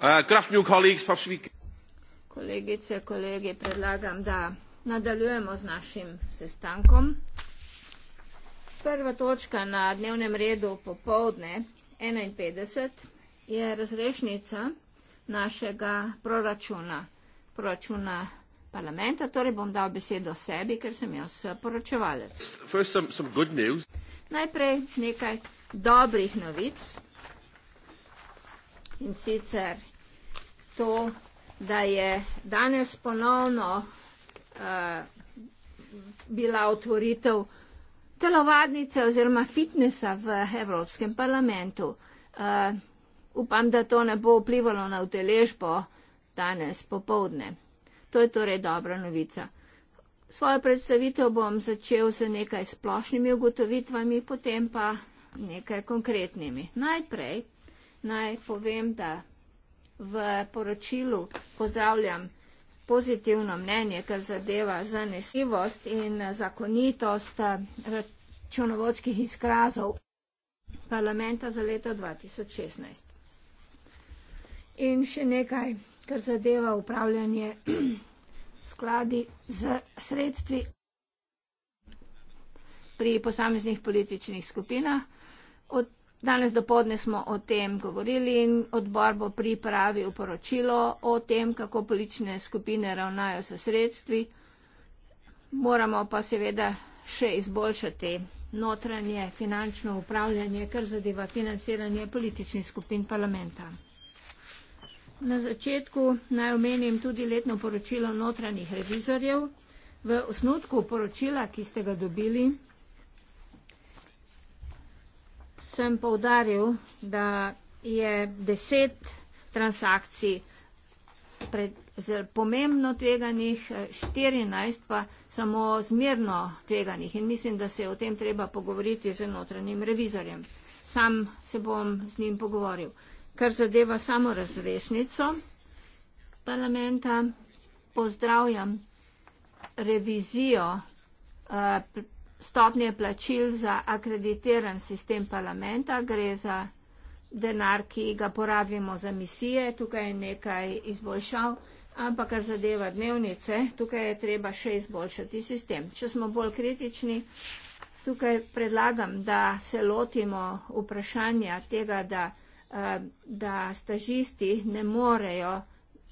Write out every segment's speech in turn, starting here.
Uh, Kolegice, kolegi, predlagam, da nadaljujemo z našim sestankom. Prva točka na dnevnem redu popoldne enainpetdeset je razrešnica našega proračuna, proračuna parlamenta, torej bom dal besedo sebi, ker sem jaz poročevalec. Some, some Najprej nekaj dobrih novic in sicer to, da je danes ponovno uh, bila otvoritev telovadnice oziroma fitnesa v Evropskem parlamentu. Uh, upam, da to ne bo vplivalo na utelešbo danes popovdne. To je torej dobra novica. Svojo predstavitev bom začel z nekaj splošnimi ugotovitvami, potem pa nekaj konkretnimi. Najprej naj povem, da v poročilu pozdravljam pozitivno mnenje, kar zadeva zanesljivost in zakonitost eh, računovodskih izkazov parlamenta za leto 2016. In še nekaj kar zadeva upravljanje skladi z sredstvi pri posameznih političnih skupinah. Od danes do podne smo o tem govorili in odbor bo pripravil poročilo o tem, kako politične skupine ravnajo s sredstvi. Moramo pa seveda še izboljšati notranje finančno upravljanje, kar zadeva financiranje političnih skupin parlamenta na začetku naj omenim tudi letno poročilo notranjih revizorjev. V osnutku poročila, ki ste ga dobili, sem povdaril, da je deset transakcij pred zelo pomembno tveganih, 14 pa samo zmerno tveganih in mislim, da se je o tem treba pogovoriti z notranjim revizorjem. Sam se bom z njim pogovoril kar zadeva samo razresnico parlamenta, pozdravljam revizijo eh, stopnje plačil za akreditiran sistem parlamenta, gre za denar, ki ga porabimo za misije, tukaj je nekaj izboljšav, ampak kar zadeva dnevnice, tukaj je treba še izboljšati sistem. Če smo bolj kritični, tukaj predlagam, da se lotimo vprašanja tega, da da stažisti ne morejo,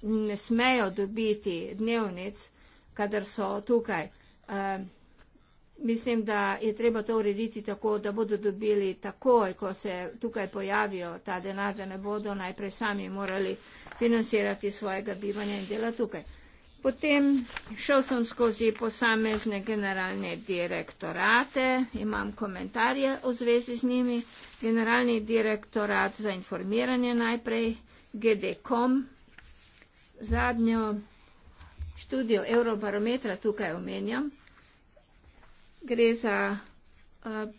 ne smejo dobiti dnevnic, kadar so tukaj. Mislim, da je treba to urediti tako, da bodo dobili takoj, ko se tukaj pojavijo ta denar, da ne bodo najprej sami morali financirati svojega bivanja in dela tukaj. Potem šel sem skozi posamezne generalne direktorate, imam komentarje o zvezi z njimi. Generalni direktorat za informiranje najprej, GDKOM, zadnjo študijo Eurobarometra tukaj omenjam. Gre za uh,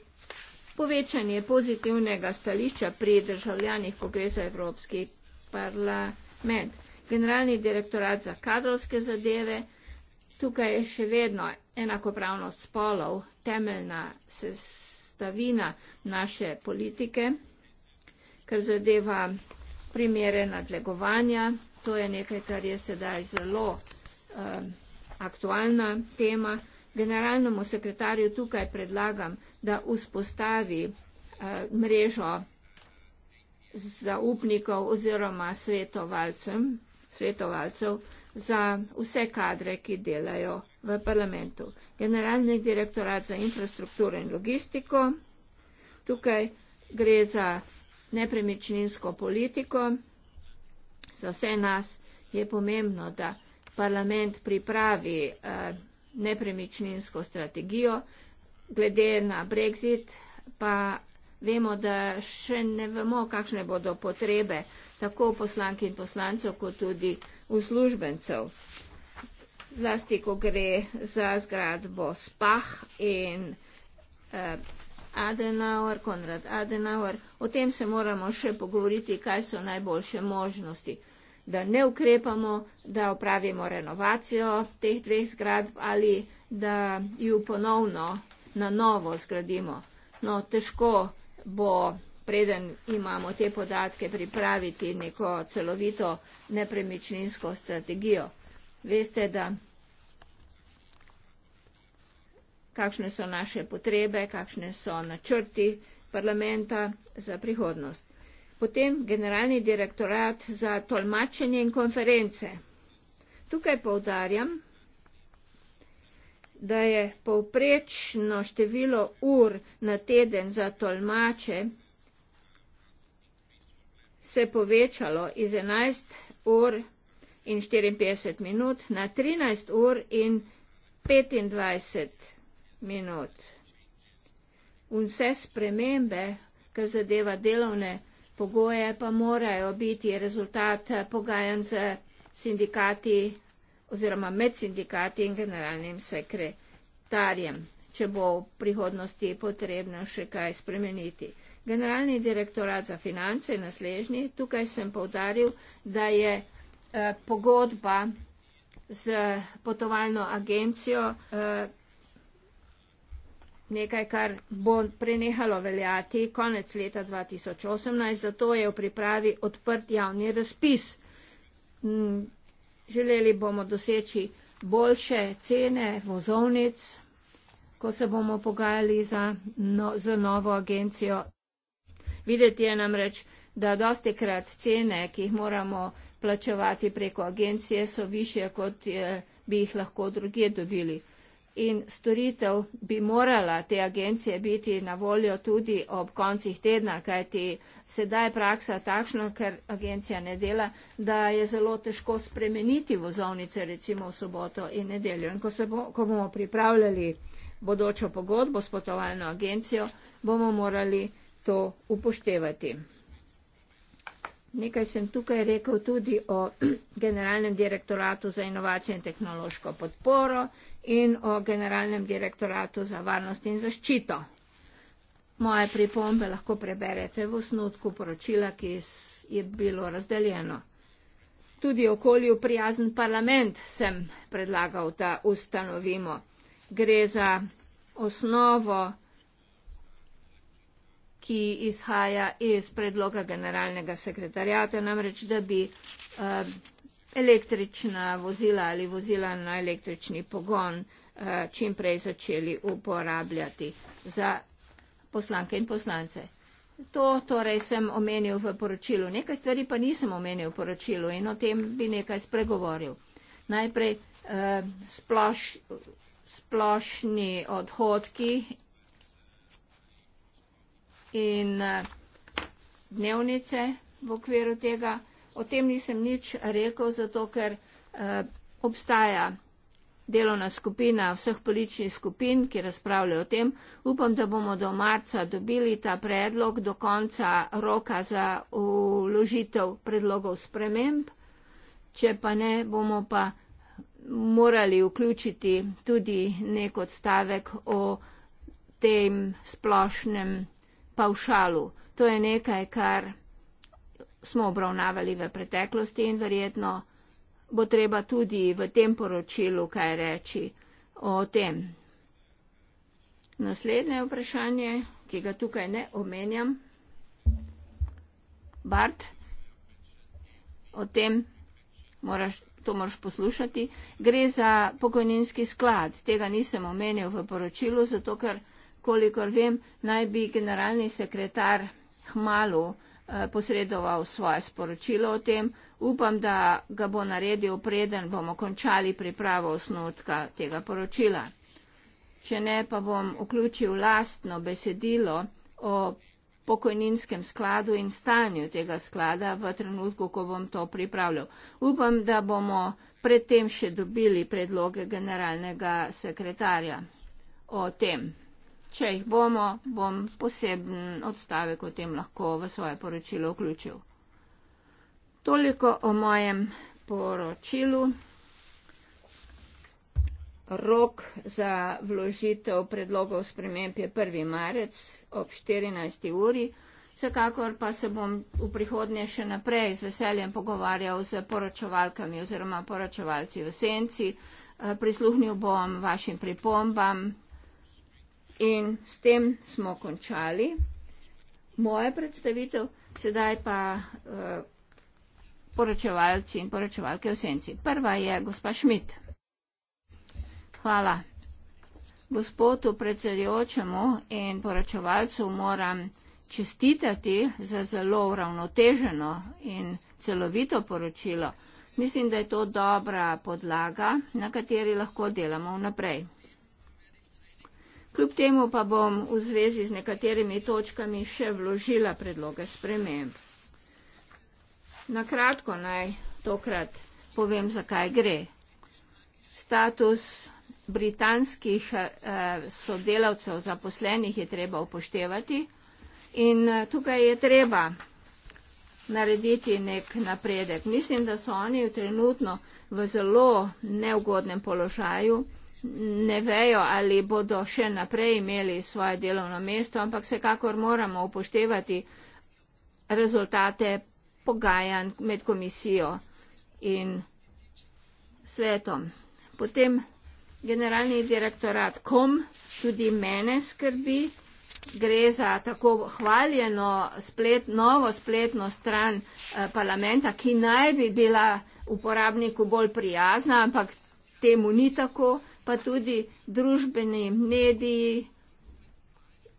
povečanje pozitivnega stališča pri državljanih, ko gre za Evropski parlament generalni direktorat za kadrovske zadeve. Tukaj je še vedno enakopravnost spolov, temeljna sestavina naše politike, kar zadeva primere nadlegovanja. To je nekaj, kar je sedaj zelo um, aktualna tema. Generalnemu sekretarju tukaj predlagam, da vzpostavi uh, mrežo zaupnikov oziroma svetovalcem svetovalcev za vse kadre, ki delajo v parlamentu. Generalni direktorat za infrastrukturo in logistiko, tukaj gre za nepremičninsko politiko, za vse nas je pomembno, da parlament pripravi eh, nepremičninsko strategijo, glede na Brexit pa Vemo, da še ne vemo, kakšne bodo potrebe tako poslank in poslancev, kot tudi uslužbencev. Zlasti, ko gre za zgradbo Spah in eh, Adenauer, Konrad Adenauer, o tem se moramo še pogovoriti, kaj so najboljše možnosti. Da ne ukrepamo, da opravimo renovacijo teh dveh zgradb ali da ju ponovno na novo zgradimo. No, težko bo preden imamo te podatke pripraviti neko celovito nepremičninsko strategijo. Veste, da kakšne so naše potrebe, kakšne so načrti parlamenta za prihodnost. Potem generalni direktorat za tolmačenje in konference. Tukaj poudarjam, da je povprečno število ur na teden za tolmače se povečalo iz 11 ur in 54 minut na 13 ur in 25 minut. In vse spremembe, kar zadeva delovne pogoje, pa morajo biti rezultat pogajanj z sindikati oziroma med sindikati in generalnim sekretarjem, če bo v prihodnosti potrebno še kaj spremeniti. Generalni direktorat za finance je naslednji. Tukaj sem povdaril, da je eh, pogodba z potovalno agencijo eh, nekaj, kar bo prenehalo veljati konec leta 2018, zato je v pripravi odprt javni razpis. Hm, Želeli bomo doseči boljše cene vozovnic, ko se bomo pogajali za, no, za novo agencijo. Videti je namreč, da dosti krat cene, ki jih moramo plačevati preko agencije, so više, kot je, bi jih lahko druge dobili in storitev bi morala te agencije biti na voljo tudi ob koncih tedna, kajti sedaj je praksa takšna, ker agencija ne dela, da je zelo težko spremeniti vozovnice recimo v soboto in nedeljo. In ko, se bo, ko bomo pripravljali bodočo pogodbo s potovalno agencijo, bomo morali to upoštevati. Nekaj sem tukaj rekel tudi o generalnem direktoratu za inovacije in tehnološko podporo, in o generalnem direktoratu za varnost in zaščito. Moje pripombe lahko preberete v osnutku poročila, ki je bilo razdeljeno. Tudi okolju prijazen parlament sem predlagal, da ustanovimo. Gre za osnovo, ki izhaja iz predloga generalnega sekretarjata, namreč da bi uh, električna vozila ali vozila na električni pogon eh, čim prej začeli uporabljati za poslanke in poslance. To torej sem omenil v poročilu. Nekaj stvari pa nisem omenil v poročilu in o tem bi nekaj spregovoril. Najprej eh, sploš, splošni odhodki in eh, dnevnice v okviru tega. O tem nisem nič rekel, zato ker eh, obstaja delovna skupina vseh političnih skupin, ki razpravljajo o tem. Upam, da bomo do marca dobili ta predlog, do konca roka za uložitev predlogov sprememb. Če pa ne, bomo pa morali vključiti tudi nek odstavek o tem splošnem pavšalu. To je nekaj, kar smo obravnavali v preteklosti in verjetno bo treba tudi v tem poročilu kaj reči o tem. Naslednje vprašanje, ki ga tukaj ne omenjam, Bart, o tem moraš, to moraš poslušati, gre za pokojninski sklad. Tega nisem omenil v poročilu, zato ker, kolikor vem, naj bi generalni sekretar hmalo Eh, posredoval svoje sporočilo o tem. Upam, da ga bo naredil preden bomo končali pripravo osnotka tega poročila. Če ne, pa bom vključil lastno besedilo o pokojninskem skladu in stanju tega sklada v trenutku, ko bom to pripravljal. Upam, da bomo predtem še dobili predloge generalnega sekretarja o tem. Če jih bomo, bom poseben odstavek o tem lahko v svoje poročilo vključil. Toliko o mojem poročilu. Rok za vložitev predlogov sprememb je 1. marec ob 14. uri. Vsekakor pa se bom v prihodnje še naprej z veseljem pogovarjal z poročevalkami oziroma poročevalci v senci. Eh, prisluhnil bom vašim pripombam, In s tem smo končali moje predstavitev, sedaj pa uh, poročevalci in poročevalke v senci. Prva je gospa Šmit. Hvala. Gospodu predsedujočemu in poročevalcu moram čestitati za zelo uravnoteženo in celovito poročilo. Mislim, da je to dobra podlaga, na kateri lahko delamo naprej. Kljub temu pa bom v zvezi z nekaterimi točkami še vložila predloge sprememb. Na kratko naj tokrat povem, zakaj gre. Status britanskih eh, sodelavcev, zaposlenih je treba upoštevati in eh, tukaj je treba narediti nek napredek. Mislim, da so oni trenutno v zelo neugodnem položaju, ne vejo, ali bodo še naprej imeli svoje delovno mesto, ampak vsekakor moramo upoštevati rezultate pogajanj med komisijo in svetom. Potem generalni direktorat KOM tudi mene skrbi gre za tako hvaljeno splet, novo spletno stran eh, parlamenta, ki naj bi bila uporabniku bolj prijazna, ampak temu ni tako, pa tudi družbeni mediji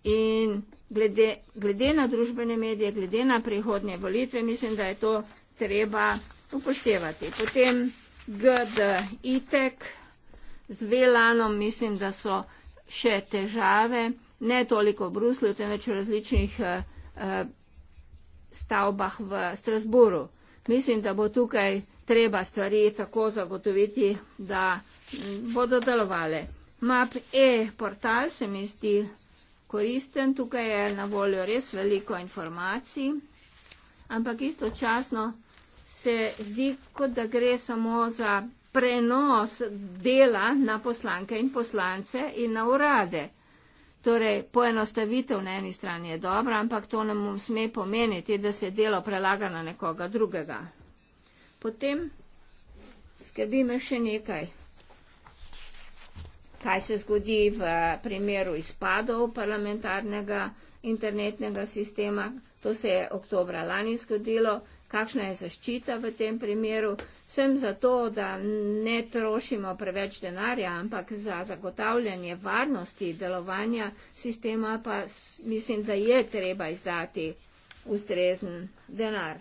in glede, glede na družbene medije, glede na prihodnje volitve, mislim, da je to treba upoštevati. Potem GD ITEK z VLANom, mislim, da so še težave ne toliko v Bruslju, temveč v različnih eh, eh, stavbah v Strasburu. Mislim, da bo tukaj treba stvari tako zagotoviti, da mm, bodo delovale. Map e-portal se mi zdi koristen, tukaj je na voljo res veliko informacij, ampak istočasno se zdi, kot da gre samo za prenos dela na poslanke in poslance in na urade. Torej, poenostavitev na eni strani je dobra, ampak to nam sme pomeniti, da se delo prelaga na nekoga drugega. Potem skrbi me še nekaj, kaj se zgodi v primeru izpadov parlamentarnega internetnega sistema. To se je oktobra lani zgodilo. Kakšna je zaščita v tem primeru? Sem zato, da ne trošimo preveč denarja, ampak za zagotavljanje varnosti delovanja sistema pa mislim, da je treba izdati ustrezen denar.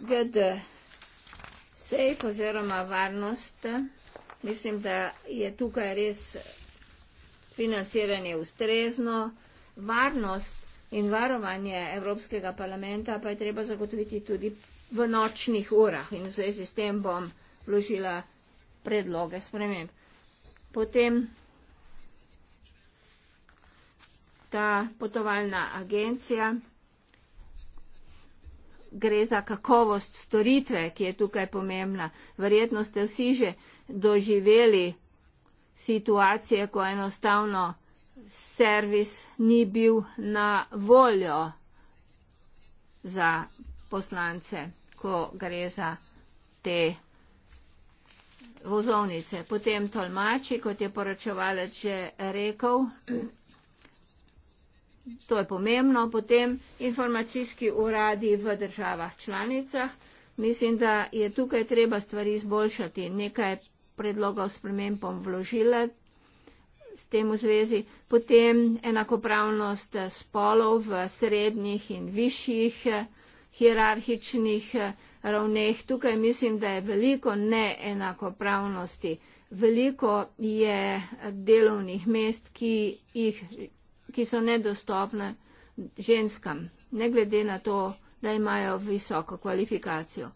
GD safe oziroma varnost, mislim, da je tukaj res financiranje ustrezno. Varnost in varovanje Evropskega parlamenta pa je treba zagotoviti tudi v nočnih urah in v zvezi s tem bom vložila predloge sprememb. Potem ta potovalna agencija gre za kakovost storitve, ki je tukaj pomembna. Verjetno ste vsi že doživeli situacije, ko enostavno servis ni bil na voljo za poslance, ko gre za te vozovnice. Potem tolmači, kot je poročevalec že rekel, to je pomembno, potem informacijski uradi v državah članicah. Mislim, da je tukaj treba stvari izboljšati. Nekaj predlogov spremembom vložila s tem v zvezi, potem enakopravnost spolov v srednjih in višjih eh, hierarhičnih eh, ravneh. Tukaj mislim, da je veliko neenakopravnosti, veliko je delovnih mest, ki, jih, ki so nedostopne ženskam, ne glede na to, da imajo visoko kvalifikacijo.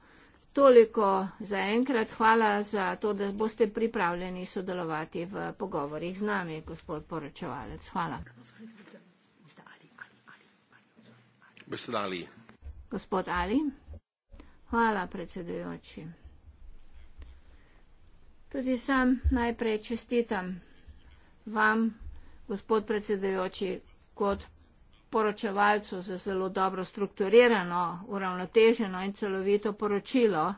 Toliko za enkrat, hvala za to, da boste pripravljeni sodelovati v pogovorih z nami, gospod poročevalec. Hvala. Gospod Ali. Gospod Ali. Hvala, predsedujoči. Tudi sam najprej čestitam vam, gospod predsedujoči, kot poročevalcu za zelo dobro strukturirano, uravnoteženo in celovito poročilo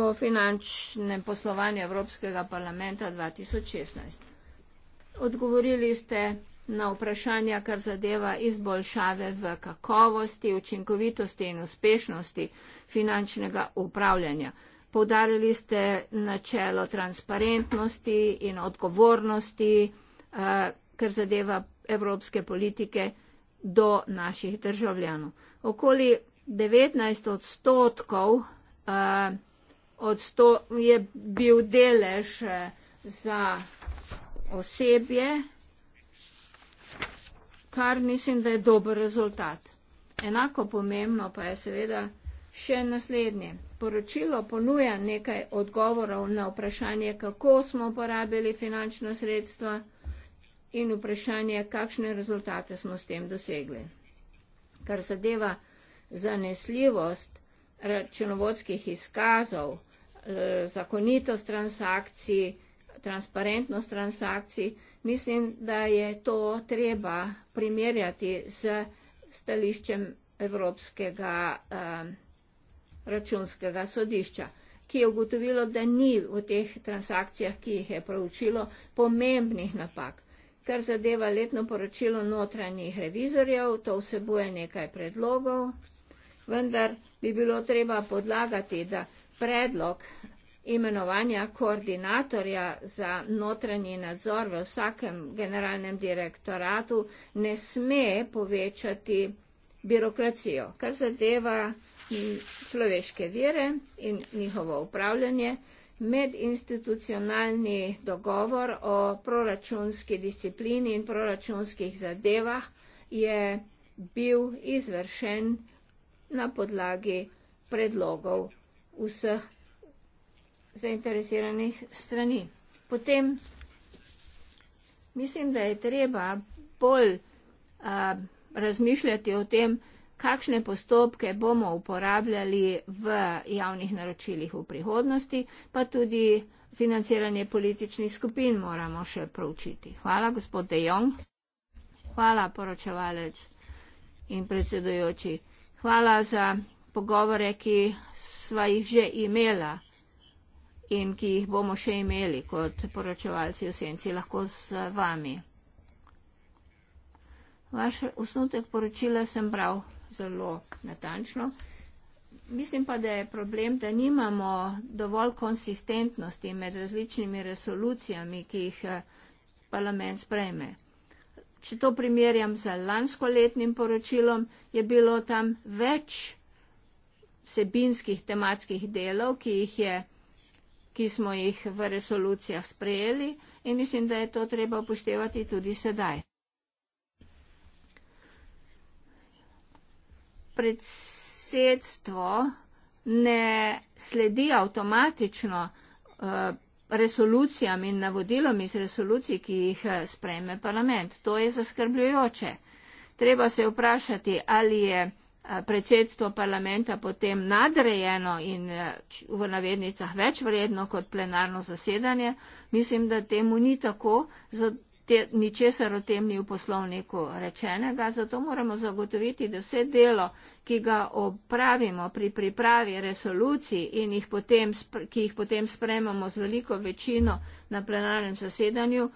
o finančnem poslovanju Evropskega parlamenta 2016. Odgovorili ste na vprašanja, kar zadeva izboljšave v kakovosti, učinkovitosti in uspešnosti finančnega upravljanja. Povdarili ste načelo transparentnosti in odgovornosti, eh, kar zadeva evropske politike do naših državljanov. Okoli 19 odstotkov eh, odsto je bil delež eh, za osebje, kar mislim, da je dober rezultat. Enako pomembno pa je seveda še naslednje. Poročilo ponuja nekaj odgovorov na vprašanje, kako smo uporabili finančno sredstvo in vprašanje, kakšne rezultate smo s tem dosegli. Kar zadeva zanesljivost računovodskih izkazov, eh, zakonitost transakcij, transparentnost transakcij, mislim, da je to treba primerjati z stališčem Evropskega eh, računskega sodišča ki je ugotovilo, da ni v teh transakcijah, ki jih je proučilo, pomembnih napak. Kar zadeva letno poročilo notranjih revizorjev, to vsebuje nekaj predlogov, vendar bi bilo treba podlagati, da predlog imenovanja koordinatorja za notranji nadzor v vsakem generalnem direktoratu ne sme povečati birokracijo. Kar zadeva človeške vire in njihovo upravljanje, medinstitucionalni dogovor o proračunski disciplini in proračunskih zadevah je bil izvršen na podlagi predlogov vseh zainteresiranih strani. Potem mislim, da je treba bolj a, razmišljati o tem, kakšne postopke bomo uporabljali v javnih naročilih v prihodnosti, pa tudi financiranje političnih skupin moramo še proučiti. Hvala, gospod De Jong. Hvala, poročevalec in predsedujoči. Hvala za pogovore, ki sva jih že imela in ki jih bomo še imeli kot poročevalci v senci, lahko z vami. Vaš osnutek poročila sem bral zelo natančno. Mislim pa, da je problem, da nimamo dovolj konsistentnosti med različnimi resolucijami, ki jih eh, parlament sprejme. Če to primerjam z lansko letnim poročilom, je bilo tam več sebinskih tematskih delov, ki, je, ki smo jih v resolucijah sprejeli in mislim, da je to treba upoštevati tudi sedaj. predsedstvo ne sledi avtomatično uh, resolucijam in navodilom iz resolucij, ki jih eh, sprejme parlament. To je zaskrbljujoče. Treba se vprašati, ali je eh, predsedstvo parlamenta potem nadrejeno in v navednicah več vredno kot plenarno zasedanje. Mislim, da temu ni tako, te, ničesar o tem ni v poslovniku rečenega, zato moramo zagotoviti, da vse delo, ki ga opravimo pri pripravi resolucij in jih potem, ki jih potem sprejmemo z veliko večino na plenarnem zasedanju,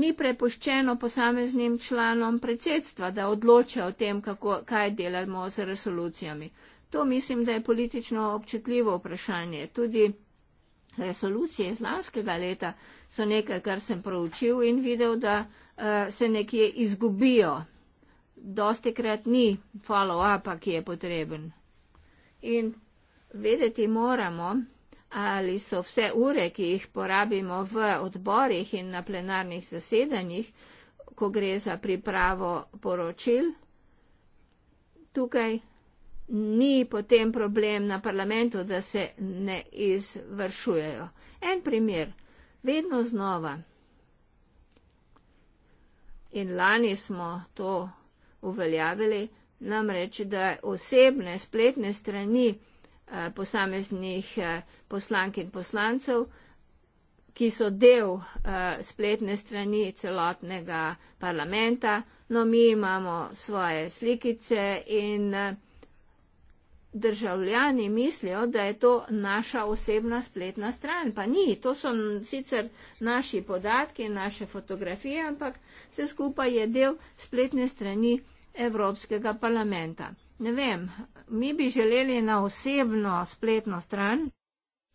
ni prepuščeno posameznim članom predsedstva, da odločajo o tem, kako, kaj delamo z resolucijami. To mislim, da je politično občutljivo vprašanje. Tudi resolucije iz lanskega leta so nekaj, kar sem proučil in videl, da uh, se nekje izgubijo. Dosti krat ni follow-upa, ki je potreben. In vedeti moramo, ali so vse ure, ki jih porabimo v odborih in na plenarnih zasedanjih, ko gre za pripravo poročil, tukaj ni potem problem na parlamentu, da se ne izvršujejo. En primer, vedno znova. In lani smo to uveljavili, namreč, da osebne spletne strani eh, posameznih eh, poslank in poslancev, ki so del eh, spletne strani celotnega parlamenta, no mi imamo svoje slikice in eh, državljani mislijo, da je to naša osebna spletna stran. Pa ni, to so sicer naši podatki, naše fotografije, ampak vse skupaj je del spletne strani Evropskega parlamenta. Ne vem, mi bi želeli na osebno spletno stran,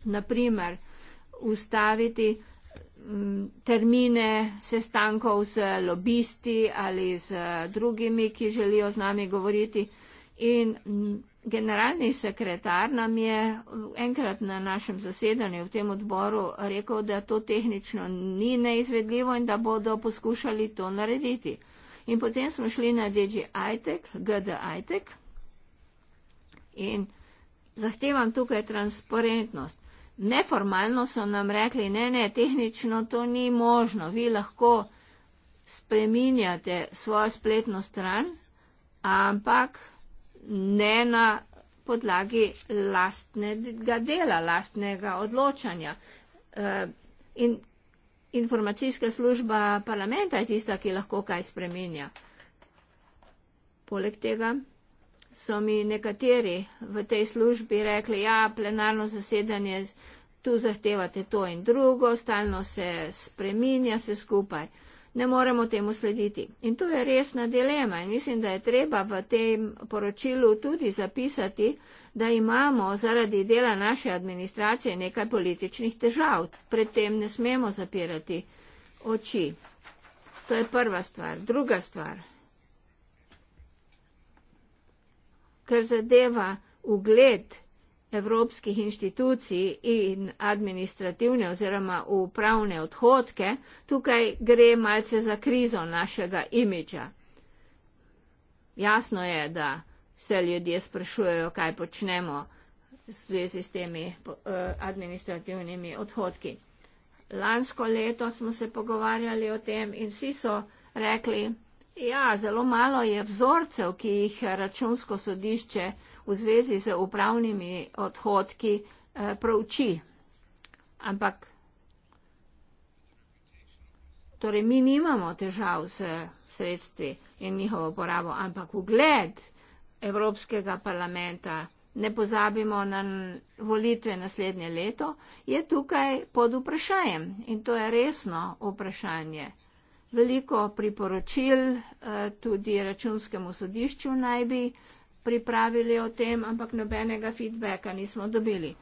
naprimer, ustaviti mm, termine sestankov z lobisti ali z drugimi, ki želijo z nami govoriti. In generalni sekretar nam je enkrat na našem zasedanju v tem odboru rekel, da to tehnično ni neizvedljivo in da bodo poskušali to narediti. In potem smo šli na DG ITEC, GD ITEC in zahtevam tukaj transparentnost. Neformalno so nam rekli, ne, ne, tehnično to ni možno, vi lahko spreminjate svojo spletno stran, ampak ne na podlagi lastnega dela, lastnega odločanja. E, in informacijska služba parlamenta je tista, ki lahko kaj spremenja. Poleg tega so mi nekateri v tej službi rekli, ja, plenarno zasedanje, tu zahtevate to in drugo, stalno se spreminja, se skupaj. Uh, ne moremo temu slediti. In to je resna dilema in mislim, da je treba v tem poročilu tudi zapisati, da imamo zaradi dela naše administracije nekaj političnih težav. Pred tem ne smemo zapirati oči. To je prva stvar. Druga stvar, ker zadeva ugled evropskih inštitucij in administrativne oziroma upravne odhodke, tukaj gre malce za krizo našega imidža. Jasno je, da se ljudje sprašujejo, kaj počnemo v zvezi s temi eh, administrativnimi odhodki. Lansko leto smo se pogovarjali o tem in vsi so rekli, ja, zelo malo je vzorcev, ki jih računsko sodišče v zvezi z upravnimi odhodki eh, prouči. Ampak torej mi nimamo težav s sredstvi in njihovo uporabo, ampak ugled Evropskega parlamenta, ne pozabimo na volitve naslednje leto, je tukaj pod vprašanjem. In to je resno vprašanje. Veliko priporočil eh, tudi računskemu sodišču naj bi pripravili o tem, ampak nobenega feedbacka nismo dobili.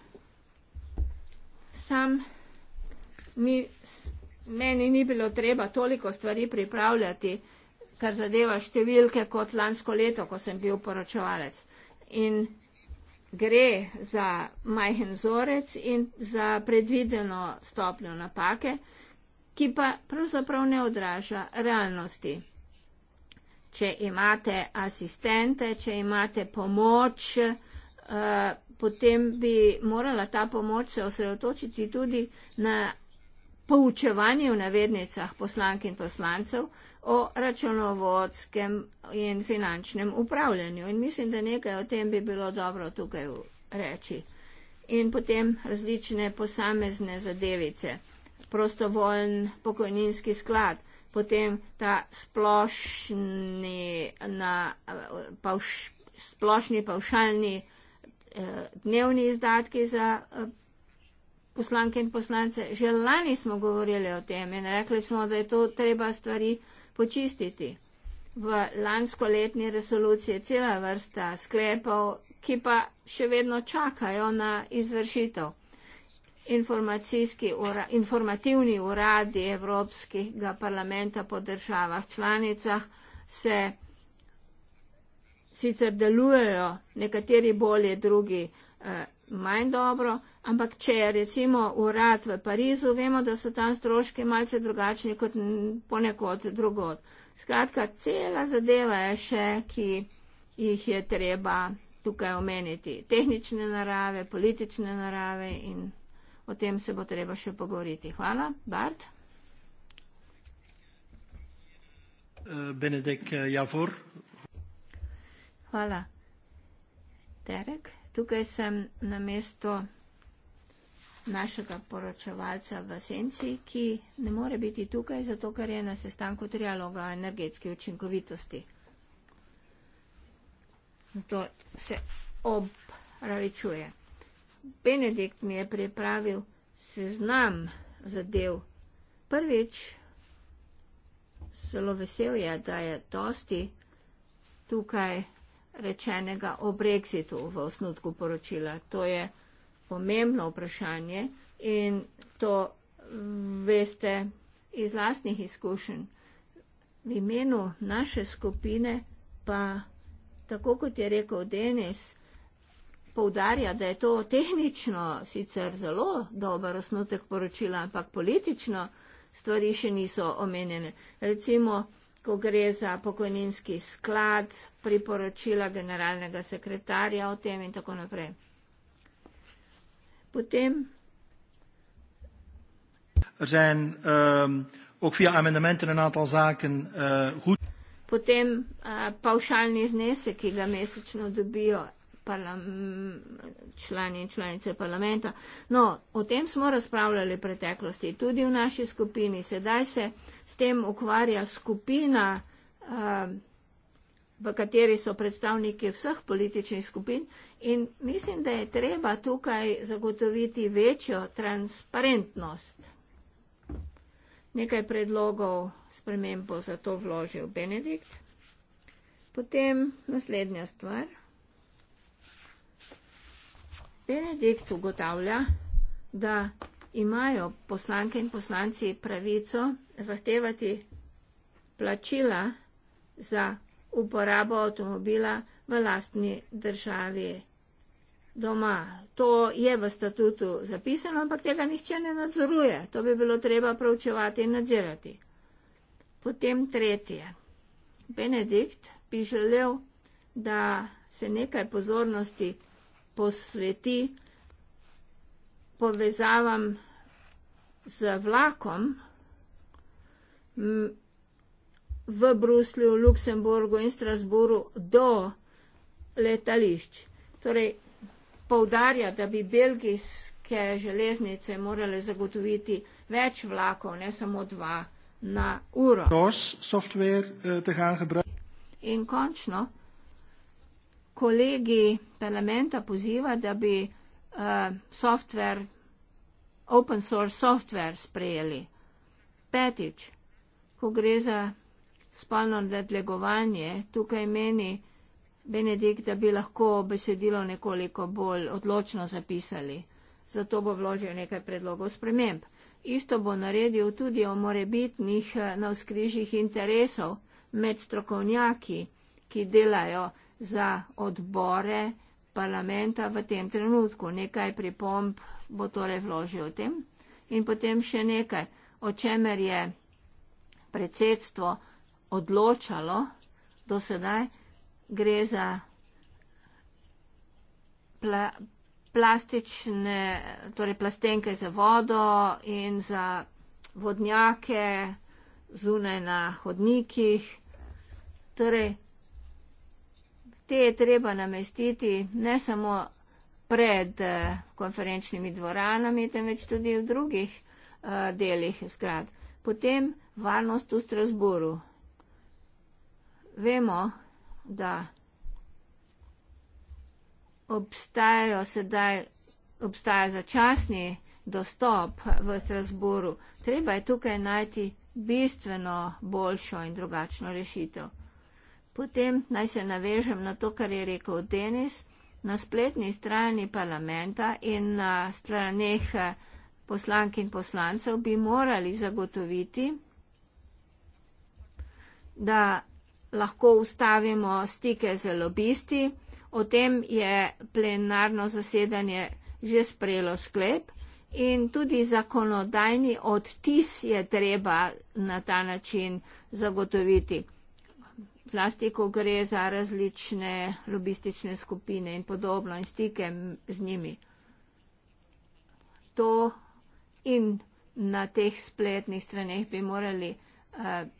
Sam mi, meni ni bilo treba toliko stvari pripravljati, kar zadeva številke kot lansko leto, ko sem bil poročevalec. In gre za majhen zorec in za predvideno stopnjo napake, ki pa pravzaprav ne odraža realnosti če imate asistente, če imate pomoč, eh, potem bi morala ta pomoč se osredotočiti tudi na poučevanje v navednicah poslank in poslancev o računovodskem in finančnem upravljanju. In mislim, da nekaj o tem bi bilo dobro tukaj reči. In potem različne posamezne zadevice. Prostovoljen pokojninski sklad potem ta splošni, na, pavš, splošni pavšalni eh, dnevni izdatki za eh, poslanke in poslance. Že lani smo govorili o tem in rekli smo, da je to treba stvari počistiti. V lansko letni resoluciji je cela vrsta sklepov, ki pa še vedno čakajo na izvršitev informacijski ura, informativni uradi Evropskega parlamenta po državah članicah se sicer delujejo, nekateri bolje, drugi eh, manj dobro, ampak če je recimo urad v Parizu, vemo, da so tam stroški malce drugačni kot ponekod drugod. Skratka, cela zadeva je še, ki jih je treba tukaj omeniti. Tehnične narave, politične narave in. O tem se bo treba še pogovoriti. Hvala. Bart. Eh, Benedek eh, Javor. Hvala. Terek, tukaj sem na mesto našega poročevalca v Senci, ki ne more biti tukaj, zato ker je na sestanku trialoga o energetski učinkovitosti. Zato se opravičuje. Benedikt mi je pripravil seznam zadev. Prvič, zelo vesel je, da je dosti tukaj rečenega o brexitu v osnutku poročila. To je pomembno vprašanje in to mm, veste iz lastnih izkušenj. V imenu naše skupine pa, tako kot je rekel Denis, poudarja, da je to tehnično sicer zelo dober osnutek poročila, ampak politično stvari še niso omenjene. Recimo, ko gre za pokojninski sklad, priporočila generalnega sekretarja o tem in tako naprej. Potem. Er zijn, um, via amendementen een aantal zaken uh, goed. Potem uh, pavšalni znesek, ki ga mesečno dobijo člani in članice parlamenta. No, o tem smo razpravljali v preteklosti, tudi v naši skupini. Sedaj se s tem ukvarja skupina, eh, v kateri so predstavniki vseh političnih skupin in mislim, da je treba tukaj zagotoviti večjo transparentnost. Nekaj predlogov sprememb bo zato vložil Benedikt. Potem naslednja stvar. Benedikt ugotavlja, da imajo poslanke in poslanci pravico zahtevati plačila za uporabo avtomobila v lastni državi doma. To je v statutu zapisano, ampak tega nihče ne nadzoruje. To bi bilo treba pravčevati in nadzirati. Potem tretje. Benedikt bi želel, da se nekaj pozornosti posveti povezavam z vlakom v Bruslju, Luksemburgu in Strasburu do letališč. Torej, povdarja, da bi belgijske železnice morale zagotoviti več vlakov, ne samo dva na uro. Eh, in končno kolegi parlamenta poziva, da bi uh, software, open source software sprejeli. Petič, ko gre za spolno nadlegovanje, tukaj meni Benedikt, da bi lahko besedilo nekoliko bolj odločno zapisali. Zato bo vložil nekaj predlogov sprememb. Isto bo naredil tudi o morebitnih eh, navskrižjih interesov med strokovnjaki, ki delajo za odbore parlamenta v tem trenutku. Nekaj pripomb bo torej vložil o tem. In potem še nekaj, o čemer je predsedstvo odločalo do sedaj, gre za pla plastične, torej plastenke za vodo in za vodnjake zunaj na hodnikih. Torej, te je treba namestiti ne samo pred eh, konferenčnimi dvoranami, temveč tudi v drugih eh, delih zgrad. Potem varnost v Strasburu. Vemo, da obstajajo sedaj, obstaja začasni dostop v Strasburu. Treba je tukaj najti bistveno boljšo in drugačno rešitev. Potem naj se navežem na to, kar je rekel Denis, na spletni strani parlamenta in na straneh eh, poslank in poslancev bi morali zagotoviti, da lahko ustavimo stike z lobisti. O tem je plenarno zasedanje že sprejelo sklep in tudi zakonodajni odtis je treba na ta način zagotoviti zlasti ko gre za različne lobistične skupine in podobno in stike z njimi. To in na teh spletnih straneh bi morali eh,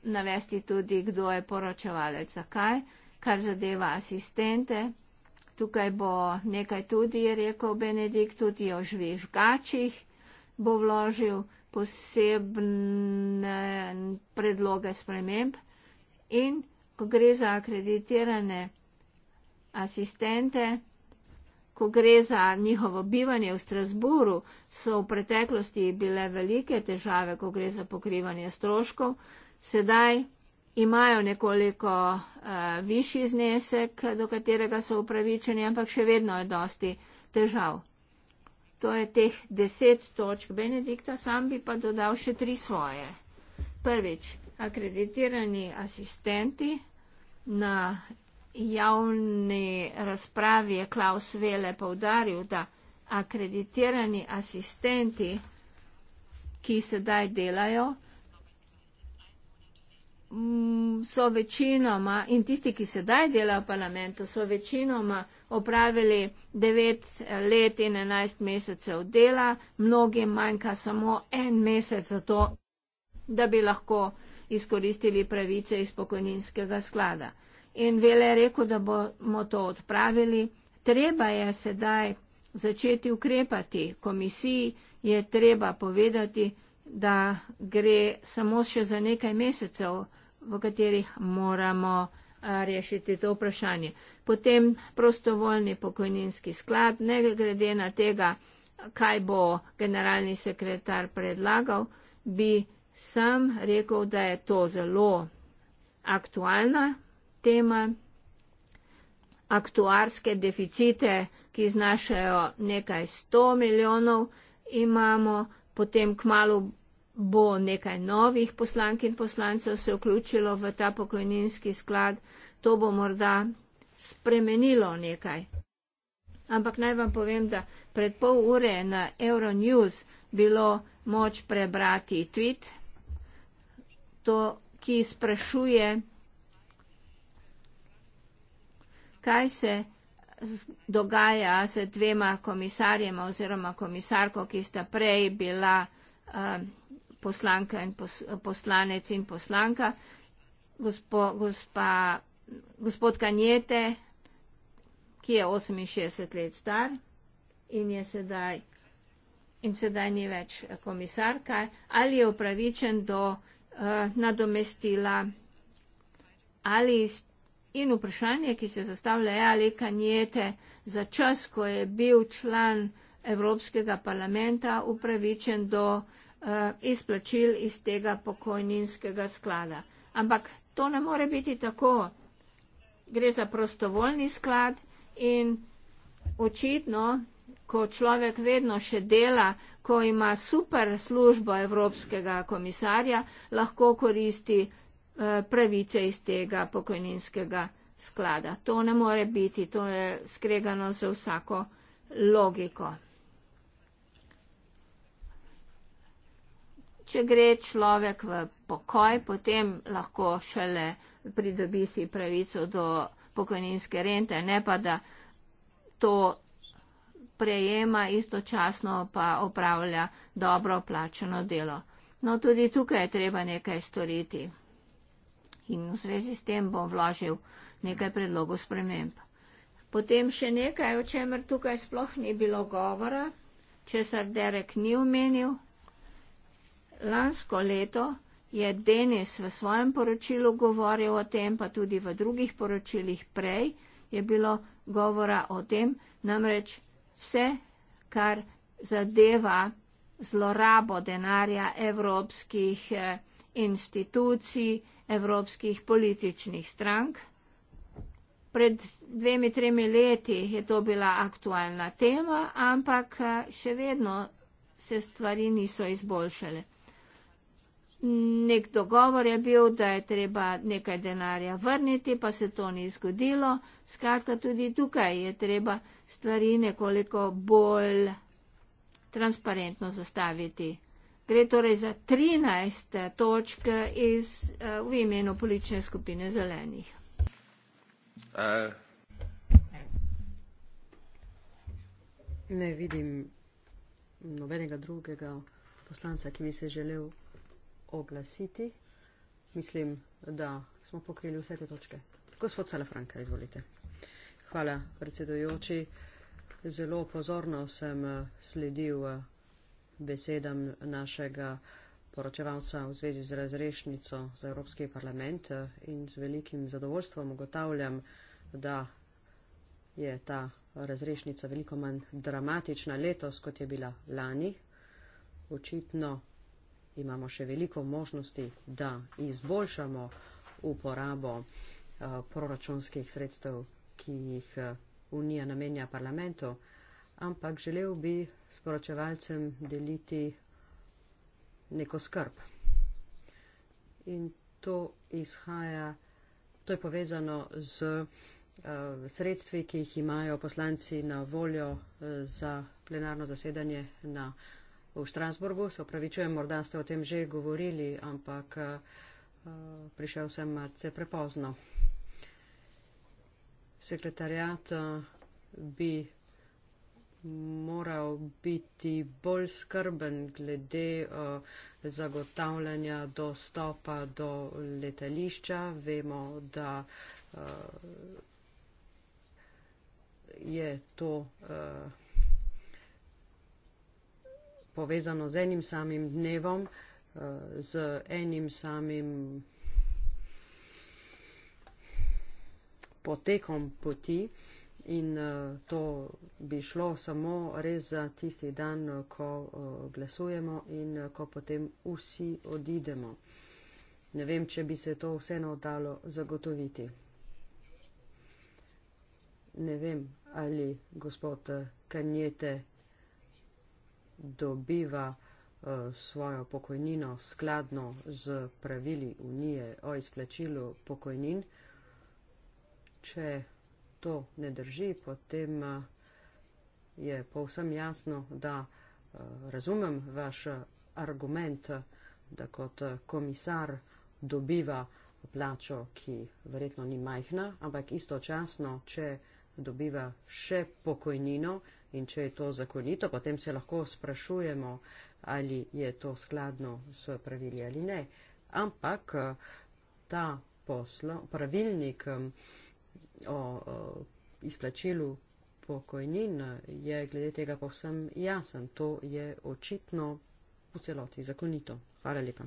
navesti tudi, kdo je poročevalec, zakaj, kar zadeva asistente. Tukaj bo nekaj tudi, je rekel Benedikt, tudi o žvižgačih bo vložil posebne predloge sprememb in ko gre za akreditirane asistente, ko gre za njihovo bivanje v Strasburu, so v preteklosti bile velike težave, ko gre za pokrivanje stroškov. Sedaj imajo nekoliko uh, višji znesek, do katerega so upravičeni, ampak še vedno je dosti težav. To je teh deset točk Benedikta, sam bi pa dodal še tri svoje. Prvič, akreditirani asistenti. Na javni razpravi je Klaus Vele povdaril, da akreditirani asistenti, ki sedaj delajo, mm, so večinoma in tisti, ki sedaj delajo v parlamentu, so večinoma opravili 9 let in 11 mesecev dela, mnogim manjka samo en mesec za to, da bi lahko izkoristili pravice iz pokojninskega sklada. In Vele je rekel, da bomo to odpravili. Treba je sedaj začeti ukrepati. Komisiji je treba povedati, da gre samo še za nekaj mesecev, v katerih moramo rešiti to vprašanje. Potem prostovoljni pokojninski sklad, ne glede na tega, kaj bo generalni sekretar predlagal, bi sem rekel, da je to zelo aktualna tema. Aktuarske deficite, ki znašajo nekaj 100 milijonov, imamo, potem kmalo bo nekaj novih poslank in poslancev se vključilo v ta pokojninski sklad, to bo morda spremenilo nekaj. Ampak naj vam povem, da pred pol ure na Euronews bilo moč prebrati tweet tisto, ki sprašuje, kaj se dogaja z dvema komisarjema oziroma komisarko, ki sta prej bila eh, poslanka in poslanec in poslanka. Gospo, gospa, gospod Kanjete, ki je 68 let star in je sedaj, in sedaj ni več komisarka, ali je upravičen do Eh, nadomestila ali in vprašanje, ki se zastavlja, je ja, ali kanjete za čas, ko je bil član Evropskega parlamenta upravičen do uh, izplačil iz tega pokojninskega sklada. Ampak to ne more biti tako. Gre za prostovoljni sklad in očitno ko človek vedno še dela, ko ima super službo evropskega komisarja, lahko koristi eh, pravice iz tega pokojninskega sklada. To ne more biti, to je skregano z vsako logiko. Če gre človek v pokoj, potem lahko šele pridobi si pravico do pokojninske rente, ne pa da to prejema, istočasno pa opravlja dobro plačeno delo. No, tudi tukaj je treba nekaj storiti. In v zvezi s tem bom vložil nekaj predlogov sprememb. Potem še nekaj, o čemer tukaj sploh ni bilo govora, česar Derek ni omenil. Lansko leto je Denis v svojem poročilu govoril o tem, pa tudi v drugih poročilih prej je bilo govora o tem, namreč vse, kar zadeva zlorabo denarja evropskih eh, institucij, evropskih političnih strank. Pred dvemi, tremi leti je to bila aktualna tema, ampak eh, še vedno se stvari niso izboljšale. Nek dogovor je bil, da je treba nekaj denarja vrniti, pa se to ni zgodilo. Skratka, tudi tukaj je treba stvari nekoliko bolj transparentno zastaviti. Gre torej za 13 točk iz, eh, v imenu politične skupine zelenih. Uh. Ne vidim nobenega drugega poslanca, ki bi se želel oglasiti. Mislim, da smo pokrili vse te točke. Gospod Salafranka, izvolite. Hvala, predsedujoči. Zelo pozorno sem eh, sledil eh, besedam našega poročevalca v zvezi z razrešnico za Evropski parlament eh, in z velikim zadovoljstvom ugotavljam, da je ta razrešnica veliko manj dramatična letos, kot je bila lani. Očitno imamo še veliko možnosti, da izboljšamo uporabo eh, proračunskih sredstev, ki jih eh, Unija namenja parlamentu, ampak želel bi s poročevalcem deliti neko skrb. In to izhaja, to je povezano z eh, sredstvi, ki jih imajo poslanci na voljo za plenarno zasedanje na parlamentu v Strasburgu. Se opravičujem, morda ste o tem že govorili, ampak eh, prišel sem malce prepozno. Sekretarjat eh, bi moral biti bolj skrben glede eh, zagotavljanja dostopa do letališča. Vemo, da je to. Uh, povezano z enim samim dnevom, eh, z enim samim potekom poti in eh, to bi šlo samo res za tisti dan, ko eh, glasujemo in ko potem vsi odidemo. Ne vem, če bi se to vseeno dalo zagotoviti. Ne vem, ali gospod Kanjete dobiva eh, svojo pokojnino skladno z pravili Unije o izplačilu pokojnin. Če to ne drži, potem eh, je povsem jasno, da eh, razumem vaš argument, da kot komisar dobiva plačo, ki verjetno ni majhna, ampak istočasno, če dobiva še pokojnino, in če je to zakonito, potem se lahko sprašujemo, ali je to skladno s pravili ali ne. Ampak eh, ta poslo, pravilnik eh, o izplačilu pokojnin eh, je glede tega povsem jasen. To je očitno v celoti zakonito. Hvala lepa.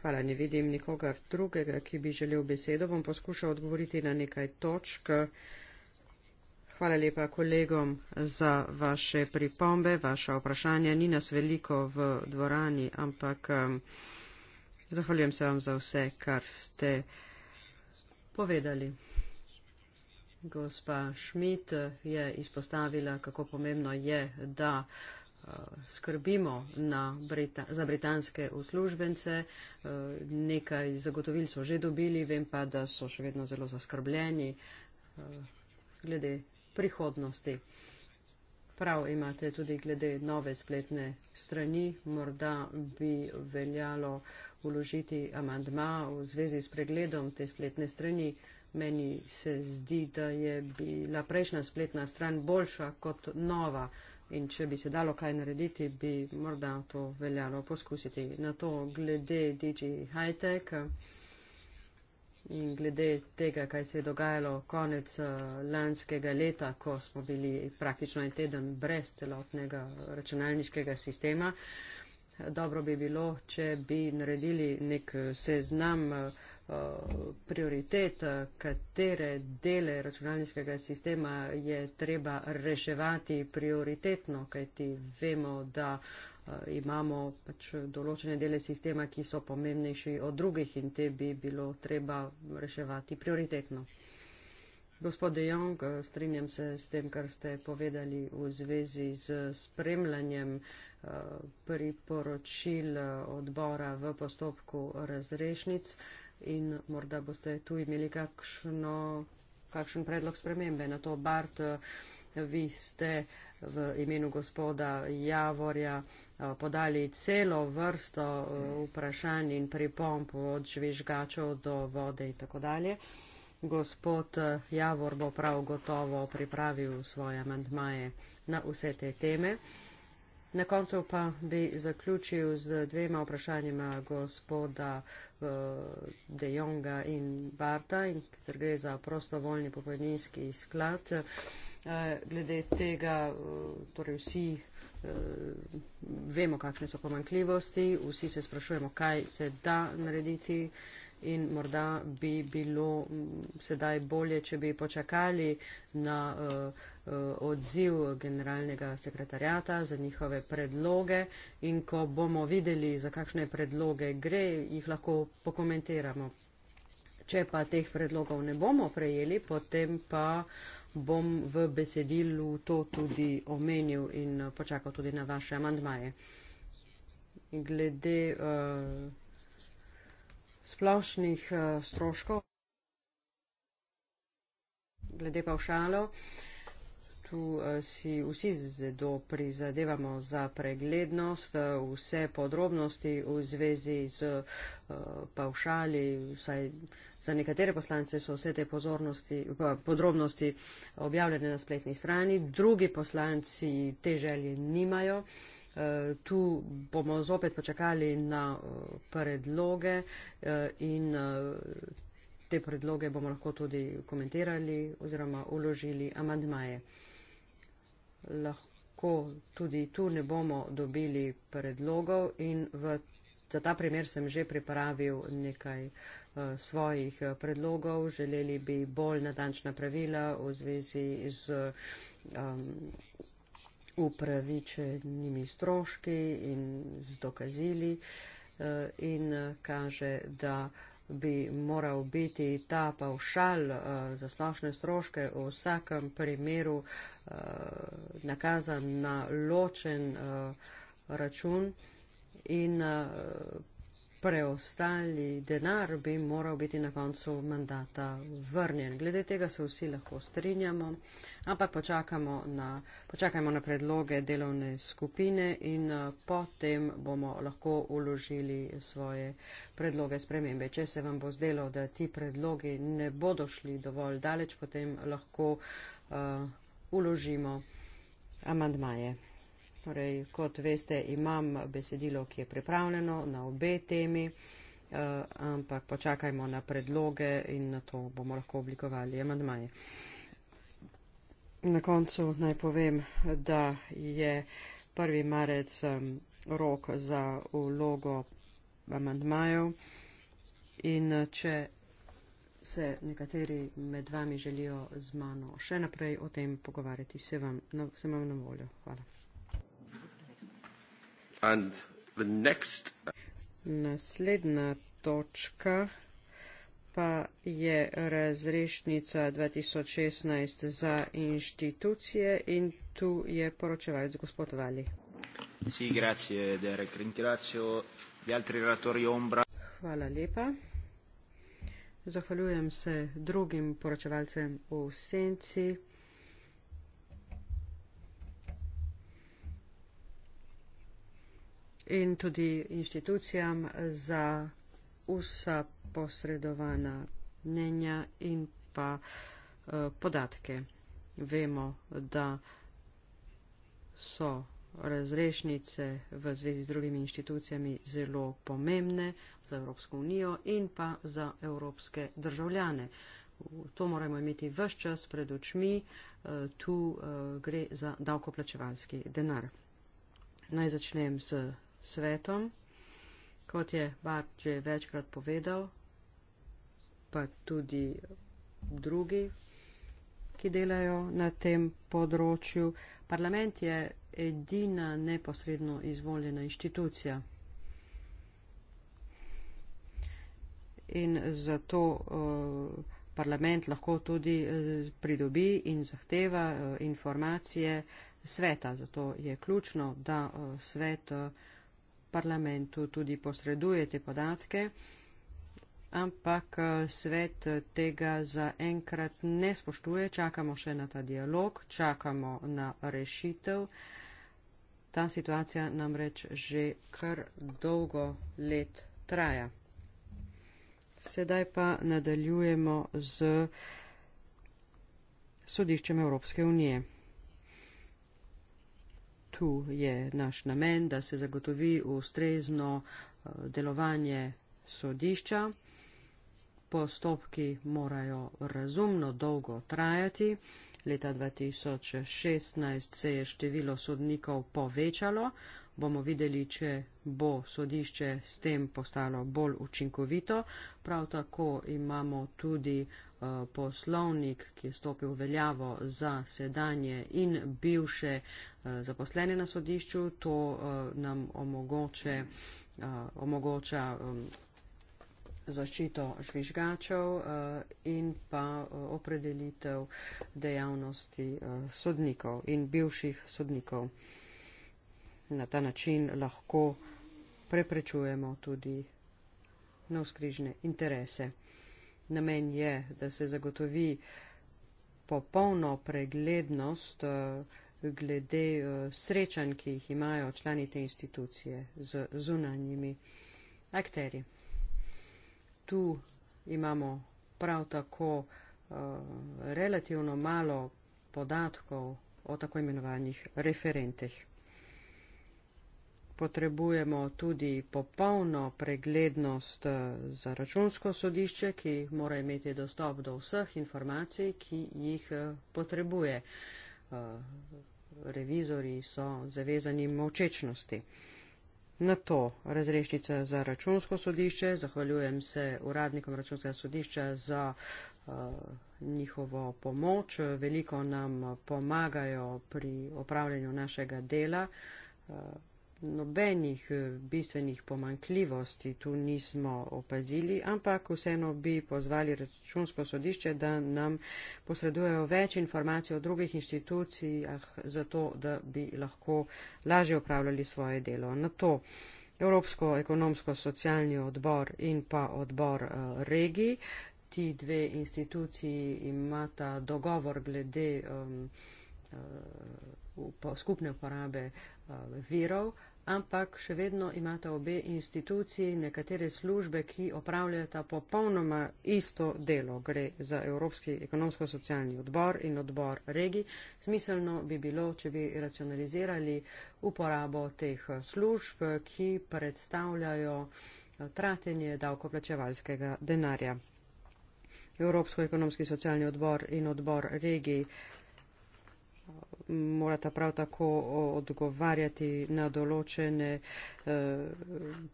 Hvala, ne vidim nikogar drugega, ki bi želel besedo. Bom poskušal odgovoriti na nekaj točk. Hvala lepa kolegom za vaše pripombe, vaše vprašanje. Ni nas veliko v dvorani, ampak um, zahvaljujem se vam za vse, kar ste povedali. Gospa Šmit je izpostavila, kako pomembno je, da uh, skrbimo na Brita za britanske uslužbence. Uh, nekaj zagotovil so že dobili, vem pa, da so še vedno zelo zaskrbljeni. Uh, glede prihodnosti. Prav imate tudi glede nove spletne strani. Morda bi veljalo uložiti amandma v zvezi s pregledom te spletne strani. Meni se zdi, da je bila prejšnja spletna stran boljša kot nova in če bi se dalo kaj narediti, bi morda to veljalo poskusiti. Na to glede DJ Hightech in glede tega, kaj se je dogajalo konec eh, lanskega leta, ko smo bili praktično en teden brez celotnega računalniškega sistema. Dobro bi bilo, če bi naredili nek eh, seznam eh, prioritet, katere dele računalniškega sistema je treba reševati prioritetno, kajti vemo, da uh, Eh, imamo pač določene dele sistema, ki so pomembnejši od drugih in te bi bilo treba reševati prioritetno. Gospod De Jong, eh, strinjam se s tem, kar ste povedali v zvezi z spremljanjem eh, priporočil odbora v postopku razrešnic in morda boste tu imeli kakšno, kakšen predlog spremembe. Na to, Bart, vi ste uh, v imenu gospoda Javorja eh, podali celo vrsto eh, vprašanj in pripomp od žvižgačev do vode in tako dalje. Gospod eh, Javor bo prav gotovo pripravil svoje amantmaje na vse te teme. Na koncu pa bi zaključil z dvema vprašanjima gospoda eh, De Jonga in Barta, in ker gre za prostovoljni pokojninski sklad. Eh, glede tega, eh, torej vsi vemo, kakšne so pomankljivosti, vsi se sprašujemo, kaj se da narediti in morda bi bilo mm, sedaj bolje, če bi počakali na eh, eh, odziv generalnega sekretarjata za njihove predloge in ko bomo videli, za kakšne predloge gre, jih lahko pokomentiramo. Če pa teh predlogov ne bomo prejeli, potem pa bom v besedilu to tudi omenil in eh, počakal tudi na vaše amandmaje. Glede uh, splošnih eh, stroškov. Glede pa v šalo, tu eh, si vsi zelo prizadevamo za preglednost, eh, vse podrobnosti v zvezi z pavšali, vsaj za nekatere poslance so vse te podrobnosti objavljene na spletni strani, drugi poslanci te želje nimajo. Eh, tu bomo zopet počakali na eh, predloge eh, in te predloge bomo lahko tudi komentirali oziroma uložili amandmaje. Lahko tudi tu ne bomo dobili predlogov in v, za ta primer sem že pripravil nekaj svojih predlogov. Želeli bi bolj natančna pravila v zvezi z. Um, upravičenimi stroški in z dokazili eh, in eh, kaže, da bi moral biti ta pavšal uh, za splošne stroške v vsakem primeru uh, nakazan na ločen uh, račun in uh, preostali denar bi moral biti na koncu mandata vrnjen. Glede tega se vsi lahko strinjamo, ampak počakamo na, počakajmo na predloge delovne skupine in eh, potem bomo lahko uložili svoje predloge spremembe. Če se vam bo zdelo, da ti predlogi ne bodo šli dovolj daleč, potem lahko uh, uložimo amandmaje. Torej, kot veste, imam besedilo, ki je pripravljeno na obe temi, eh, ampak počakajmo na predloge in na to bomo lahko oblikovali amadmaje. Na koncu naj povem, da je 1. marec rok za vlogo amadmajev in eh, če se nekateri med vami želijo z mano še naprej o tem pogovarjati, se vam, no, se vam na voljo. Hvala. Naslednja točka pa je razrešnica 2016 za inštitucije in tu je poročevalec gospod Vali. Sì, grazie Derek, ringrazio gli altri relatori Ombra. Hvala lepa. Zahvaljujem se drugim poročevalcem v senci. in tudi inštitucijam za vsa posredovana mnenja in pa eh, podatke. Vemo, da so razrešnice v zvezi z drugimi inštitucijami zelo pomembne za Evropsko unijo in pa za evropske državljane. To moramo imeti vse čas pred očmi, eh, tu eh, gre za davkoplačevalski denar. Naj začnem s svetom, kot je Bart že večkrat povedal, pa tudi drugi, ki delajo na tem področju. Parlament je edina neposredno izvoljena inštitucija. In zato eh, parlament lahko tudi eh, pridobi in zahteva eh, informacije sveta. Zato je ključno, da svet parlamentu tudi posredujete podatke, ampak eh, svet eh, tega zaenkrat ne spoštuje, čakamo še na ta dialog, čakamo na rešitev. Ta situacija namreč že kar dolgo let traja. Sedaj pa nadaljujemo z sodiščem Evropske unije tu je naš namen, da se zagotovi ustrezno eh, delovanje sodišča. Postopki morajo razumno dolgo trajati. Leta 2016 se je število sodnikov povečalo. Bomo videli, če bo sodišče s tem postalo bolj učinkovito. Prav tako imamo tudi uh, Eh, poslovnik, ki je stopil veljavo za sedanje in bivše eh, zaposlene na sodišču, to eh, nam omogoče, omogoča zaščito žvižgačev in pa opredelitev dejavnosti sodnikov in bivših sodnikov. Na ta način lahko preprečujemo tudi navskrižne interese. Namen je, da se zagotovi popolno preglednost eh, glede eh, srečanj, ki jih imajo člani te institucije z zunanjimi akteri. Tu imamo prav tako eh, relativno malo podatkov o tako imenovanih referenteh potrebujemo tudi popolno preglednost eh, za računsko sodišče, ki mora imeti dostop do vseh informacij, ki jih eh, potrebuje. Eh, revizori so zavezani močečnosti. Na to razrešnica za računsko sodišče. Zahvaljujem se uradnikom računskega sodišča za uh, njihovo pomoč. Veliko nam pomagajo pri opravljanju našega dela. Uh, nobenih eh, bistvenih pomankljivosti tu nismo opazili, ampak vseeno bi pozvali računsko sodišče, da nam posredujejo več informacij o drugih inštitucijah, zato da bi lahko lažje upravljali svoje delo. Na to Evropsko ekonomsko-socialni odbor in pa odbor eh, regij, ti dve instituciji imata dogovor glede um, skupne uporabe virov, ampak še vedno imata obe instituciji nekatere službe, ki opravljata popolnoma isto delo. Gre za Evropski ekonomsko-socialni odbor in odbor regij. Smiselno bi bilo, če bi racionalizirali uporabo teh služb, ki predstavljajo eh, tratenje davkoplačevalskega denarja. Evropsko ekonomski socialni odbor in odbor regij morata prav tako odgovarjati na določene eh,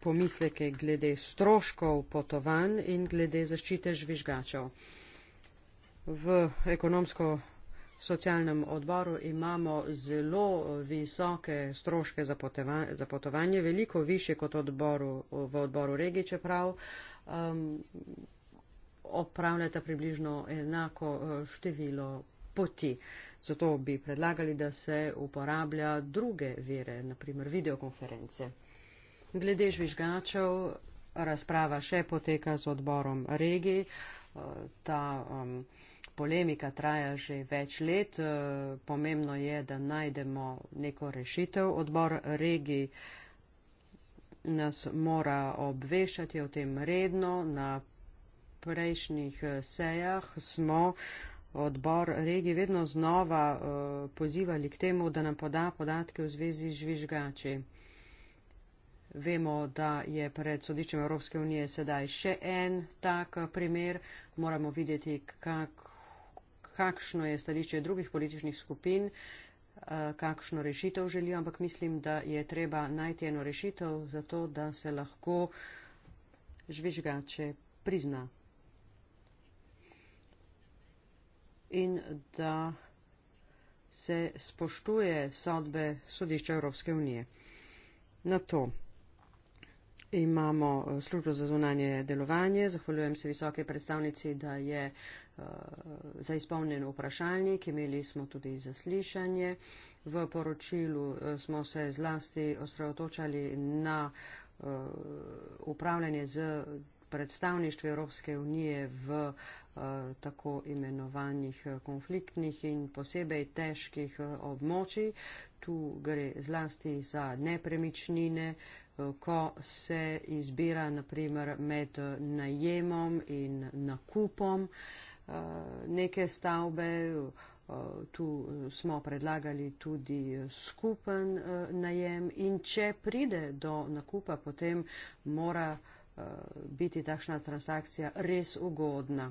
pomisleke glede stroškov potovanj in glede zaščite žvižgačev. V ekonomsko socialnem odboru imamo zelo visoke stroške za, poteva, za potovanje, veliko više kot odboru, v odboru regije, čeprav um, opravljata približno enako eh, število poti. Uh, Zato bi predlagali, da se uporablja druge vere, naprimer videokonference. Glede žvižgačev, razprava še poteka z odborom regi. E, ta um, polemika traja že več let. E, pomembno je, da najdemo neko rešitev. Odbor regi nas mora obveščati o tem redno. Na prejšnjih sejah smo uh, odbor regi vedno znova eh, pozivali k temu, da nam poda podatke v zvezi z žvižgači. Vemo, da je pred sodičem Evropske unije sedaj še en tak eh, primer. Moramo videti, kak, kakšno je stališče drugih političnih skupin, eh, kakšno rešitev želijo, ampak mislim, da je treba najti eno rešitev za to, da se lahko žvižgače prizna. in da se spoštuje sodbe sodišča Evropske unije. Na to imamo eh, službo za zunanje delovanje. Zahvaljujem se visoke predstavnici, da je eh, za izpolnjen vprašalnik. Imeli smo tudi zaslišanje. V poročilu eh, smo se zlasti osredotočali na upravljanje z predstavništvu Evropske unije v eh, tako imenovanih eh, konfliktnih in posebej težkih eh, območij. Tu gre zlasti za nepremičnine, ko se izbira naprimer med najemom in nakupom neke stavbe. Tu smo predlagali tudi skupen najem in če pride do nakupa, potem mora Eh, biti takšna transakcija res ugodna.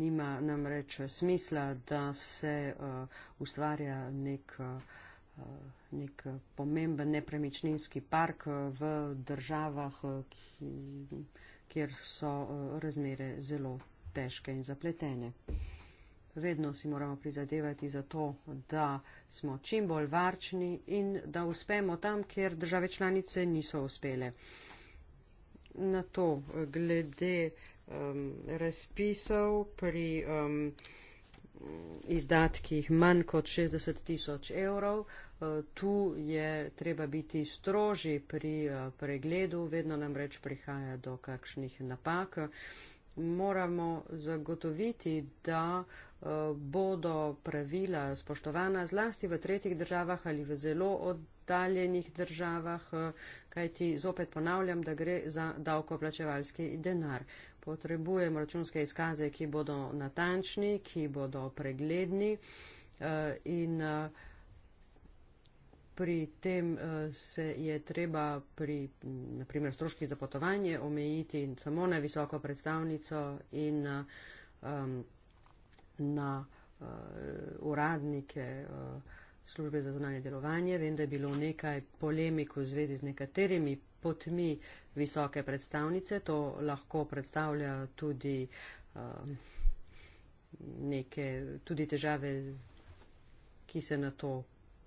Nima namreč smisla, da se eh, ustvarja nek, eh, nek pomemben nepremičninski park v državah, ki, kjer so razmere zelo težke in zapletene vedno si moramo prizadevati za to, da smo čim bolj varčni in da uspemo tam, kjer države članice niso uspele. Na to glede um, razpisov pri um, izdatkih manj kot 60 tisoč evrov. Uh, tu je treba biti stroži pri uh, pregledu, vedno nam reč prihaja do kakšnih napak. Um, moramo zagotoviti, da eh, bodo pravila spoštovana zlasti v tretjih državah ali v zelo oddaljenih državah, eh, kajti zopet ponavljam, da gre za davkoplačevalski denar. Potrebujemo računske izkaze, ki bodo natančni, ki bodo pregledni eh, in pri tem eh, se je treba pri naprimer stroških za potovanje omejiti samo na visoko predstavnico in eh, na, na eh, uradnike službe za zunanje delovanje. Vem, da je bilo nekaj polemik v zvezi z nekaterimi potmi visoke predstavnice. To lahko predstavlja tudi neke tudi težave, ki se na to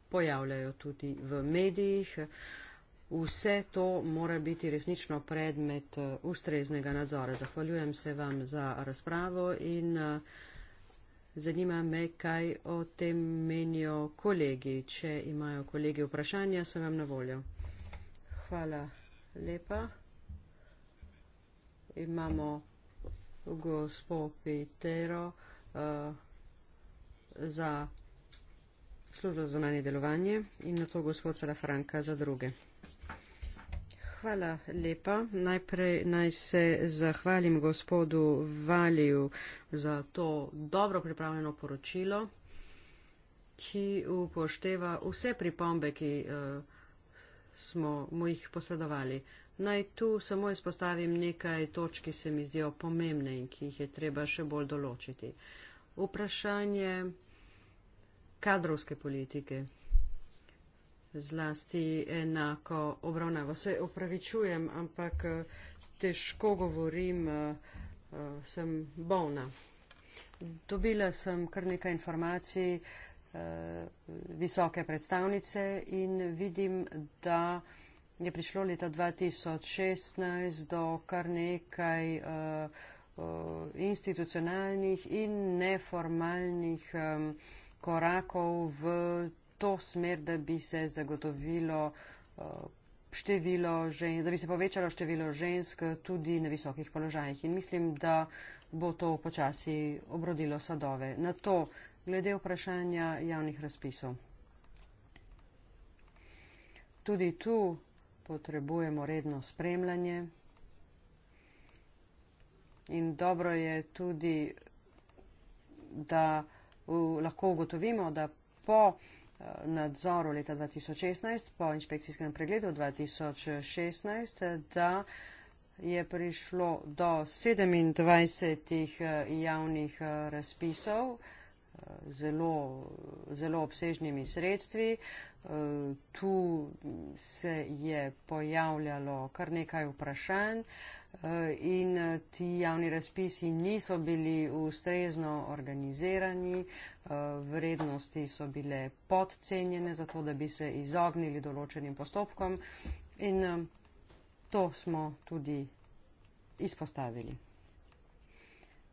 pojavljajo tudi v medijih. Vse to mora biti resnično predmet eh, ustreznega nadzora. Zahvaljujem se vam za razpravo in eh, zanima me, kaj o tem menijo kolegi. Če imajo kolegi vprašanja, sem vam na voljo. Hvala lepa. Imamo gospod Pitero uh, za službo za zunanje delovanje in na to gospod Salafranka za druge. Hvala lepa. Najprej naj se zahvalim gospodu Valiju za to dobro pripravljeno poročilo, ki upošteva vse pripombe, ki uh, smo mu jih posredovali. Naj tu samo izpostavim nekaj točk, ki se mi zdijo pomembne in ki jih je treba še bolj določiti. Vprašanje kadrovske politike, zlasti enako obravnavo. Se opravičujem, ampak težko govorim, sem bolna. Dobila sem kar nekaj informacij visoke predstavnice in vidim, da je prišlo leta 2016 do kar nekaj institucionalnih in neformalnih korakov v to smer, da bi se zagotovilo eh, število, žen, da bi se povečalo število žensk tudi na visokih položajih. In mislim, da bo to počasi obrodilo sadove. Na to, glede vprašanja javnih razpisov. Tudi tu potrebujemo redno spremljanje in dobro je tudi, da lahko ugotovimo, da po eh, nadzoru leta 2016, po inšpekcijskem pregledu 2016, da je prišlo do 27 eh, javnih eh, razpisov zelo, zelo obsežnimi sredstvi. Eh, tu se je pojavljalo kar nekaj vprašanj eh, in eh, ti javni razpisi niso bili ustrezno organizirani, vrednosti so bile podcenjene, zato da bi se izognili določenim postopkom in to smo tudi izpostavili.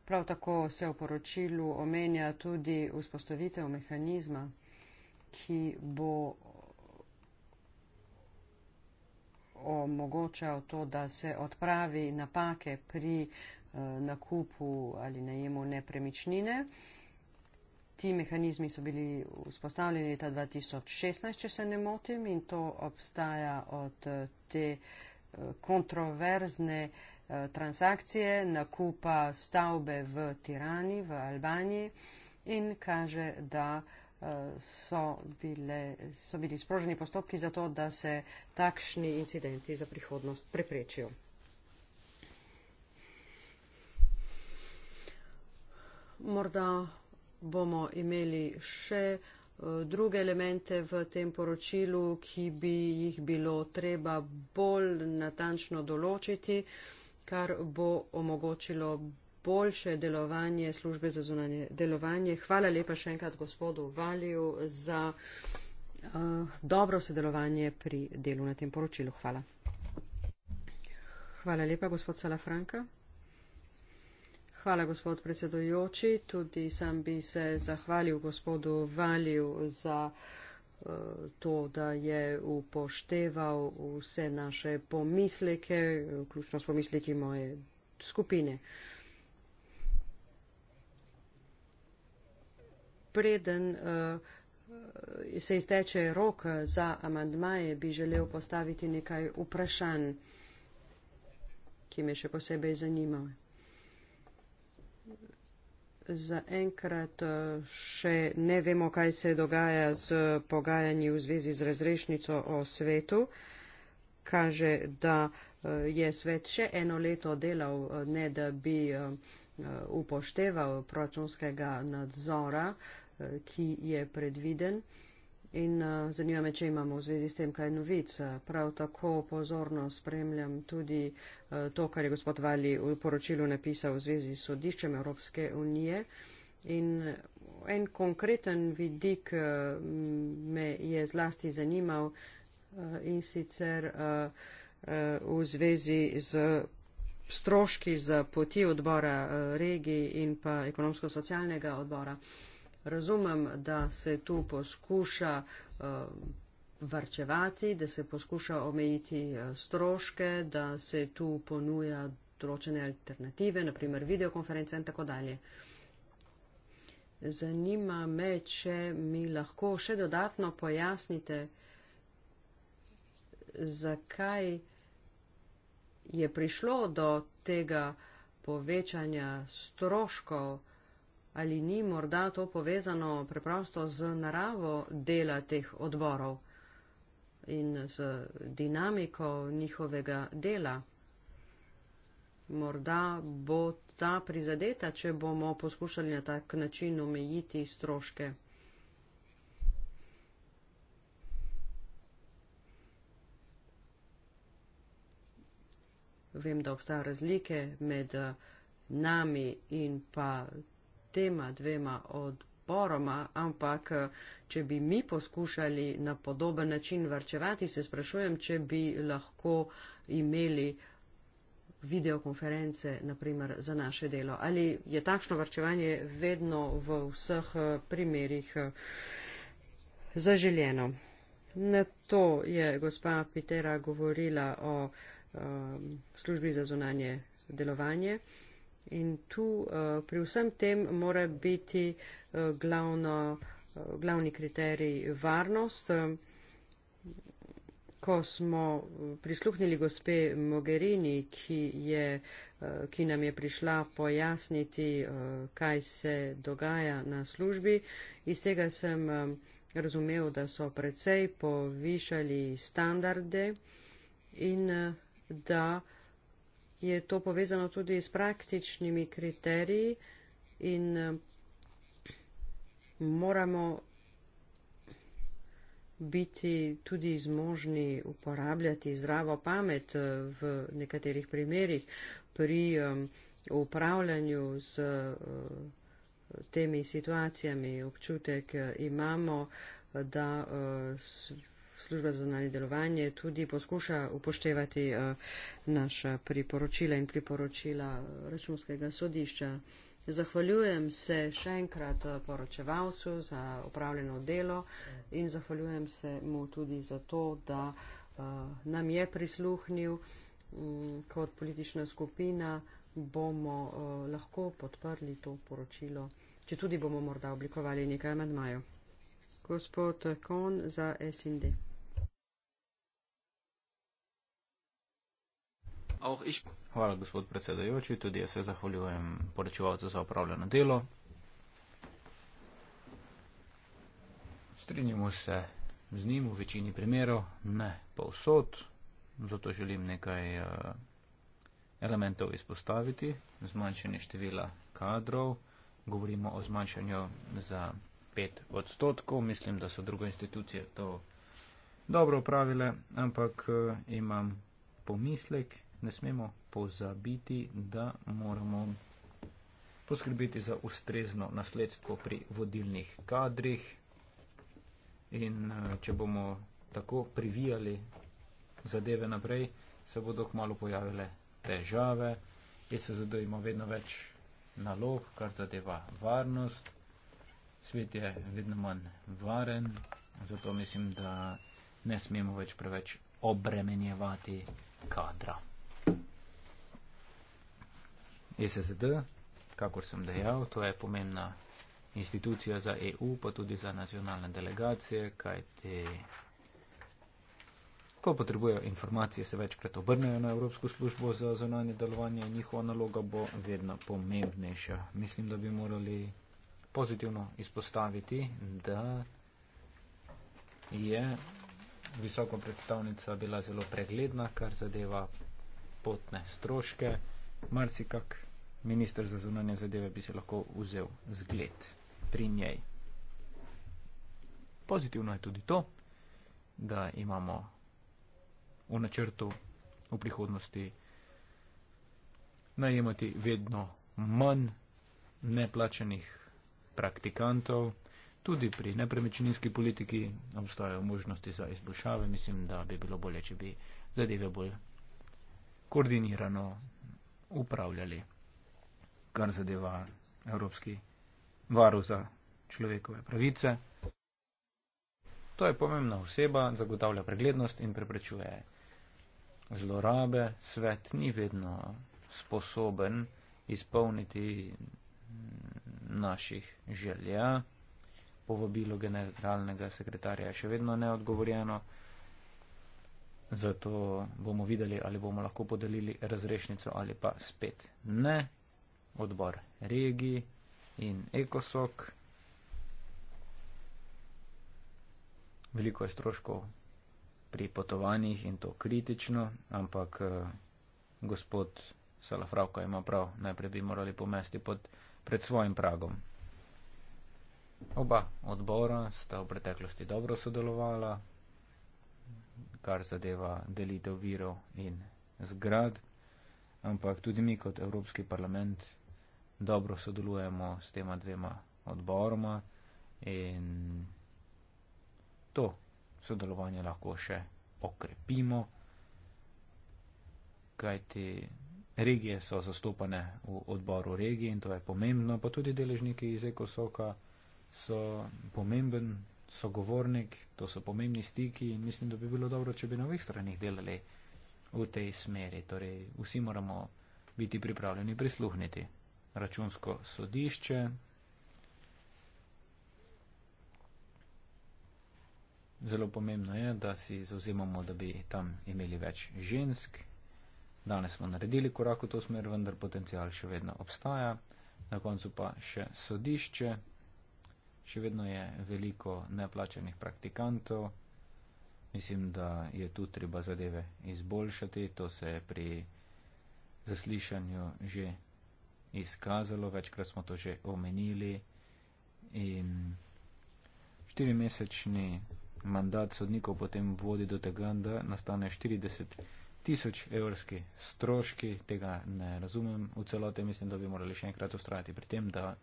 Prav tako se v poročilu omenja tudi vzpostavitev mehanizma, ki bo omogočal to, da se odpravi napake pri eh, nakupu ali najemu nepremičnine. Ti mehanizmi so bili vzpostavljeni leta 2016, če se ne motim, in to obstaja od eh, te eh, kontroverzne Eh, transakcije, nakupa stavbe v Tirani, v Albaniji in kaže, da eh, so, bile, so bili sproženi postopki za to, da se takšni incidenti za prihodnost preprečijo. Morda bomo imeli še eh, druge elemente v tem poročilu, ki bi jih bilo treba bolj natančno določiti. Uh, kar bo omogočilo boljše delovanje službe za zunanje delovanje. Hvala lepa še enkrat gospodu Valiju za uh, dobro sodelovanje pri delu na tem poročilu. Hvala. Hvala lepa, gospod Salafranka. Hvala, gospod predsedojoči. Tudi sam bi se zahvalil gospodu Valiju za to, da je upošteval vse naše pomisleke, vključno s pomisleki moje skupine. Preden uh, se izteče rok za amandmaje, bi želel postaviti nekaj vprašanj, ki me še posebej zanimajo. Za enkrat eh, še ne vemo, kaj se dogaja z pogajanji v zvezi z razrešnico o svetu. Kaže, da eh, je svet še eno leto delal, eh, ne da bi upošteval proračunskega nadzora, ki je predviden. In uh, zanima me, če imamo v zvezi s tem kaj novic. Eh, prav tako pozorno spremljam tudi uh, to, kar je gospod Vali v poročilu napisal v zvezi s sodiščem Evropske unije. In en konkreten vidik uh, me je zlasti zanimal uh, in sicer uh, uh, v zvezi z stroški za poti odbora uh, regij in pa ekonomsko-socialnega odbora. Uh, razumem, da se tu poskuša uh, varčevati, da se poskuša omejiti uh, stroške, da se tu ponuja določene alternative, naprimer videokonference in tako dalje. Zanima me, če mi lahko še dodatno pojasnite, zakaj je prišlo do tega povečanja stroškov, ali ni morda to povezano preprosto z naravo dela teh odborov in z dinamiko njihovega dela. Morda bo ta prizadeta, če bomo poskušali na tak način omejiti stroške. Vem, da obstajajo razlike med nami in pa tema dvema odboroma, ampak eh, če bi mi poskušali na podoben način varčevati, se sprašujem, če bi lahko imeli videokonference, naprimer, za naše delo. Ali je takšno varčevanje vedno v vseh eh, primerih eh, zaželjeno? Na to je gospa Pitera govorila o um, službi za zunanje delovanje. Uh, In tu uh, pri vsem tem mora biti uh, glavno, uh, glavni kriterij varnost. Ko smo prisluhnili gospe Mogherini, ki, je, uh, ki nam je prišla pojasniti, uh, kaj se dogaja na službi, iz tega sem uh, razumel, da so precej povišali standarde in uh, da uh, je to povezano tudi s praktičnimi kriteriji in eh, moramo biti tudi zmožni uporabljati zdravo pamet eh, v nekaterih primerjih pri eh, upravljanju z temi situacijami. Občutek imamo, da služba za zunanje delovanje tudi poskuša upoštevati eh, naša priporočila in priporočila eh, računskega sodišča. Zahvaljujem se še enkrat eh, poročevalcu za upravljeno delo in zahvaljujem se mu tudi za to, da nam je prisluhnil mm, kot politična skupina bomo uh, lahko podprli to poročilo, če tudi bomo morda oblikovali nekaj amadmajo. Gospod Kon za SND. Hvala, gospod predsedajoči. Tudi jaz se zahvaljujem poročevalcu za opravljeno delo. Strinjamo se z njim v večini primerov, ne pa vsod. Zato želim nekaj eh, elementov izpostaviti. Zmanjšanje števila kadrov. Govorimo o zmanjšanju za 5 odstotkov. Mislim, da so druge institucije to dobro upravile, ampak eh, imam pomislek ne smemo pozabiti, da moramo poskrbeti za ustrezno nasledstvo pri vodilnih kadrih in eh, če bomo tako privijali zadeve naprej, se bodo kmalo pojavile težave. E SSD ima vedno več nalog, kar zadeva varnost. Svet je vedno manj varen, zato mislim, da ne smemo več preveč obremenjevati kadra. SSD, kakor sem dejal, to je pomembna institucija za EU, pa tudi za nacionalne delegacije, kajti ko potrebujejo informacije, se večkrat obrnejo na Evropsko službo za zonanje delovanje in njihova naloga bo vedno pomembnejša. Mislim, da bi morali pozitivno izpostaviti, da je visoka predstavnica bila zelo pregledna, kar zadeva potne stroške, marsikak ministr za zunanje zadeve bi se lahko vzel zgled pri njej. Pozitivno je tudi to, da imamo v načrtu v prihodnosti najemati vedno manj neplačenih praktikantov. Tudi pri nepremičninski politiki obstajajo možnosti za izboljšave. Mislim, da bi bilo bolje, če bi zadeve bolj koordinirano upravljali kar zadeva Evropski varu za človekove pravice. To je pomembna oseba, zagotavlja preglednost in preprečuje zlorabe. Svet ni vedno sposoben izpolniti naših želja. Povabilo generalnega sekretarja je še vedno neodgovorjeno, zato bomo videli, ali bomo lahko podelili razrešnico ali pa spet ne odbor regij in ekosok. Veliko je stroškov pri potovanjih in to kritično, ampak eh, gospod Salafravka ima prav, najprej bi morali pomesti pod, pred svojim pragom. Oba odbora sta v preteklosti dobro sodelovala, kar zadeva delitev virov in zgrad, ampak tudi mi kot Evropski parlament dobro sodelujemo s tema dvema odboroma in to sodelovanje lahko še okrepimo, kajti regije so zastopane v odboru regij in to je pomembno, pa tudi deležniki iz Ekosoka so pomemben sogovornik, to so pomembni stiki in mislim, da bi bilo dobro, če bi na ovih stranih delali v tej smeri. Torej, vsi moramo biti pripravljeni prisluhniti računsko sodišče. Zelo pomembno je, da si zauzemamo, da bi tam imeli več žensk. Danes smo naredili korak v to smer, vendar potencial še vedno obstaja. Na koncu pa še sodišče. Še vedno je veliko neplačenih praktikantov. Mislim, da je tu treba zadeve izboljšati. To se je pri zaslišanju že izkazalo, večkrat smo to že omenili. In štirimesečni mandat sodnikov potem vodi do tega, da nastane 40 tisoč evrski stroški, tega ne razumem v celote, mislim, da bi morali še enkrat ustrajati pri tem, da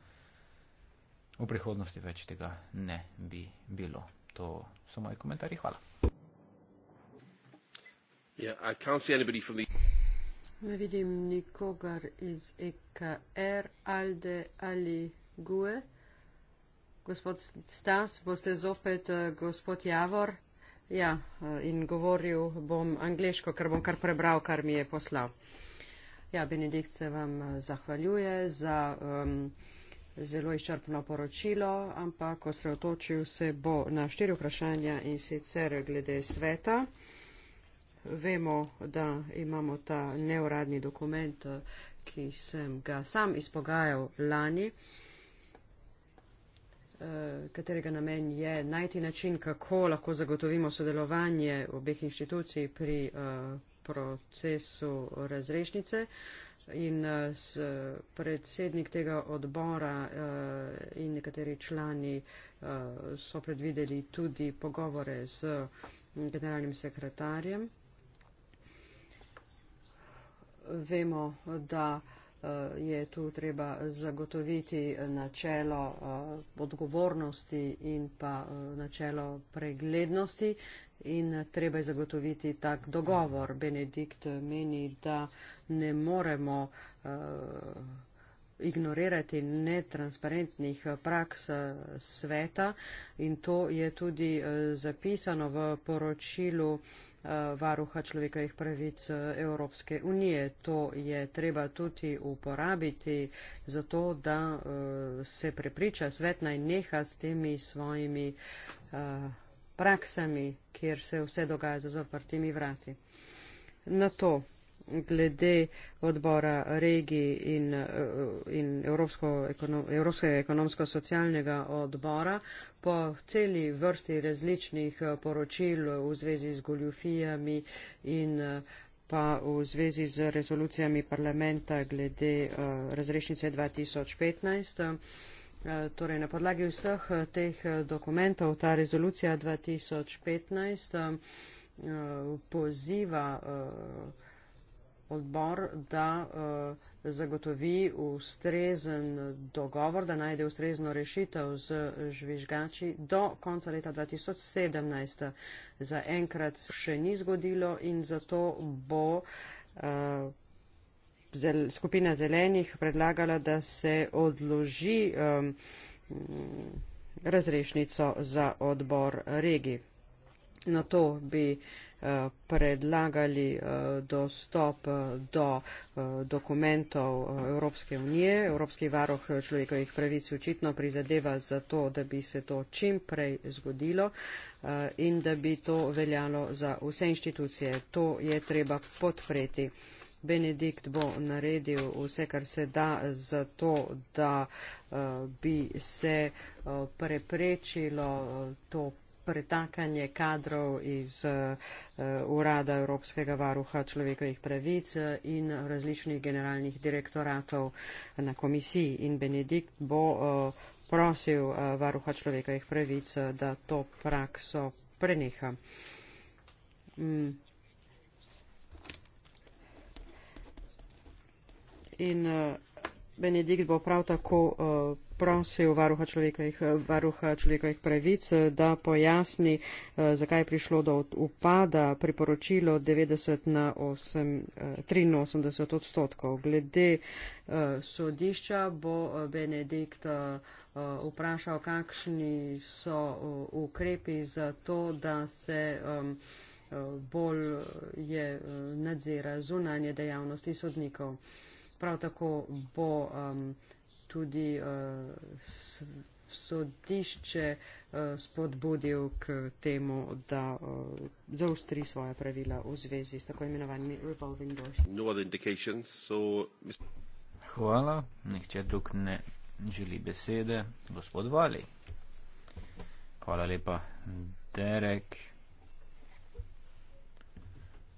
v prihodnosti več tega ne bi bilo. To so moji komentarji. Hvala. Yeah, I can't see anybody from the... Ne vidim nikogar iz EKR, Alde ali GUE. Gospod Stas, boste zopet eh, gospod Javor. Ja, eh, in govoril bom angliško, ker bom kar prebral, kar mi je poslal. Ja, Benedikt se vam eh, zahvaljuje za um, zelo izčrpno poročilo, ampak osredotočil se bo na štiri vprašanja in sicer glede sveta vemo, da imamo ta neuradni dokument, ki sem ga sam izpogajal lani, eh, katerega namen je najti način, kako lahko zagotovimo sodelovanje obeh inštitucij pri eh, procesu razrešnice. In eh, s predsednik tega odbora in nekateri člani so predvideli tudi pogovore z generalnim sekretarjem vemo, da eh, je tu treba zagotoviti načelo eh, odgovornosti in pa eh, načelo preglednosti in treba je zagotoviti tak dogovor. Benedikt meni, da ne moremo ignorirati netransparentnih praks sveta in to je tudi zapisano v poročilu Eh, varuha človekovih pravic eh, Evropske unije. To je treba tudi uporabiti za to, da eh, se prepriča svet naj neha s temi svojimi praksami, kjer se vse dogaja za zaprtimi vrati. Na to glede odbora regij in, eh, in Evropsko, ekono, Evropskega ekonomsko-socialnega odbora po celi vrsti različnih eh, poročil v zvezi z goljufijami in eh, pa v zvezi z rezolucijami parlamenta glede razrešnice 2015. Torej, na podlagi vseh teh dokumentov ta rezolucija 2015 poziva odbor, da uh, zagotovi ustrezen dogovor, da najde ustrezno rešitev z žvižgači do konca leta 2017. Za enkrat še ni zgodilo in zato bo uh, zel, skupina zelenih predlagala, da se odloži um, razrešnico za odbor regi. Na to bi uh, predlagali eh, dostop eh, do eh, dokumentov Evropske unije. Evropski varoh človekovih pravic očitno prizadeva za to, da bi se to čim prej zgodilo in da bi to veljalo za vse inštitucije. To je treba podpreti. Benedikt bo naredil vse, kar se da za to, da uh, bi se uh, preprečilo uh, to pretakanje kadrov iz uh, Urada Evropskega varuha človekovih pravic eh, in različnih generalnih direktoratov na komisiji. In Benedikt bo uh, prosil uh, varuha človekovih pravic, da to prakso preneha. Mm. In uh, Benedikt bo prav tako eh, prosil varuha človekovih, eh, varuha človekovih pravic, eh, da pojasni, zakaj je prišlo do upada priporočilo 90 na 8, 83 odstotkov. Glede sodišča bo Benedikt vprašal, kakšni so ukrepi za to, da se bolj je nadzira zunanje dejavnosti sodnikov prav tako bo um, tudi uh, sodišče uh, spodbudil k temu, da uh, zaustri svoje pravila v zvezi s tako imenovanimi revolving doors. No other indications, so... Hvala, nihče drug ne želi besede. Gospod Vali. Hvala lepa, Derek.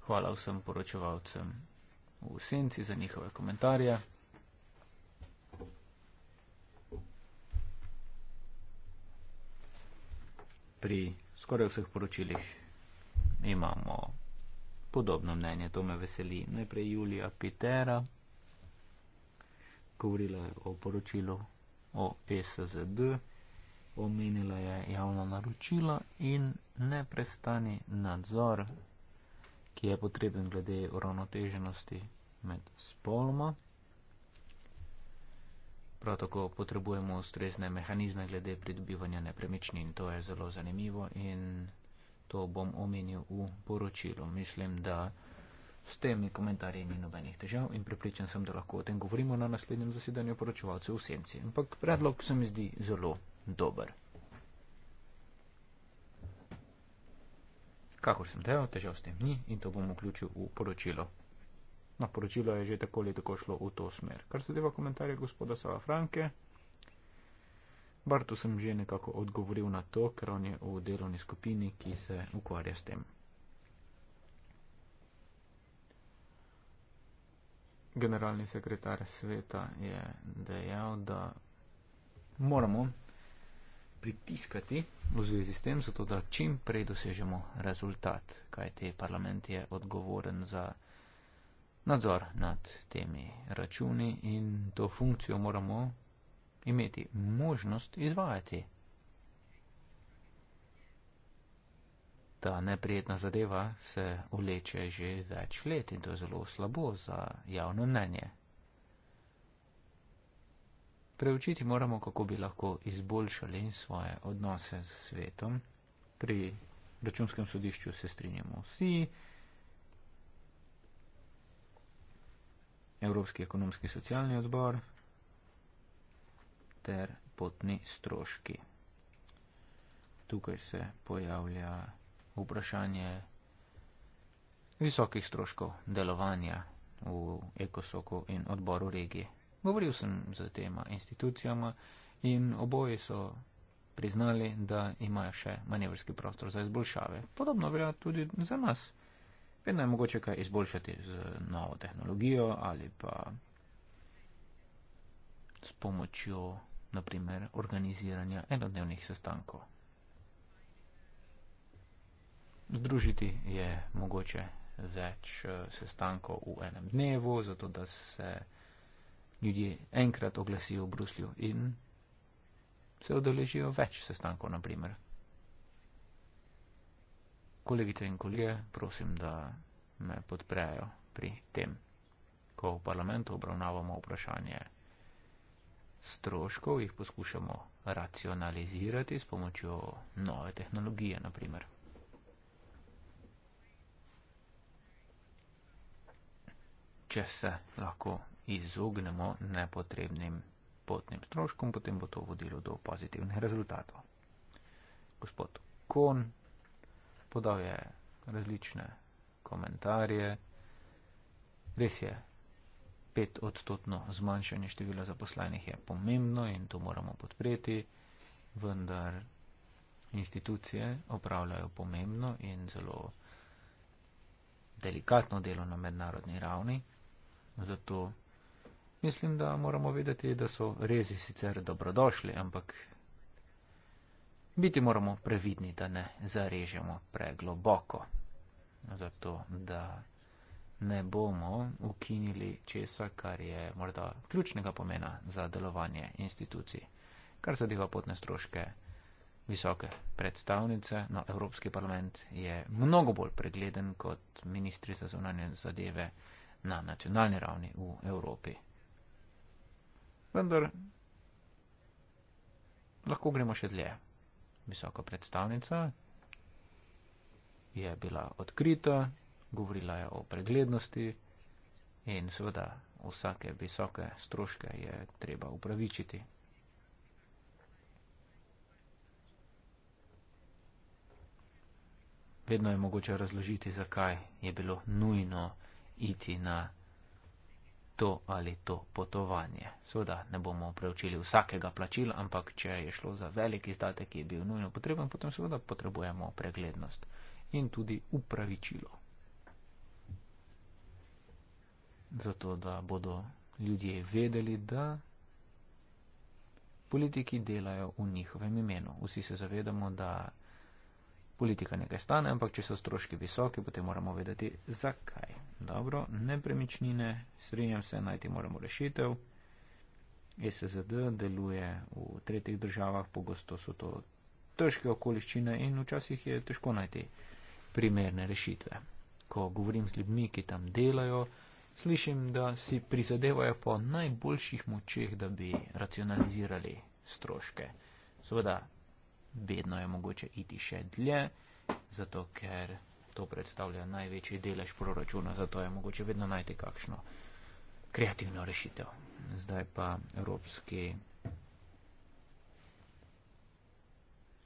Hvala vsem poročevalcem v senci za njihove komentarje. Pri skoraj vseh poročilih imamo podobno mnenje, to me veseli. Najprej Julija Pitera, govorila je o poročilu o e SZD, omenila je javna naročila in neprestani nadzor ki je potreben glede uravnoteženosti med spoloma. Prav tako potrebujemo ustrezne mehanizme glede pridobivanja nepremični in to je zelo zanimivo in to bom omenil v poročilu. Mislim, da s temi komentarji ni nobenih težav in pripričan sem, da lahko o tem govorimo na naslednjem zasedanju poročevalcev v senci. Ampak predlog se mi zdi zelo dober. Kakor sem dejal, težav s tem ni in to bom vključil v poročilo. No, poročilo je že tako ali tako šlo v to smer. Kar se deva komentarje gospoda Sava Franke, Bartu sem že nekako odgovoril na to, ker on je v delovni skupini, ki se ukvarja s tem. Generalni sekretar sveta je dejal, da moramo pritiskati v zvezi s tem, zato da čim prej dosežemo rezultat, kaj te parlament je odgovoren za nadzor nad temi računi in to funkcijo moramo imeti možnost izvajati. Ta neprijetna zadeva se uleče že več let in to je zelo slabo za javno mnenje. Preučiti moramo, kako bi lahko izboljšali svoje odnose s svetom. Pri računskem sodišču se strinjamo vsi. Evropski ekonomski socialni odbor ter potni stroški. Tukaj se pojavlja vprašanje visokih stroškov delovanja v ekosoku in odboru regije. Govoril sem z tema institucijama in oboji so priznali, da imajo še manevrski prostor za izboljšave. Podobno velja tudi za nas. Vedno je mogoče kaj izboljšati z novo tehnologijo ali pa s pomočjo, naprimer, organiziranja enodnevnih sestankov. Združiti je mogoče več eh, sestankov v enem dnevu, zato da se ljudje enkrat oglasijo v Bruslju in se odeležijo več sestankov, naprimer. Kolegice in kolege, prosim, da me podprejo pri tem, ko v parlamentu obravnavamo vprašanje stroškov, jih poskušamo racionalizirati s pomočjo nove tehnologije, naprimer. Če se lahko izognemo nepotrebnim potnim stroškom, potem bo to vodilo do pozitivnih rezultatov. Gospod Kohn podal je različne komentarje. Res je, pet odstotno zmanjšanje števila zaposlenih je pomembno in to moramo podpreti, vendar institucije opravljajo pomembno in zelo delikatno delo na mednarodni ravni, zato Mislim, da moramo vedeti, da so rezi sicer dobrodošli, ampak biti moramo previdni, da ne zarežemo pregloboko. Zato, da ne bomo ukinili česa, kar je morda ključnega pomena za delovanje institucij. Kar zadeva potne stroške visoke predstavnice, no Evropski parlament je mnogo bolj pregleden kot ministri za zunanje zadeve na nacionalni ravni v Evropi vendar lahko gremo še dlje. Visoka predstavnica je bila odkrita, govorila je o preglednosti in seveda vsake visoke stroške je treba upravičiti. Vedno je mogoče razložiti, zakaj je bilo nujno iti na to ali to potovanje. Seveda ne bomo preučili vsakega plačila, ampak če je šlo za velik izdatek, ki je bil nujno potreben, potem seveda potrebujemo preglednost in tudi upravičilo. Zato, da bodo ljudje vedeli, da politiki delajo v njihovem imenu. Vsi se zavedamo, da politika nekaj stane, ampak če so stroški visoki, potem moramo vedeti, zakaj. Dobro, nepremičnine, srednjem se, najti moramo rešitev. SSD deluje v tretjih državah, pogosto so to težke okoliščine in včasih je težko najti primerne rešitve. Ko govorim z ljudmi, ki tam delajo, slišim, da si prizadevajo po najboljših močeh, da bi racionalizirali stroške. Seveda, vedno je mogoče iti še dlje, zato ker to predstavlja največji delež proračuna, zato je mogoče vedno najti kakšno kreativno rešitev. Zdaj pa Evropski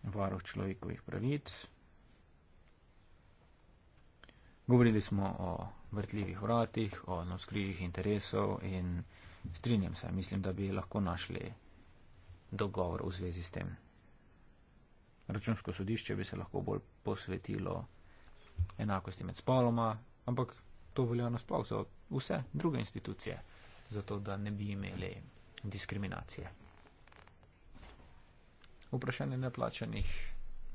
varuh človekovih pravic. Govorili smo o vrtljivih vratih, o noskrižjih interesov in strinjam se, mislim, da bi lahko našli dogovor v zvezi s tem. Računsko sodišče bi se lahko bolj posvetilo enakosti med spoloma, ampak to velja nasploh za vse druge institucije, zato da ne bi imeli diskriminacije. Vprašanje neplačanih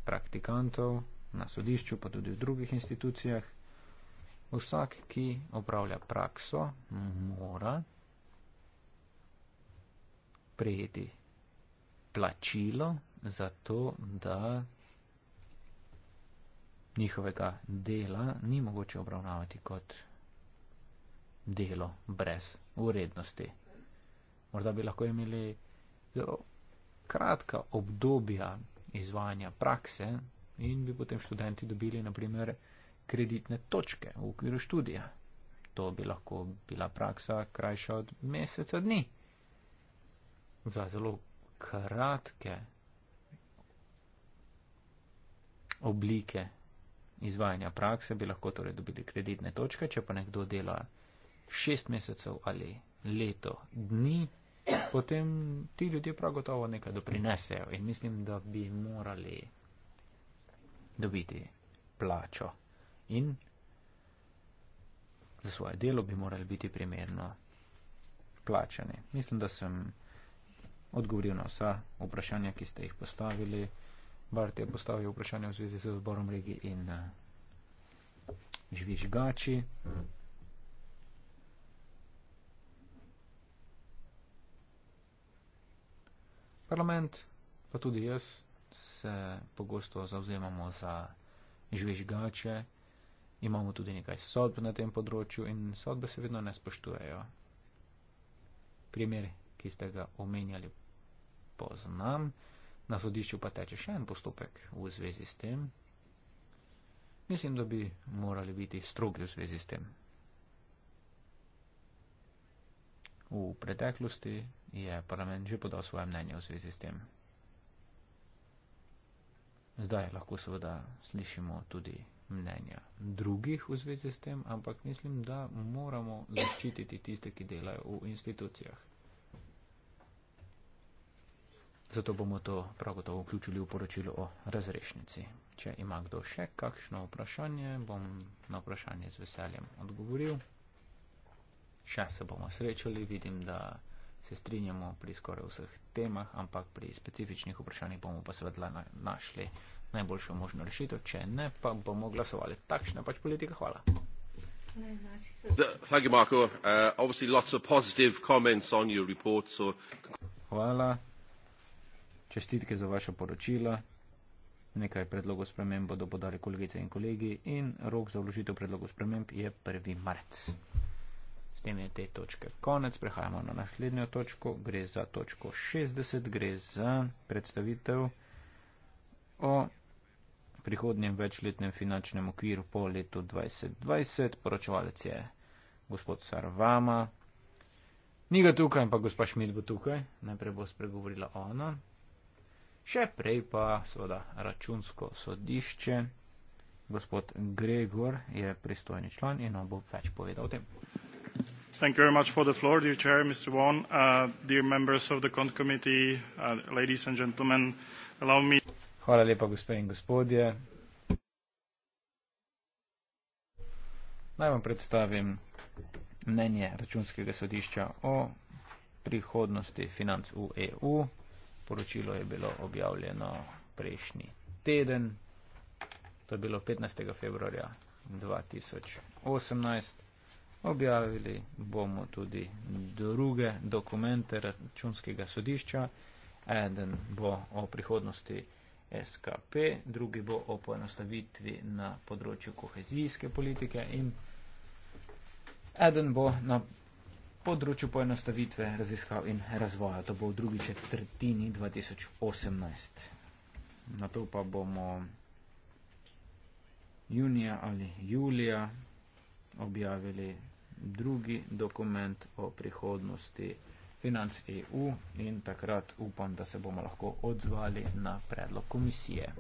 praktikantov na sodišču, pa tudi v drugih institucijah. Vsak, ki opravlja prakso, mora prejeti plačilo za to, da njihovega dela ni mogoče obravnavati kot delo brez urednosti. Morda bi lahko imeli zelo kratka obdobja izvajanja prakse in bi potem študenti dobili naprimer kreditne točke v okviru študija. To bi lahko bila praksa krajša od meseca dni. Za zelo kratke oblike izvajanja prakse, bi lahko torej dobili kreditne točke, če pa nekdo dela šest mesecev ali leto dni, potem ti ljudje prav gotovo nekaj doprinesejo in mislim, da bi morali dobiti plačo in za svoje delo bi morali biti primerno plačani. Mislim, da sem odgovoril na vsa vprašanja, ki ste jih postavili. Bart je postavil vprašanje v zvezi z odborom regi in uh, žvižgači. Parlament, pa tudi jaz, se pogosto zauzemamo za žvižgače. Imamo tudi nekaj sodb na tem področju in sodbe se vedno ne spoštujejo. Primer, ki ste ga omenjali, poznam. Na sodišču pa teče še en postopek v zvezi s tem. Mislim, da bi morali biti strogi v zvezi s tem. V preteklosti je parlament že podal svoje mnenje v zvezi s tem. Zdaj lahko seveda slišimo tudi mnenja drugih v zvezi s tem, ampak mislim, da moramo zaščititi tiste, ki delajo v institucijah. Zato bomo to prav gotovo vključili v poročilo o razrešnici. Če ima kdo še kakšno vprašanje, bom na vprašanje z veseljem odgovoril. Še se bomo srečali, vidim, da se strinjamo pri skoraj vseh temah, ampak pri specifičnih vprašanjih bomo pa seveda našli najboljšo možno rešitev. Če ne, pa bomo glasovali. Takšna pač politika. Hvala. Uh, Hvala, Marko. Hvala čestitke za vaše poročila, nekaj predlogov sprememb bodo podali kolegice in kolegi in rok za vložitev predlogov sprememb je 1. marec. S tem je te točke konec, prehajamo na naslednjo točko, gre za točko 60, gre za predstavitev o prihodnjem večletnem finančnem okviru po letu 2020. Poročevalec je gospod Sarvama. Ni ga tukaj, ampak gospa Šmit bo tukaj. Najprej bo spregovorila ona še prej pa seveda računsko sodišče. Gospod Gregor je pristojni član in nam bo več povedal o tem. Thank you very much for the floor, dear chair, Mr. Wong, uh, dear members of the Cont Committee, uh, ladies and gentlemen. Allow me. Hvala lepa, gospe in gospodje. Naj vam predstavim mnenje računskega sodišča o prihodnosti financ v EU poročilo je bilo objavljeno prejšnji teden, to je bilo 15. februarja 2018. Objavili bomo tudi druge dokumente računskega sodišča. Eden bo o prihodnosti SKP, drugi bo o poenostavitvi na področju kohezijske politike in eden bo na področju poenostavitve raziskav in razvoja. To bo v drugi četrtini 2018. Na to pa bomo junija ali julija objavili drugi dokument o prihodnosti financ EU in takrat upam, da se bomo lahko odzvali na predlog komisije.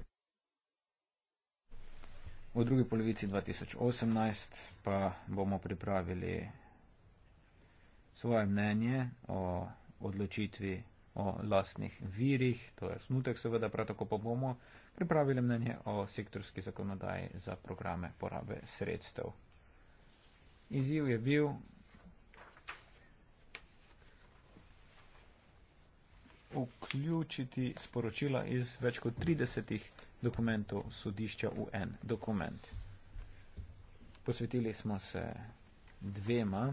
V drugi polovici 2018 pa bomo pripravili svoje mnenje o odločitvi o lastnih virih, to je snutek seveda, prav tako pa bomo pripravili mnenje o sektorski zakonodaji za programe porabe sredstev. Izjiv je bil vključiti sporočila iz več kot 30 dokumentov sodišča v en dokument. Posvetili smo se dvema,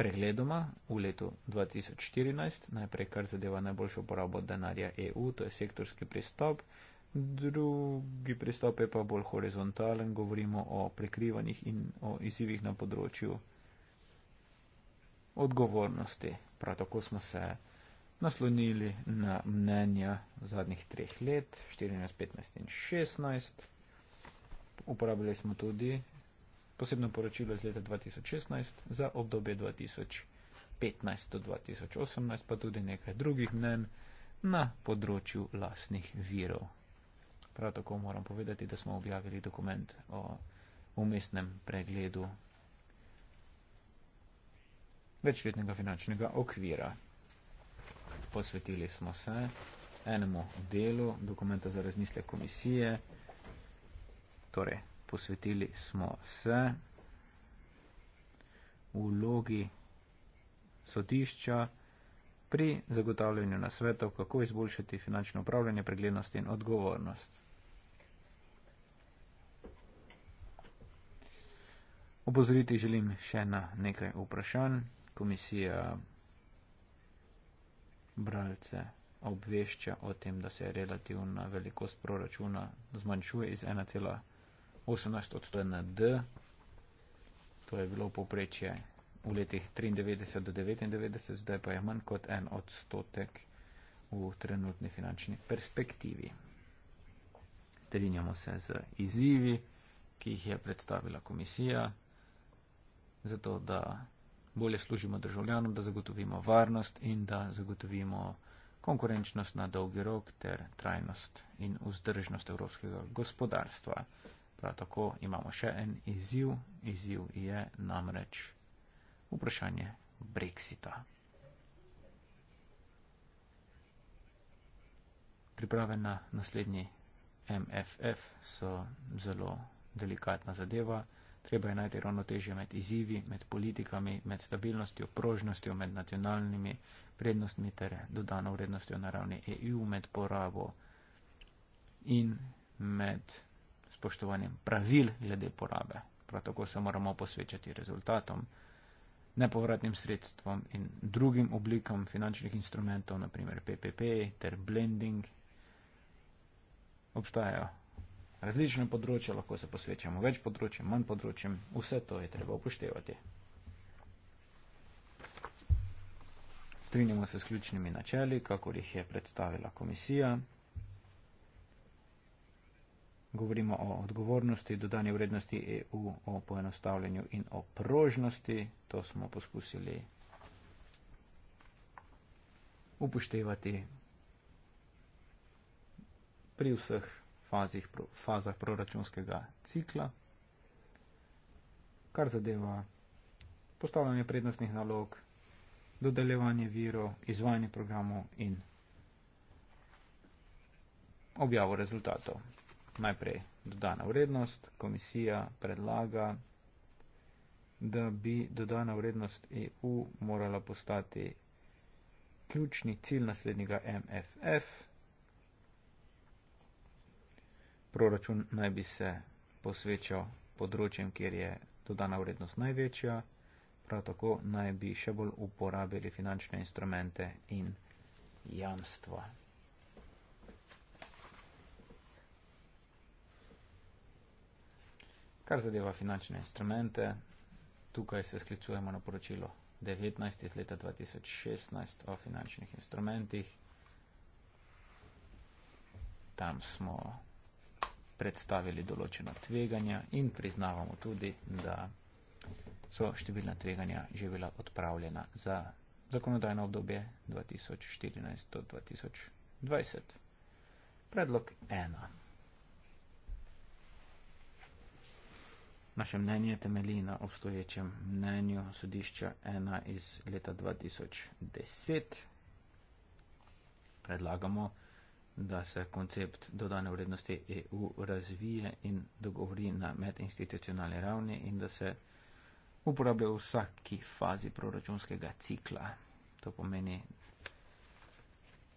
pregledoma v letu 2014, najprej kar zadeva najboljšo uporabo denarja EU, to je sektorski pristop, drugi pristop je pa bolj horizontalen, govorimo o prekrivanjih in o izzivih na področju odgovornosti. Prav tako smo se naslonili na mnenja zadnjih treh let, 14, 15 in 16. Uporabljali smo tudi posebno poročilo iz leta 2016 za obdobje 2015 do 2018, pa tudi nekaj drugih mnen na področju lasnih virov. Prav tako moram povedati, da smo objavili dokument o umestnem pregledu večletnega finančnega okvira. Posvetili smo se enemu delu dokumenta za razmislek komisije, torej posvetili smo se vlogi sodišča pri zagotavljanju nasvetov, kako izboljšati finančno upravljanje, preglednost in odgovornost. Opozoriti želim še na nekaj vprašanj. Komisija bralce obvešča o tem, da se relativna velikost proračuna zmanjšuje iz 18 odstotna D, to je bilo poprečje v letih 93 do 99, zdaj pa je manj kot en odstotek v trenutni finančni perspektivi. Strinjamo se z izzivi, ki jih je predstavila komisija, zato da bolje služimo državljanom, da zagotovimo varnost in da zagotovimo konkurenčnost na dolgi rok ter trajnost in vzdržnost evropskega gospodarstva. Prav tako imamo še en izziv. Izziv je namreč vprašanje Brexita. Priprave na naslednji MFF so zelo delikatna zadeva. Treba je najti ravnotežje med izzivi, med politikami, med stabilnostjo, prožnostjo, med nacionalnimi prednostmi ter dodano vrednostjo na ravni EU, med porabo in med spoštovanjem pravil glede porabe. Prav tako se moramo posvečati rezultatom, nepovratnim sredstvom in drugim oblikam finančnih instrumentov, naprimer PPP ter blending. Obstajajo različne področje, lahko se posvečamo več področjem, manj področjem, vse to je treba upoštevati. Strinjamo se s ključnimi načeli, kakor jih je predstavila komisija govorimo o odgovornosti, dodanje vrednosti EU, o poenostavljanju in o prožnosti. To smo poskusili upoštevati pri vseh fazih, fazah proračunskega cikla, kar zadeva postavljanje prednostnih nalog, dodeljevanje virov, izvajanje programov in objavo rezultatov najprej dodana vrednost, komisija predlaga, da bi dodana vrednost EU morala postati ključni cilj naslednjega MFF. Proračun naj bi se posvečal področjem, kjer je dodana vrednost največja, prav tako naj bi še bolj uporabili finančne instrumente in jamstva. Kar zadeva finančne instrumente, tukaj se sklicujemo na poročilo 19 iz leta 2016 o finančnih instrumentih. Tam smo predstavili določeno tveganje in priznavamo tudi, da so številna tveganja že bila odpravljena za zakonodajno obdobje 2014 do 2020. Predlog 1. Naše mnenje temelji na obstoječem mnenju sodišča 1 iz leta 2010. Predlagamo, da se koncept dodane vrednosti EU razvije in dogovori na medinstitucionalni ravni in da se uporablja v vsaki fazi proračunskega cikla. To pomeni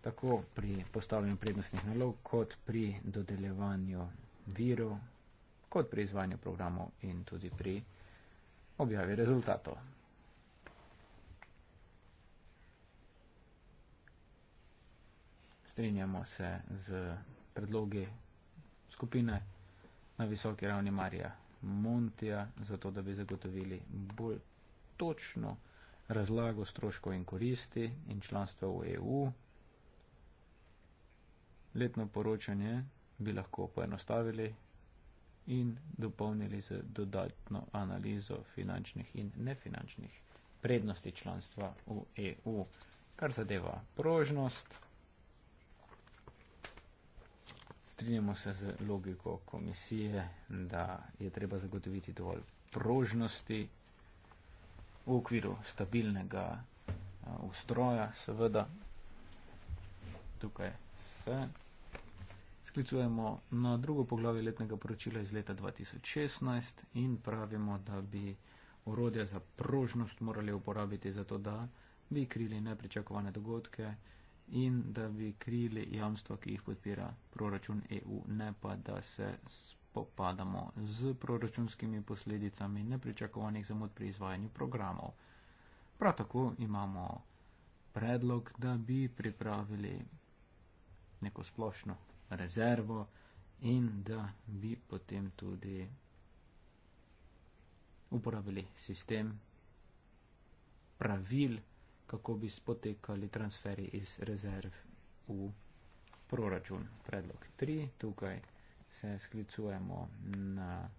tako pri postavljanju prednostnih nalog kot pri dodeljevanju virov kot pri izvajanju programov in tudi pri objavi rezultatov. Strinjamo se z predlogi skupine na visoki ravni Marija Montija, zato da bi zagotovili bolj točno razlago stroškov in koristi in članstva v EU. Letno poročanje bi lahko poenostavili in dopolnili z dodatno analizo finančnih in nefinančnih prednosti članstva v EU. Kar zadeva prožnost, strinjamo se z logiko komisije, da je treba zagotoviti dovolj prožnosti v okviru stabilnega eh, ustroja, seveda tukaj se sklicujemo na drugo poglavje letnega poročila iz leta 2016 in pravimo, da bi orodja za prožnost morali uporabiti za to, da bi krili nepričakovane dogodke in da bi krili jamstva, ki jih podpira proračun EU, ne pa da se spopadamo z proračunskimi posledicami nepričakovanih zamud pri izvajanju programov. Prav tako imamo predlog, da bi pripravili neko splošno rezervo in da bi potem tudi uporabili sistem pravil, kako bi spotekali transferi iz rezerv v proračun. Predlog 3. Tukaj se sklicujemo na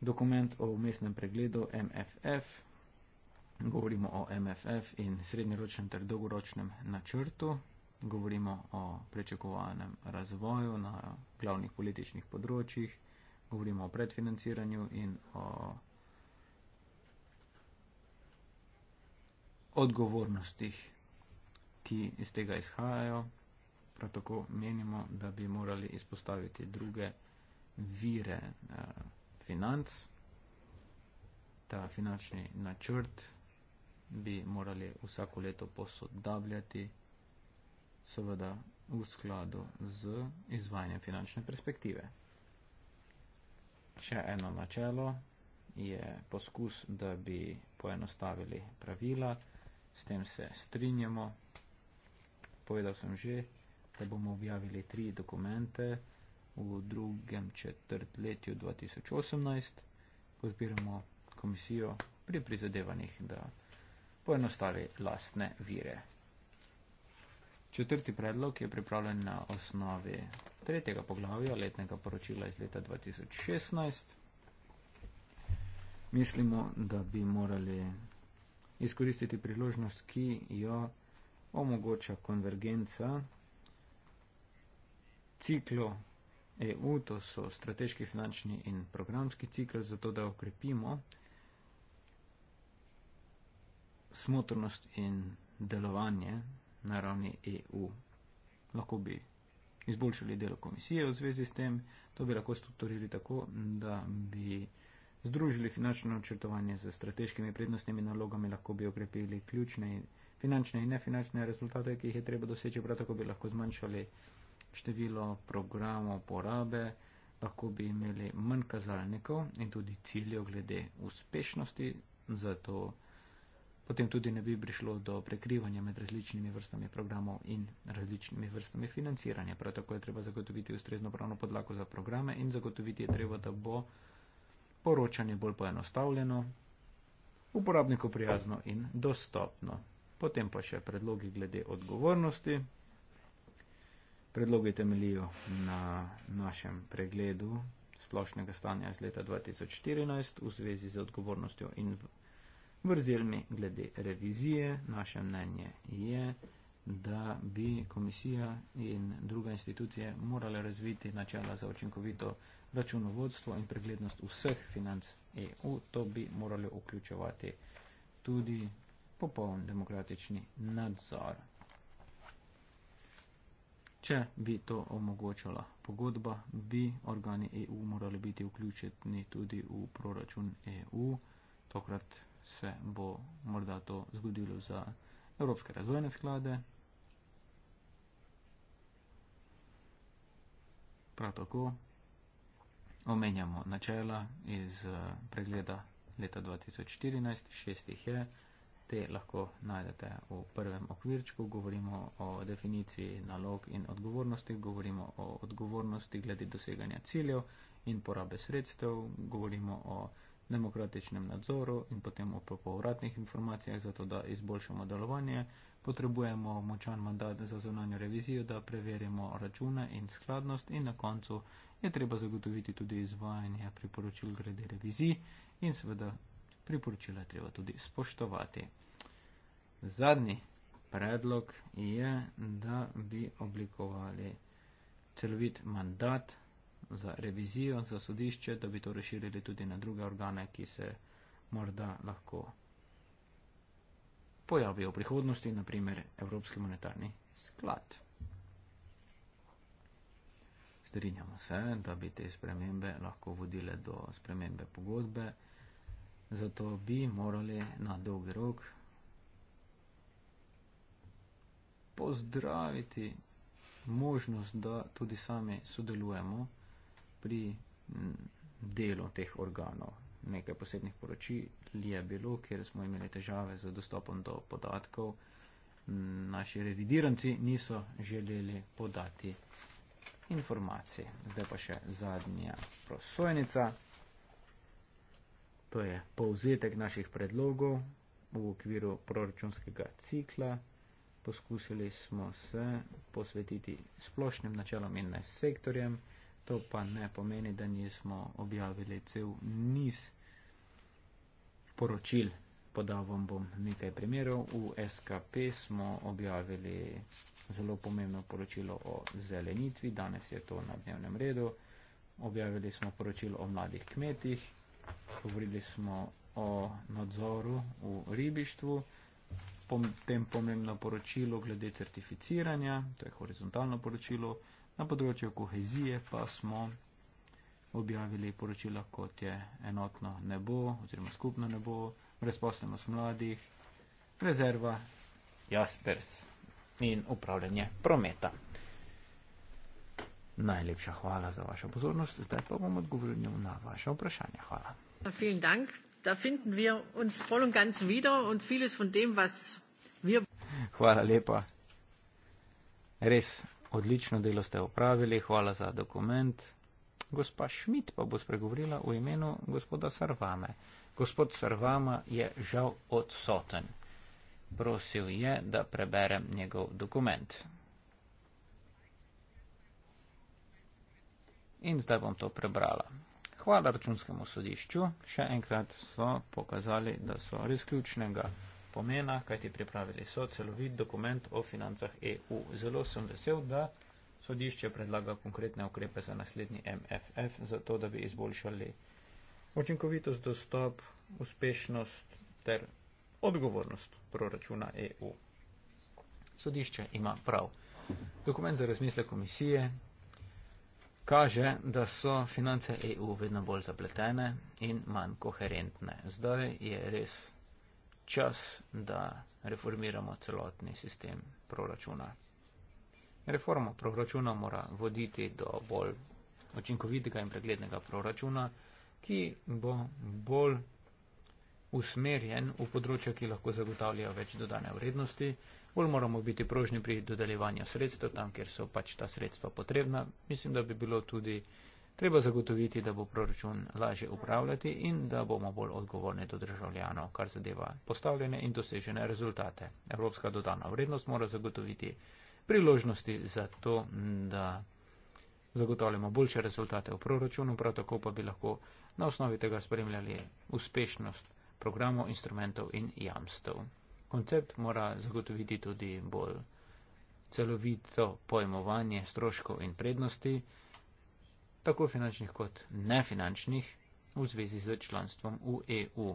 dokument o umestnem pregledu MFF. Govorimo o MFF in srednjeročnem ter dolgoročnem načrtu govorimo o prečakovanem razvoju na glavnih političnih področjih, govorimo o predfinanciranju in o odgovornostih, ki iz tega izhajajo. Prav tako menimo, da bi morali izpostaviti druge vire eh, financ. Ta finančni načrt bi morali vsako leto posodabljati seveda v skladu z izvajanjem finančne perspektive. Še eno načelo je poskus, da bi poenostavili pravila, s tem se strinjamo. Povedal sem že, da bomo objavili tri dokumente v drugem četrtletju 2018. Podpiramo komisijo pri prizadevanjih, da poenostavi lastne vire. Četrti predlog je pripravljen na osnovi tretjega poglavja letnega poročila iz leta 2016. Mislimo, da bi morali izkoristiti priložnost, ki jo omogoča konvergenca ciklu e EU, to so strateški, finančni in programski cikl, zato da okrepimo smotrnost in delovanje na ravni EU. Lahko bi izboljšali delo komisije v zvezi s tem, to bi lahko strukturirali tako, da bi združili finančno načrtovanje z strateškimi prednostnimi nalogami, lahko bi okrepili ključne finančne in nefinančne rezultate, ki jih je treba doseči, prav tako bi lahko zmanjšali število programov porabe, lahko bi imeli manj kazalnikov in tudi ciljev glede uspešnosti, zato potem tudi ne bi prišlo do prekrivanja med različnimi vrstami programov in različnimi vrstami financiranja. Prav tako je treba zagotoviti ustrezno pravno podlago za programe in zagotoviti je treba, da bo poročanje bolj poenostavljeno, uporabniku prijazno in dostopno. Potem pa še predlogi glede odgovornosti. Predlogi temelijo na našem pregledu splošnega stanja iz leta 2014 v zvezi z odgovornostjo in. V Vrzelni glede revizije, naše mnenje je, da bi komisija in druga institucije morale razviti načela za očinkovito računovodstvo in preglednost vseh financ EU. To bi morali vključevati tudi popoln demokratični nadzor. Če bi to omogočala pogodba, bi organi EU morali biti vključeni tudi v proračun EU. Tokrat se bo morda to zgodilo za evropske razvojne sklade. Prav tako omenjamo načela iz eh, pregleda leta 2014, šestih je, te lahko najdete v prvem okvirčku, govorimo o definiciji nalog in odgovornosti, govorimo o odgovornosti glede doseganja ciljev in porabe sredstev, govorimo o demokratičnem nadzoru in potem o povratnih informacijah, zato da izboljšamo delovanje. Potrebujemo močan mandat za zunanjo revizijo, da preverimo račune in skladnost in na koncu je treba zagotoviti tudi izvajanje priporočil glede revizij in seveda priporočila je treba tudi spoštovati. Zadnji predlog je, da bi oblikovali celovit mandat za revizijo, za sodišče, da bi to razširili tudi na druge organe, ki se morda lahko pojavijo v prihodnosti, naprimer Evropski monetarni sklad. Strinjamo se, da bi te spremembe lahko vodile do spremembe pogodbe, zato bi morali na dolgi rok pozdraviti možnost, da tudi sami sodelujemo pri mm, delu teh organov. Nekaj posebnih poročil je bilo, kjer smo imeli težave z dostopom do podatkov. Mm, naši revidiranci niso želeli podati informacij. Zdaj pa še zadnja prosojnica. To je povzetek naših predlogov v okviru proračunskega cikla. Poskusili smo se posvetiti splošnim načelom in ne sektorjem. To pa ne pomeni, da nismo objavili cel niz poročil. Podal vam bom nekaj primerov. V SKP smo objavili zelo pomembno poročilo o zelenitvi, danes je to na dnevnem redu. Objavili smo poročilo o mladih kmetih, govorili smo o nadzoru v ribištvu, potem pomembno poročilo glede certificiranja, to je horizontalno poročilo. Na področju kohezije pa smo objavili poročila, kot je enotno nebo oziroma skupno nebo, brezposlenost mladih, rezerva Jaspers in upravljanje prometa. Najlepša hvala za vašo pozornost. Zdaj pa bom odgovoril na vaše vprašanje. Hvala. Ja, hvala lepa. Res, Odlično delo ste upravili, hvala za dokument. Gospa Šmit pa bo spregovorila v imenu gospoda Sarvame. Gospod Sarvama je žal odsoten. Prosil je, da preberem njegov dokument. In zdaj bom to prebrala. Hvala računskemu sodišču. Še enkrat so pokazali, da so res ključnega pomena, kajti pripravili so celovit dokument o financah EU. Zelo sem vesel, da sodišče predlaga konkretne ukrepe za naslednji MFF, zato da bi izboljšali učinkovitost, dostop, uspešnost ter odgovornost proračuna EU. Sodišče ima prav. Dokument za razmisle komisije kaže, da so finance EU vedno bolj zapletene in manj koherentne. Zdaj je res čas, da reformiramo celotni sistem proračuna. Reformo proračuna mora voditi do bolj učinkovitega in preglednega proračuna, ki bo bolj usmerjen v področja, ki lahko zagotavljajo več dodane vrednosti, bolj moramo biti prožni pri dodeljevanju sredstev tam, kjer so pač ta sredstva potrebna. Mislim, da bi bilo tudi uh, Treba zagotoviti, da bo proračun lažje upravljati in da bomo bolj odgovorni do državljanov, kar zadeva postavljene in dosežene rezultate. Evropska dodana vrednost mora zagotoviti priložnosti za to, da zagotavljamo boljše rezultate v proračunu, prav tako pa bi lahko na osnovi tega spremljali uspešnost programov, instrumentov in jamstev. Koncept mora zagotoviti tudi bolj celovito pojmovanje stroškov in prednosti, tako finančnih kot nefinančnih, v zvezi z članstvom v EU.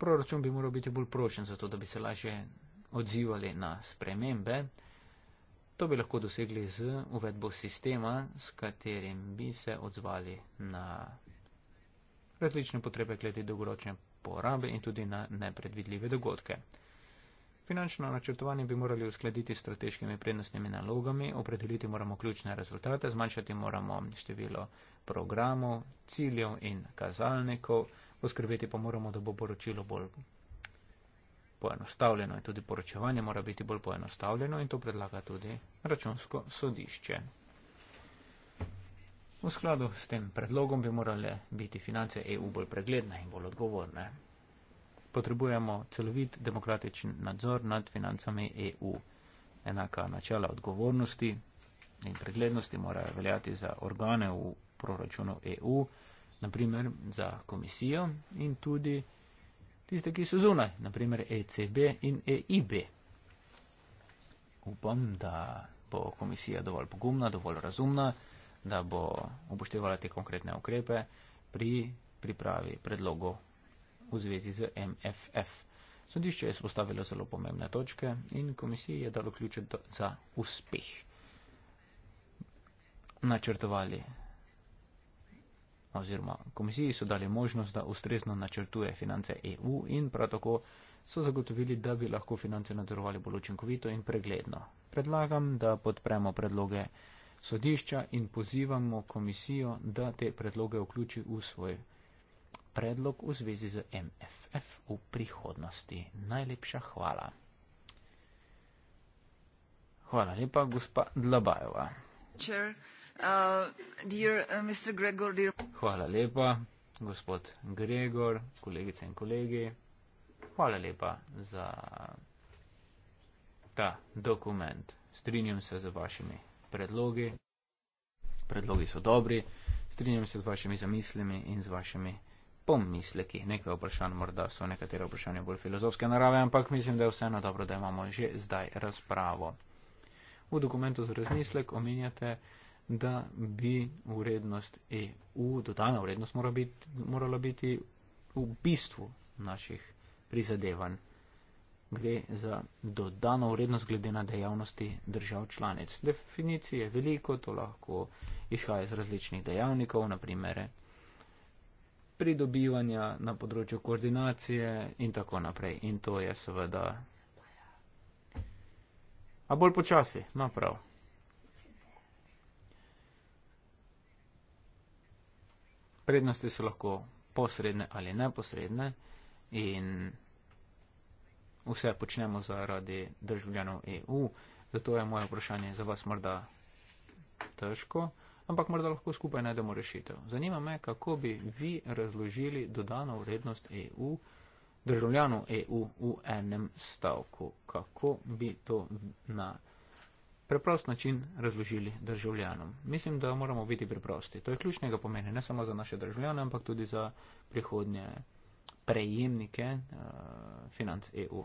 Proračun bi moral biti bolj prošen, zato da bi se lažje odzivali na spremembe. To bi lahko dosegli z uvedbo sistema, s katerim bi se odzvali na različne potrebe glede dolgoročne porabe in tudi na nepredvidljive dogodke. Finančno načrtovanje bi morali uskladiti s strateškimi prednostnimi nalogami, opredeliti moramo ključne rezultate, zmanjšati moramo število programov, ciljev in kazalnikov, poskrbeti pa moramo, da bo poročilo bolj poenostavljeno in tudi poročevanje mora biti bolj poenostavljeno in to predlaga tudi računsko sodišče. V skladu s tem predlogom bi morale biti finance EU bolj pregledne in bolj odgovorne potrebujemo celovit demokratičen nadzor nad financami EU. Enaka načela odgovornosti in preglednosti morajo veljati za organe v proračunu EU, naprimer za komisijo in tudi tiste, ki so zunaj, naprimer ECB in EIB. Upam, da bo komisija dovolj pogumna, dovolj razumna, da bo upoštevala te konkretne ukrepe pri pripravi predlogov v zvezi z MFF. Sodišče je spostavilo zelo pomembne točke in komisiji je dalo ključe do, za uspeh. Načrtovali oziroma komisiji so dali možnost, da ustrezno načrtuje finance EU in prav tako so zagotovili, da bi lahko finance nadzorovali bolj učinkovito in pregledno. Predlagam, da podpremo predloge sodišča in pozivamo komisijo, da te predloge vključi v svoj predlog v zvezi z MFF v prihodnosti. Najlepša hvala. Hvala lepa, gospa Dlabajeva. Chair, uh, dear, uh, Mr. Gregor, dear... Hvala lepa, gospod Gregor, kolegice in kolegi. Hvala lepa za ta dokument. Strinjam se z vašimi predlogi. Predlogi so dobri. Strinjam se z vašimi zamislimi in z vašimi pomisleki. Nekaj vprašanj, morda so nekatere vprašanja bolj filozofske narave, ampak mislim, da je vseeno dobro, da imamo že zdaj razpravo. V dokumentu za razmislek omenjate, da bi vrednost EU, dodana vrednost, mora biti, morala biti v bistvu naših prizadevanj. Gre za dodano vrednost glede na dejavnosti držav članic. Definicij je veliko, to lahko izhaja iz različnih dejavnikov, naprimer pridobivanja na področju koordinacije in tako naprej. In to je seveda. A bolj počasi, ima no, prav. Prednosti so lahko posredne ali neposredne in vse počnemo zaradi državljanov EU. Zato je moje vprašanje za vas morda težko ampak morda lahko skupaj najdemo rešitev. Zanima me, kako bi vi razložili dodano vrednost EU državljanov EU v enem stavku. Kako bi to na preprost način razložili državljanom? Mislim, da moramo biti preprosti. To je ključnega pomena ne samo za naše državljane, ampak tudi za prihodnje prejemnike uh, financ EU.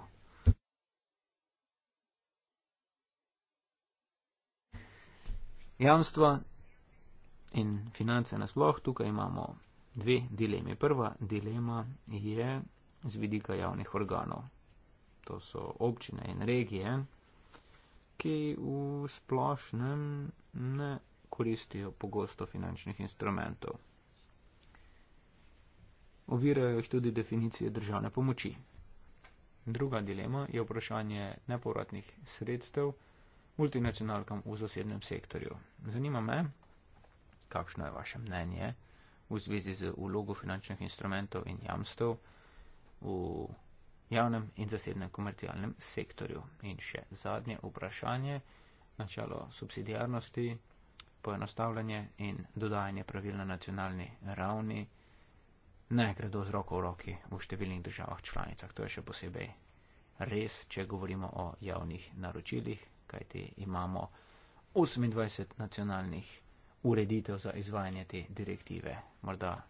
Jamstva in finance nasploh, tukaj imamo dve dileme. Prva dilema je z vidika javnih organov. To so občine in regije, ki v splošnem ne koristijo pogosto finančnih instrumentov. Ovirajo jih tudi definicije državne pomoči. Druga dilema je vprašanje nepovratnih sredstev multinacionalkam v zasebnem sektorju. Zanima me, kakšno je vaše mnenje v zvezi z ulogo finančnih instrumentov in jamstev v javnem in zasebnem komercialnem sektorju. In še zadnje vprašanje, načelo subsidijarnosti, poenostavljanje in dodajanje pravil na nacionalni ravni ne gredo z roko v roki v številnih državah članicah. To je še posebej res, če govorimo o javnih naročilih, kajti imamo 28 nacionalnih ureditev za izvajanje te direktive. Morda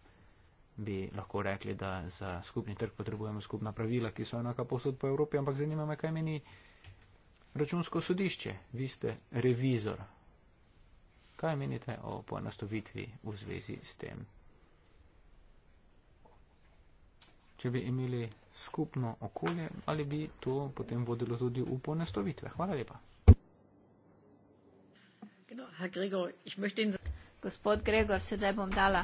bi lahko rekli, da za skupni trg potrebujemo skupna pravila, ki so enaka posod po Evropi, ampak zanima me, kaj meni računsko sodišče. Vi ste revizor. Kaj menite o poenostavitvi v zvezi s tem? Če bi imeli skupno okolje, ali bi to potem vodilo tudi v poenostavitve? Hvala lepa. Genau, Herr Gregor, ich möchte Ihnen Gospod Gregor, sedaj bom dala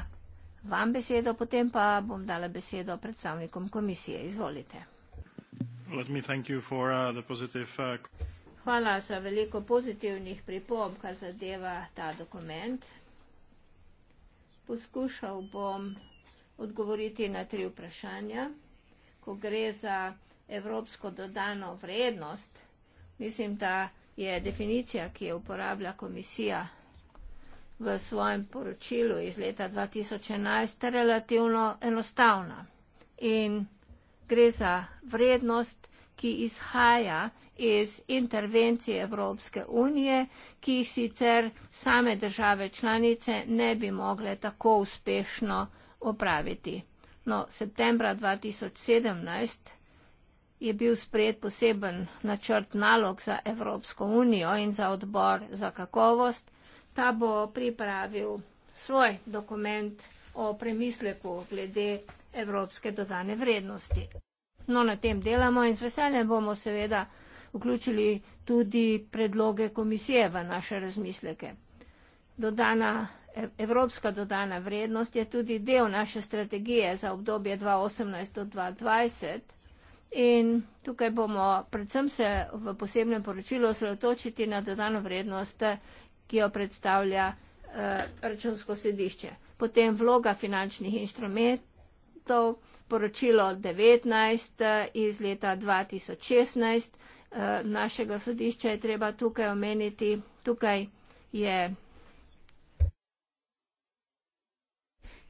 vam besedo, potem pa bom dala besedo predstavnikom komisije. Izvolite. Uh, uh, Hvala za veliko pozitivnih pripomb, kar zadeva ta dokument. Poskušal bom odgovoriti na tri vprašanja. Ko gre za evropsko dodano vrednost, mislim, da je definicija, ki jo uporablja komisija, v svojem poročilu iz leta 2011 relativno enostavna. In gre za vrednost, ki izhaja iz intervencije Evropske unije, ki jih sicer same države članice ne bi mogle tako uspešno opraviti. No, septembra 2017 je bil sprejet poseben načrt nalog za Evropsko unijo in za odbor za kakovost, ta bo pripravil svoj dokument o premisleku glede evropske dodane vrednosti. No, na tem delamo in z veseljem bomo seveda vključili tudi predloge komisije v naše razmisleke. Dodana, e, evropska dodana vrednost je tudi del naše strategije za obdobje 2018 do 2020 in tukaj bomo predvsem se v posebnem poročilu osredotočiti na dodano vrednost ki jo predstavlja eh, računsko sedišče. Potem vloga finančnih instrumentov, poročilo 19 eh, iz leta 2016 eh, našega sodišča je treba tukaj omeniti. Tukaj je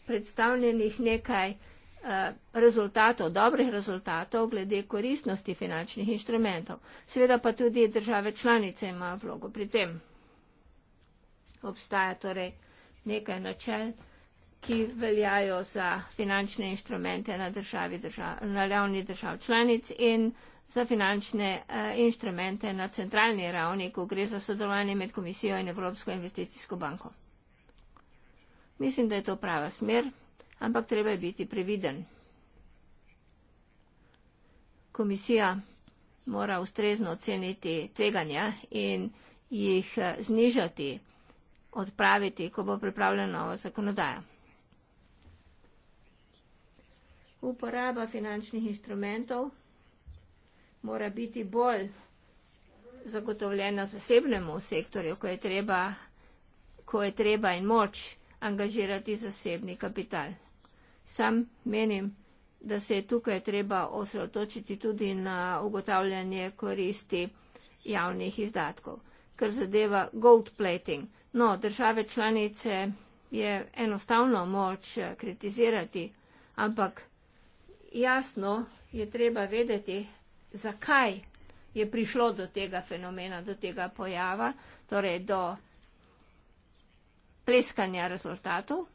predstavljenih nekaj rezultatov, dobrih rezultatov glede koristnosti finančnih inštrumentov. Seveda pa tudi države članice imajo vlogo pri tem obstaja torej nekaj načel, ki veljajo za finančne inštrumente na, državi, držav, na ravni držav članic in za finančne uh, inštrumente na centralni ravni, ko gre za sodelovanje med komisijo in Evropsko investicijsko banko. Mislim, da je to prava smer, ampak treba je biti previden. Komisija mora ustrezno oceniti tveganja in jih eh, znižati odpraviti, ko bo pripravljena nova zakonodaja. Uporaba finančnih instrumentov mora biti bolj zagotovljena zasebnemu sektorju, ko je treba, ko je treba in moč angažirati zasebni kapital. Sam menim, da se je tukaj treba osredotočiti tudi na ugotavljanje koristi javnih izdatkov, kar zadeva gold plating. No, države članice je enostavno moč eh, kritizirati, ampak jasno je treba vedeti, zakaj je prišlo do tega fenomena, do tega pojava, torej do pleskanja rezultatov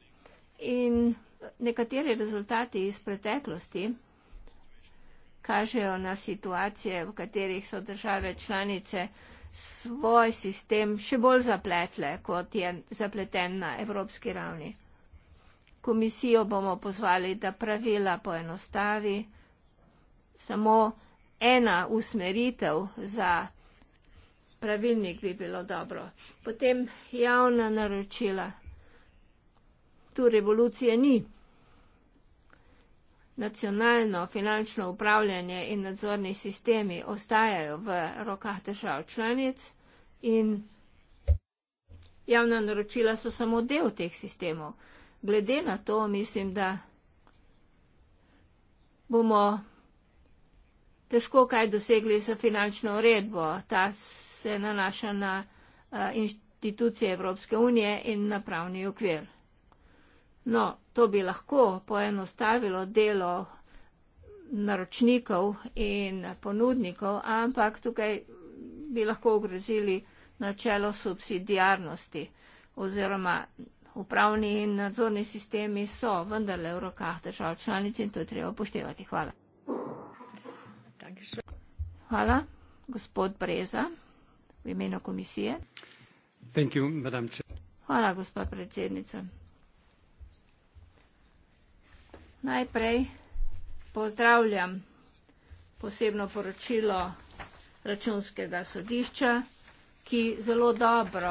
in nekateri rezultati iz preteklosti kažejo na situacije, v katerih so države članice svoj sistem še bolj zapletle, kot je zapleten na evropski ravni. Komisijo bomo pozvali, da pravila poenostavi. Samo ena usmeritev za pravilnik bi bilo dobro. Potem javna naročila. Tu revolucije ni nacionalno finančno upravljanje in nadzorni sistemi ostajajo v rokah držav članic in javna naročila so samo del teh sistemov. Glede na to mislim, da bomo težko kaj dosegli s finančno uredbo. Ta se nanaša na eh, inštitucije Evropske unije in na pravni okvir. No, to bi lahko poenostavilo delo naročnikov in ponudnikov, ampak tukaj bi lahko ogrozili načelo subsidijarnosti oziroma upravni in nadzorni sistemi so vendarle v rokah držav članic in to je treba upoštevati. Hvala. Hvala. Gospod Breza, v imenu komisije. Hvala, gospod predsednica. Najprej pozdravljam posebno poročilo računskega sodišča, ki zelo dobro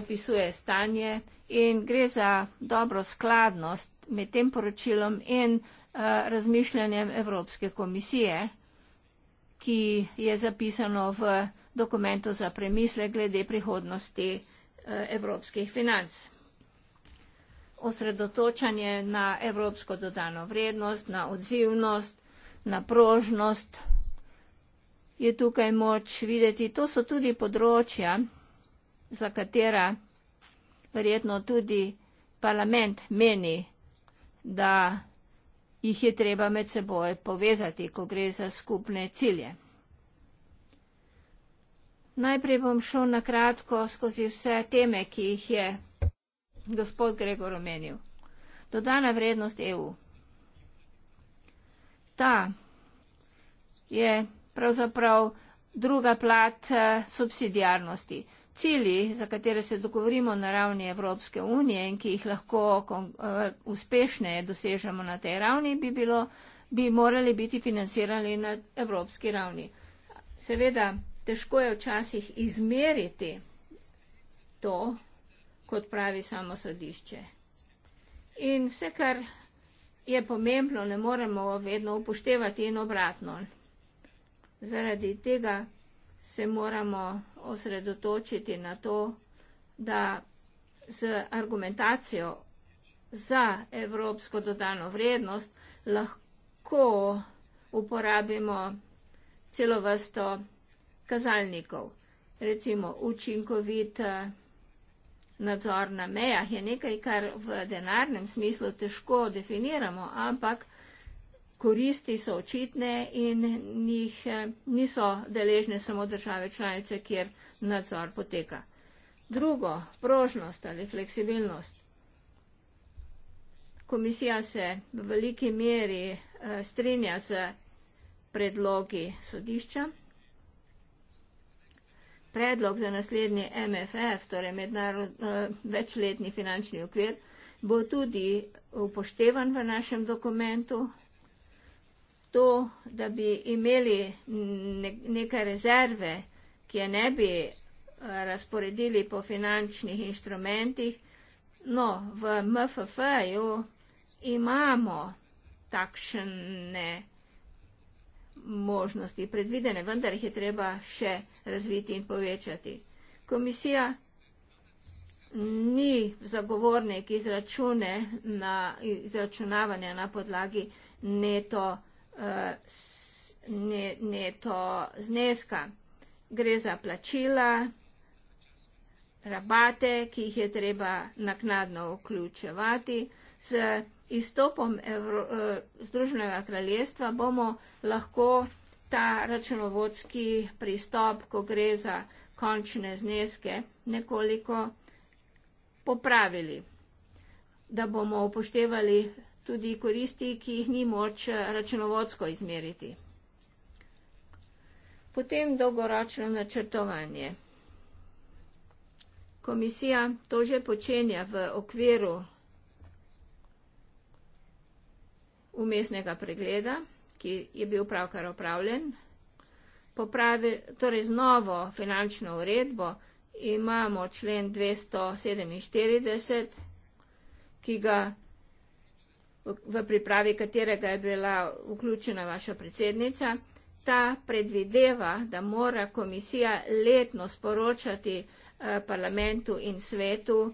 opisuje stanje in gre za dobro skladnost med tem poročilom in uh, razmišljanjem Evropske komisije, ki je zapisano v dokumentu za premisle glede prihodnosti uh, evropskih financ osredotočanje na evropsko dodano vrednost, na odzivnost, na prožnost, je tukaj moč videti. To so tudi področja, za katera verjetno tudi parlament meni, da jih je treba med seboj povezati, ko gre za skupne cilje. Najprej bom šel na kratko skozi vse teme, ki jih je gospod Gregor omenil. Dodana vrednost EU. Ta je pravzaprav druga plat eh, subsidijarnosti. Cilji, za katere se dogovorimo na ravni Evropske unije in ki jih lahko eh, uspešneje dosežemo na tej ravni, bi, bilo, bi morali biti financirani na evropski ravni. Seveda, težko je včasih izmeriti to, kot pravi samo sodišče. In vse, kar je pomembno, ne moremo vedno upoštevati in obratno. Zaradi tega se moramo osredotočiti na to, da z argumentacijo za evropsko dodano vrednost lahko uporabimo celo vrsto kazalnikov, recimo učinkovit. Uh, nadzor na mejah je nekaj, kar v denarnem smislu težko definiramo, ampak koristi so očitne in njih eh, niso deležne samo države članice, kjer nadzor poteka. Drugo, prožnost ali fleksibilnost. Komisija se v veliki meri eh, strinja z predlogi sodišča predlog za naslednji MFF, torej mednarod, eh, večletni finančni okvir, bo tudi upoštevan v našem dokumentu. To, da bi imeli neke rezerve, ki je ne bi eh, razporedili po finančnih instrumentih, no, v MFF-ju imamo takšne možnosti predvidene, vendar jih je treba še razviti in povečati. Komisija ni zagovornik izračune na izračunavanje na podlagi neto, uh, s, ne, neto zneska. Gre za plačila rabate, ki jih je treba naknadno vključevati. Z izstopom Evro, eh, Združenega kraljestva bomo lahko ta računovodski pristop, ko gre za končne zneske, nekoliko popravili, da bomo upoštevali tudi koristi, ki jih ni moč eh, računovodsko izmeriti. Potem dolgoročno načrtovanje komisija to že počenja v okviru umestnega pregleda, ki je bil pravkar opravljen. Popravi, torej z novo finančno uredbo imamo člen 247, ki ga v pripravi katerega je bila vključena vaša predsednica. Ta predvideva, da mora komisija letno sporočati Eh, parlamentu in svetu.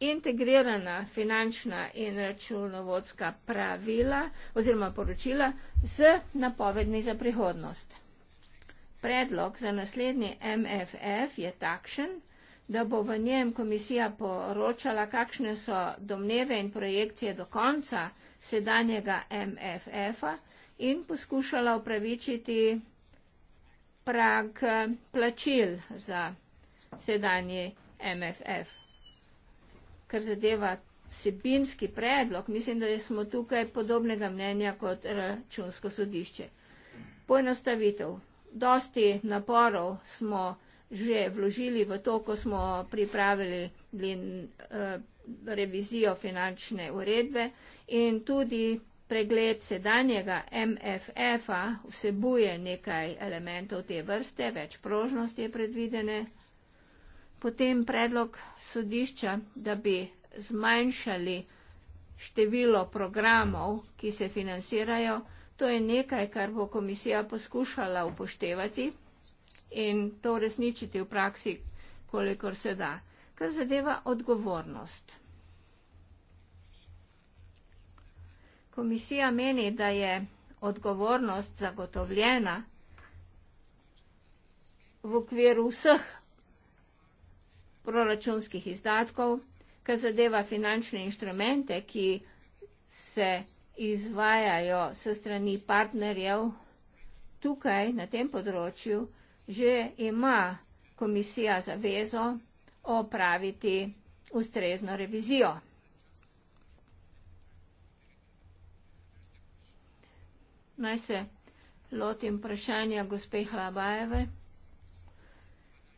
Integrirana finančna in računovodska pravila oziroma poročila z napovedmi za prihodnost. Predlog za naslednji MFF je takšen, da bo v njem komisija poročala, kakšne so domneve in projekcije do konca sedanjega MFF-a in poskušala upravičiti prag eh, plačil za sedanji MFF. Kar zadeva sebinski predlog, mislim, da smo tukaj podobnega mnenja kot računsko sodišče. Poenostavitev. Dosti naporov smo že vložili v to, ko smo pripravili eh, revizijo finančne uredbe in tudi Pregled sedanjega MFF-a vsebuje nekaj elementov te vrste, več prožnosti je predvidene. Potem predlog sodišča, da bi zmanjšali število programov, ki se financirajo, to je nekaj, kar bo komisija poskušala upoštevati in to resničiti v praksi, kolikor se da. Kar zadeva odgovornost. Komisija meni, da je odgovornost zagotovljena v okviru vseh proračunskih izdatkov, kar zadeva finančne inštrumente, ki se izvajajo s strani partnerjev tukaj na tem področju, že ima komisija zavezo opraviti ustrezno revizijo. Naj se lotim vprašanja gospe Hlabajeve,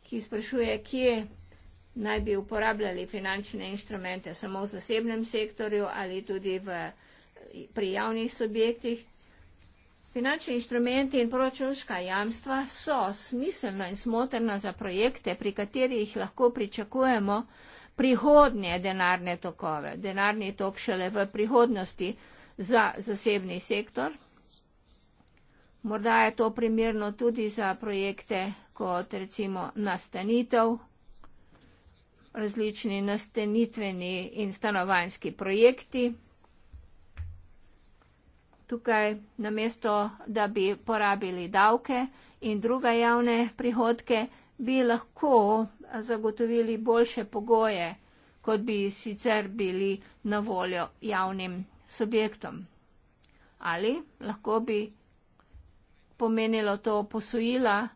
ki sprašuje, kje naj bi uporabljali finančne inštrumente, samo v zasebnem sektorju ali tudi v, pri javnih subjektih. Finančni inštrumenti in proračunska jamstva so smiselna in smotrna za projekte, pri katerih lahko pričakujemo prihodnje denarne tokove, denarni tok šele v prihodnosti za zasebni sektor. Morda je to primerno tudi za projekte kot recimo nastanitev, različni nastanitveni in stanovanjski projekti. Tukaj namesto, da bi porabili davke in druge javne prihodke, bi lahko zagotovili boljše pogoje, kot bi sicer bili na voljo javnim subjektom. Ali lahko bi pomenilo to posojila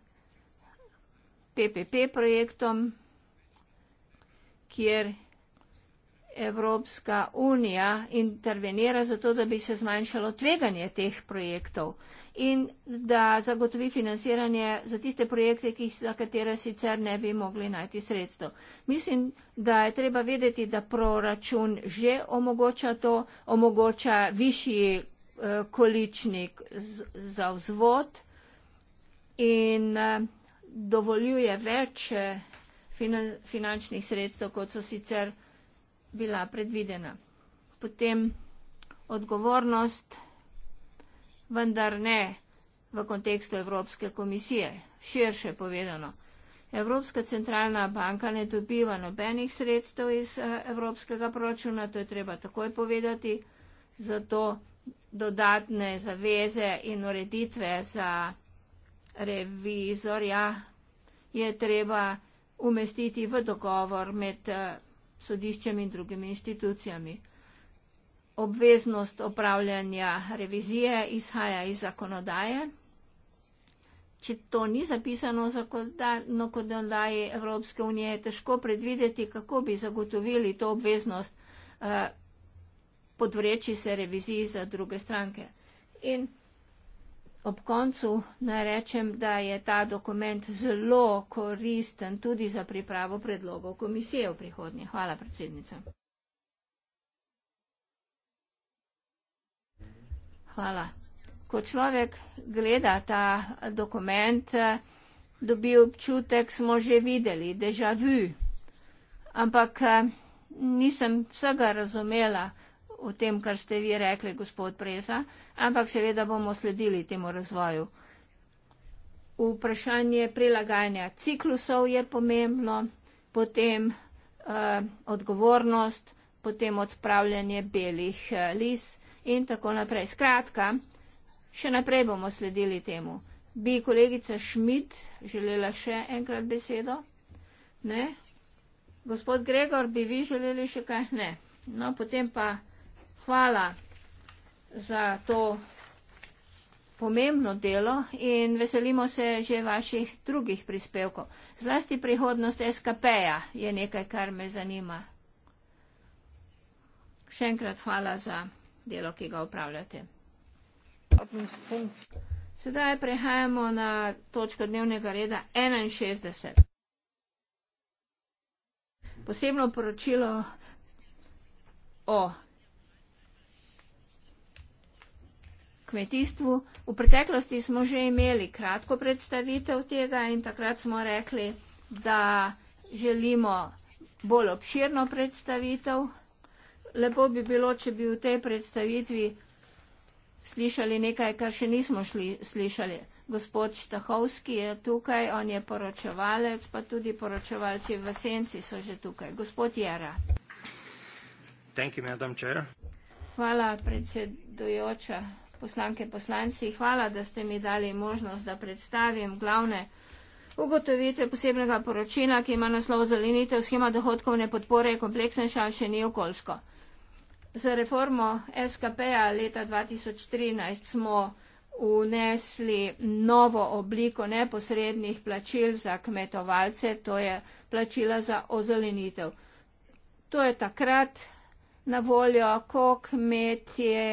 PPP projektom, kjer Evropska unija intervenira zato, da bi se zmanjšalo tveganje teh projektov in da zagotovi financiranje za tiste projekte, za katere sicer ne bi mogli najti sredstev. Mislim, da je treba vedeti, da proračun že omogoča to, omogoča višji količnik za vzvod in eh, dovoljuje več eh, finančnih sredstev, kot so sicer bila predvidena. Potem odgovornost, vendar ne v kontekstu Evropske komisije, širše povedano. Evropska centralna banka ne dobiva nobenih sredstev iz eh, evropskega proračuna, to je treba takoj povedati, zato dodatne zaveze in ureditve za revizorja, je treba umestiti v dogovor med eh, sodiščem in drugimi inštitucijami. Obveznost opravljanja revizije izhaja iz zakonodaje. Če to ni zapisano v zakonodaji Evropske unije, je težko predvideti, kako bi zagotovili to obveznost eh, podvreči se reviziji za druge stranke. In ob koncu naj rečem, da je ta dokument zelo koristen tudi za pripravo predlogov komisije v prihodnje. Hvala, predsednica. Hvala. Ko človek gleda ta dokument, dobi občutek, smo že videli, deja vu. Ampak eh, nisem vsega razumela, v tem, kar ste vi rekli, gospod Preza, ampak seveda bomo sledili temu razvoju. Vprašanje prilagajanja ciklusov je pomembno, potem uh, odgovornost, potem odpravljanje belih uh, lis in tako naprej. Skratka, še naprej bomo sledili temu. Bi kolegica Šmit želela še enkrat besedo? Ne? Gospod Gregor, bi vi želeli še kaj? Ne. No, potem pa hvala za to pomembno delo in veselimo se že vaših drugih prispevkov. Zlasti prihodnost SKP-ja je nekaj, kar me zanima. Še enkrat hvala za delo, ki ga upravljate. Sedaj prehajamo na točko dnevnega reda 61. Posebno poročilo o kmetijstvu. V preteklosti smo že imeli kratko predstavitev tega in takrat smo rekli, da želimo bolj obširno predstavitev. Lepo bi bilo, če bi v tej predstavitvi slišali nekaj, kar še nismo šli, slišali. Gospod Štahovski je tukaj, on je poročevalec, pa tudi poročevalci v Senci so že tukaj. Gospod Jera. Thank you, Madam Chair. Hvala, predsedujoča poslanke, poslanci, hvala, da ste mi dali možnost, da predstavim glavne ugotovitve posebnega poročila, ki ima naslov zelenitev schema dohodkovne podpore kompleksnejša, še ni okoljsko. Za reformo SKP-a leta 2013 smo unesli novo obliko neposrednih plačil za kmetovalce, to je plačila za ozelenitev. To je takrat na voljo, ko kmetje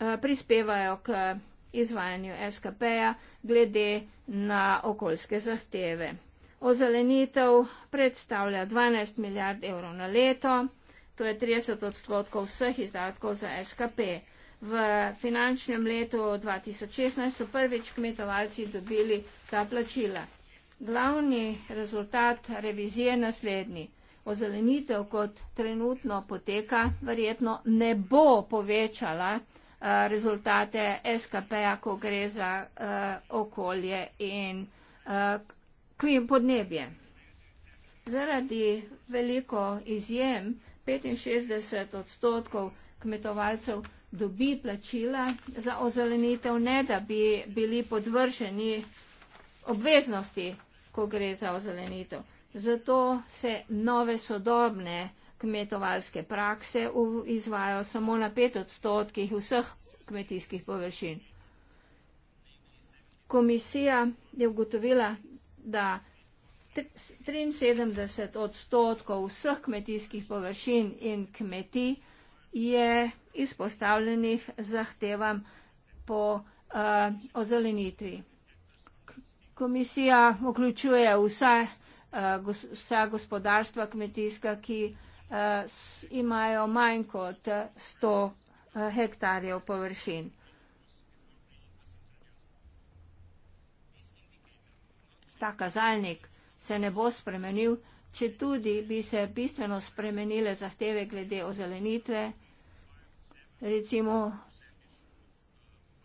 Eh, prispevajo k izvajanju SKP-ja glede na okoljske zahteve. Ozelenitev predstavlja 12 milijard evrov na leto, to je 30 odstotkov vseh izdatkov za SKP. V finančnem letu 2016 so prvič kmetovalci dobili ta plačila. Glavni rezultat revizije je naslednji. Ozelenitev, kot trenutno poteka, verjetno ne bo povečala Eh, rezultate SKP-ja, ko gre za eh, okolje in eh, klim podnebje. Zaradi veliko izjem 65 odstotkov kmetovalcev dobi plačila za ozelenitev, ne da bi bili podvrženi obveznosti, ko gre za ozelenitev. Zato se nove sodobne vsega, kmetovalske prakse izvajo samo na pet odstotkih vseh kmetijskih površin. Komisija je ugotovila, da 73 odstotkov vseh kmetijskih površin in kmetij je izpostavljenih zahtevam po uh, ozelenitvi. Komisija vključuje vsa, uh, vsa gospodarstva kmetijska, ki uh, Eh, imajo manj kot 100 eh, eh, hektarjev površin. Ta kazalnik se ne bo spremenil, če tudi bi se bistveno spremenile zahteve glede ozelenitve, recimo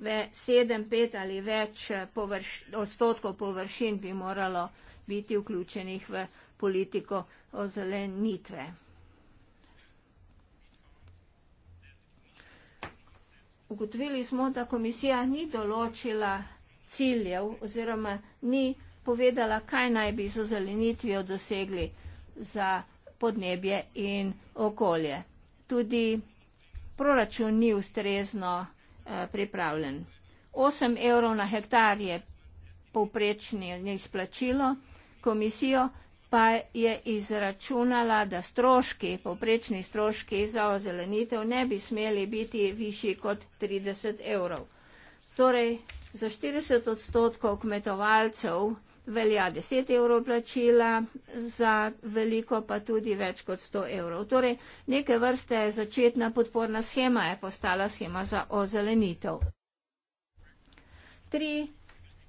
7, 5 ali več površ, odstotkov površin bi moralo biti vključenih v politiko ozelenitve. ugotovili smo, da komisija ni določila ciljev oziroma ni povedala, kaj naj bi z ozelenitvijo dosegli za podnebje in okolje. Tudi proračun ni ustrezno eh, pripravljen. 8 evrov na hektar je povprečni izplačilo, komisijo pa je izračunala, da stroški, poprečni stroški za ozelenitev ne bi smeli biti višji kot 30 evrov. Torej, za 40 odstotkov kmetovalcev velja 10 evrov plačila, za veliko pa tudi več kot 100 evrov. Torej, neke vrste začetna podporna schema je postala schema za ozelenitev. Tri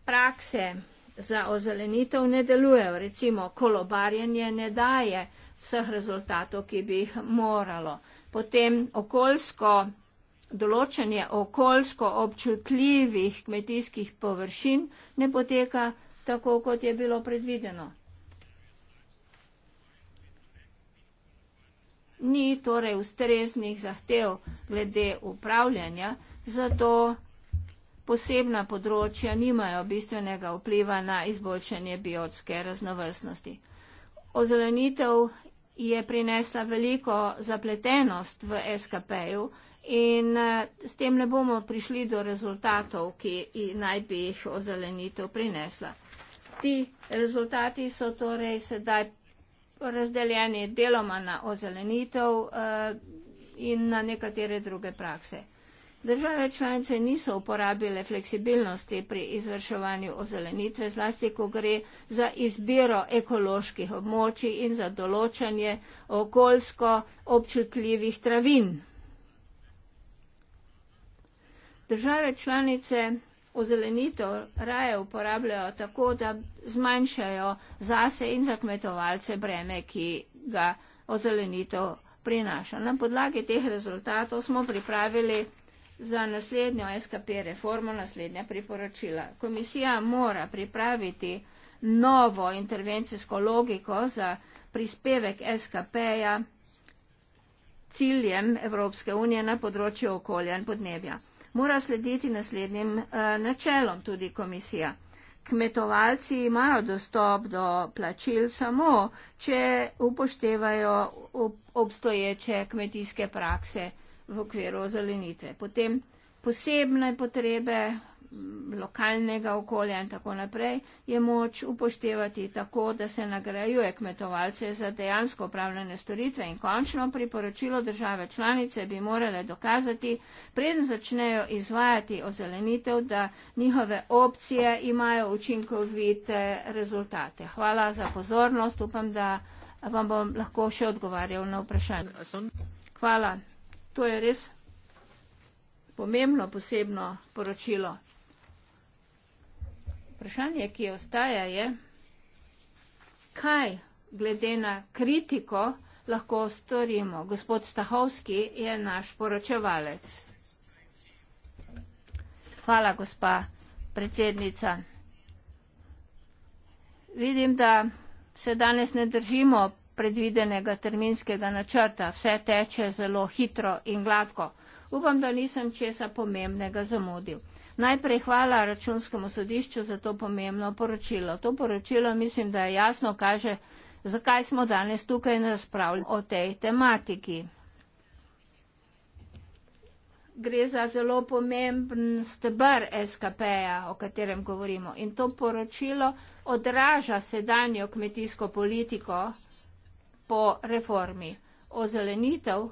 prakse za ozelenitev ne delujejo, recimo kolobarjenje ne daje vseh rezultatov, ki bi jih moralo. Potem okoljsko, določanje okoljsko občutljivih kmetijskih površin ne poteka tako, kot je bilo predvideno. Ni torej ustreznih zahtev glede upravljanja, zato posebna področja nimajo bistvenega vpliva na izboljšanje biotske raznovrstnosti. Ozelenitev je prinesla veliko zapletenost v SKP-ju in eh, s tem ne bomo prišli do rezultatov, ki naj bi jih ozelenitev prinesla. Ti rezultati so torej sedaj razdeljeni deloma na ozelenitev eh, in na nekatere druge prakse. Države članice niso uporabile fleksibilnosti pri izvrševanju ozelenitve, zlasti ko gre za izbiro ekoloških območij in za določanje okoljsko občutljivih travin. Države članice ozelenitev raje uporabljajo tako, da zmanjšajo zase in za kmetovalce breme, ki ga ozelenitev prinaša. Na podlagi teh rezultatov smo pripravili za naslednjo SKP reformo naslednja priporočila. Komisija mora pripraviti novo intervencijsko logiko za prispevek SKP-ja ciljem Evropske unije na področju okolja in podnebja. Mora slediti naslednjim eh, načelom tudi komisija. Kmetovalci imajo dostop do plačil samo, če upoštevajo obstoječe kmetijske prakse v okviru ozelenitve. Potem posebne potrebe lokalnega okolja in tako naprej je moč upoštevati tako, da se nagrajuje kmetovalce za dejansko upravljene storitve in končno priporočilo države članice bi morale dokazati, preden začnejo izvajati ozelenitev, da njihove opcije imajo učinkovite rezultate. Hvala za pozornost, upam, da vam bom lahko še odgovarjal na vprašanje. Hvala. To je res pomembno posebno poročilo. Vprašanje, ki ostaja, je, kaj glede na kritiko lahko storimo. Gospod Stahovski je naš poročevalec. Hvala, gospa predsednica. Vidim, da se danes ne držimo predvidenega terminskega načrta. Vse teče zelo hitro in gladko. Upam, da nisem česa pomembnega zamudil. Najprej hvala računskemu sodišču za to pomembno poročilo. To poročilo mislim, da jasno kaže, zakaj smo danes tukaj in razpravljamo o tej tematiki. Gre za zelo pomemben stebr SKP-ja, o katerem govorimo. In to poročilo odraža sedanjo kmetijsko politiko po reformi. Ozelenitev,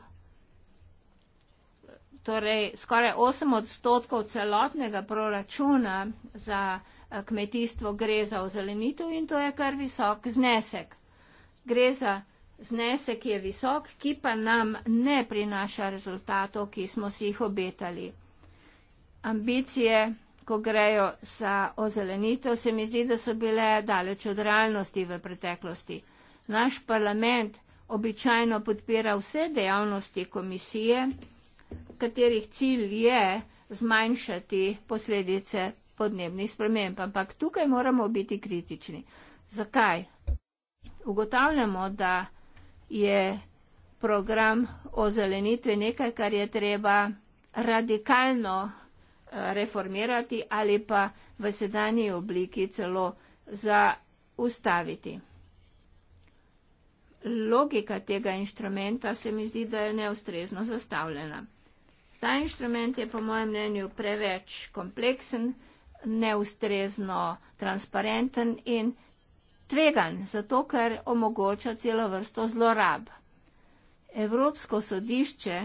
torej skoraj 8 odstotkov celotnega proračuna za eh, kmetijstvo gre za ozelenitev in to je kar visok znesek. Gre za znesek, ki je visok, ki pa nam ne prinaša rezultatov, ki smo si jih obetali. Ambicije, ko grejo za ozelenitev, se mi zdi, da so bile daleč od realnosti v preteklosti. Naš parlament običajno podpira vse dejavnosti komisije, katerih cilj je zmanjšati posledice podnebnih sprememb. Ampak tukaj moramo biti kritični. Zakaj? Ugotavljamo, da je program o zelenitvi nekaj, kar je treba radikalno eh, reformirati ali pa v sedanji obliki celo zaustaviti logika tega inštrumenta se mi zdi, da je neustrezno zastavljena. Ta inštrument je po mojem mnenju preveč kompleksen, neustrezno transparenten in tvegan, zato ker omogoča celo vrsto zlorab. Evropsko sodišče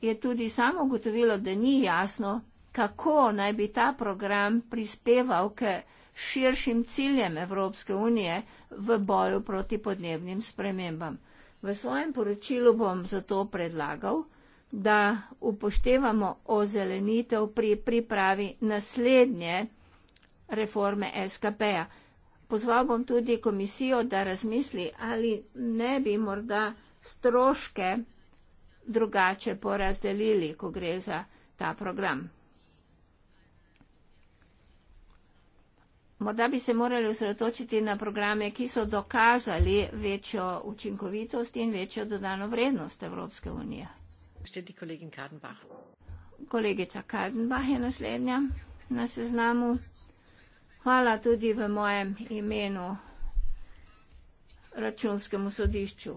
je tudi samo ugotovilo, da ni jasno, kako naj bi ta program prispeval, ker širšim ciljem Evropske unije v boju proti podnebnim spremembam. V svojem poročilu bom zato predlagal, da upoštevamo ozelenitev pri pripravi naslednje reforme SKP-ja. Pozval bom tudi komisijo, da razmisli, ali ne bi morda stroške drugače porazdelili, ko gre za ta program. Morda bi se morali osredotočiti na programe, ki so dokazali večjo učinkovitost in večjo dodano vrednost Evropske unije. Kolegica Kardenbach je naslednja na seznamu. Hvala tudi v mojem imenu računskemu sodišču.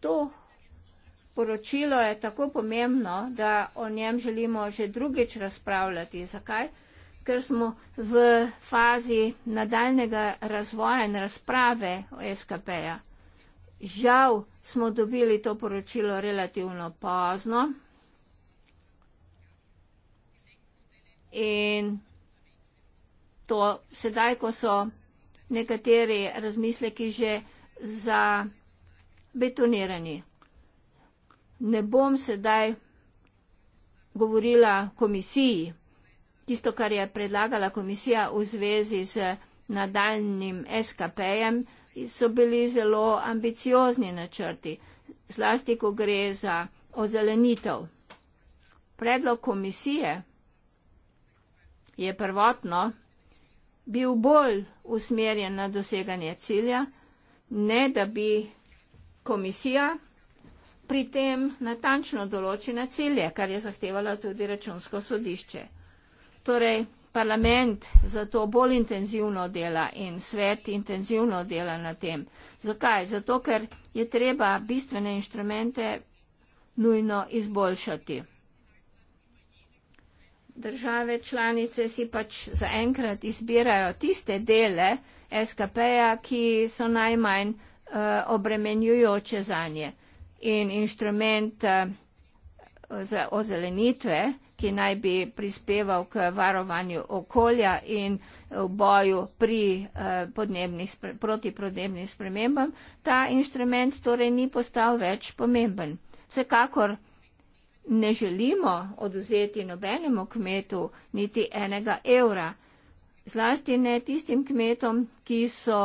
To poročilo je tako pomembno, da o njem želimo že drugič razpravljati. Zakaj? ker smo v fazi nadaljnega razvoja in razprave o SKP-ja. Žal smo dobili to poročilo relativno pozno in to sedaj, ko so nekateri razmisleki že zabetonirani. Ne bom sedaj govorila komisiji, tisto, kar je predlagala komisija v zvezi z nadaljnim SKP-jem, so bili zelo ambiciozni načrti, zlasti, ko gre za ozelenitev. Predlog komisije je prvotno bil bolj usmerjen na doseganje cilja, ne da bi komisija pri tem natančno določila cilje, kar je zahtevalo tudi računsko sodišče. Torej, parlament zato bolj intenzivno dela in svet intenzivno dela na tem. Zakaj? Zato, ker je treba bistvene inštrumente nujno izboljšati. Države članice si pač zaenkrat izbirajo tiste dele SKP-ja, ki so najmanj uh, obremenjujoče za nje. In inštrument uh, za ozelenitve ki naj bi prispeval k varovanju okolja in v boju pri, eh, podnebni, proti podnebnim spremembam, ta inštrument torej ni postal več pomemben. Vsekakor ne želimo oduzeti nobenemu kmetu niti enega evra, zlasti ne tistim kmetom, ki so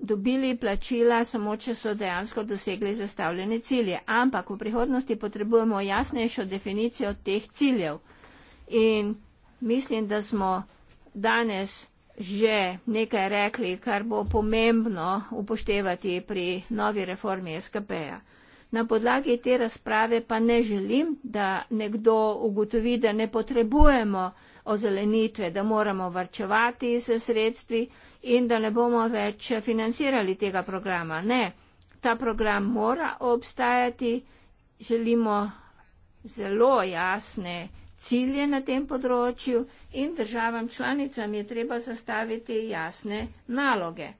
dobili plačila samo, če so dejansko dosegli zastavljene cilje. Ampak v prihodnosti potrebujemo jasnejšo definicijo teh ciljev. In mislim, da smo danes že nekaj rekli, kar bo pomembno upoštevati pri novi reformi SKP-ja. Na podlagi te razprave pa ne želim, da nekdo ugotovi, da ne potrebujemo ozelenitve, da moramo varčevati se sredstvi, in da ne bomo več financirali tega programa. Ne, ta program mora obstajati, želimo zelo jasne cilje na tem področju in državam članicam je treba zastaviti jasne naloge.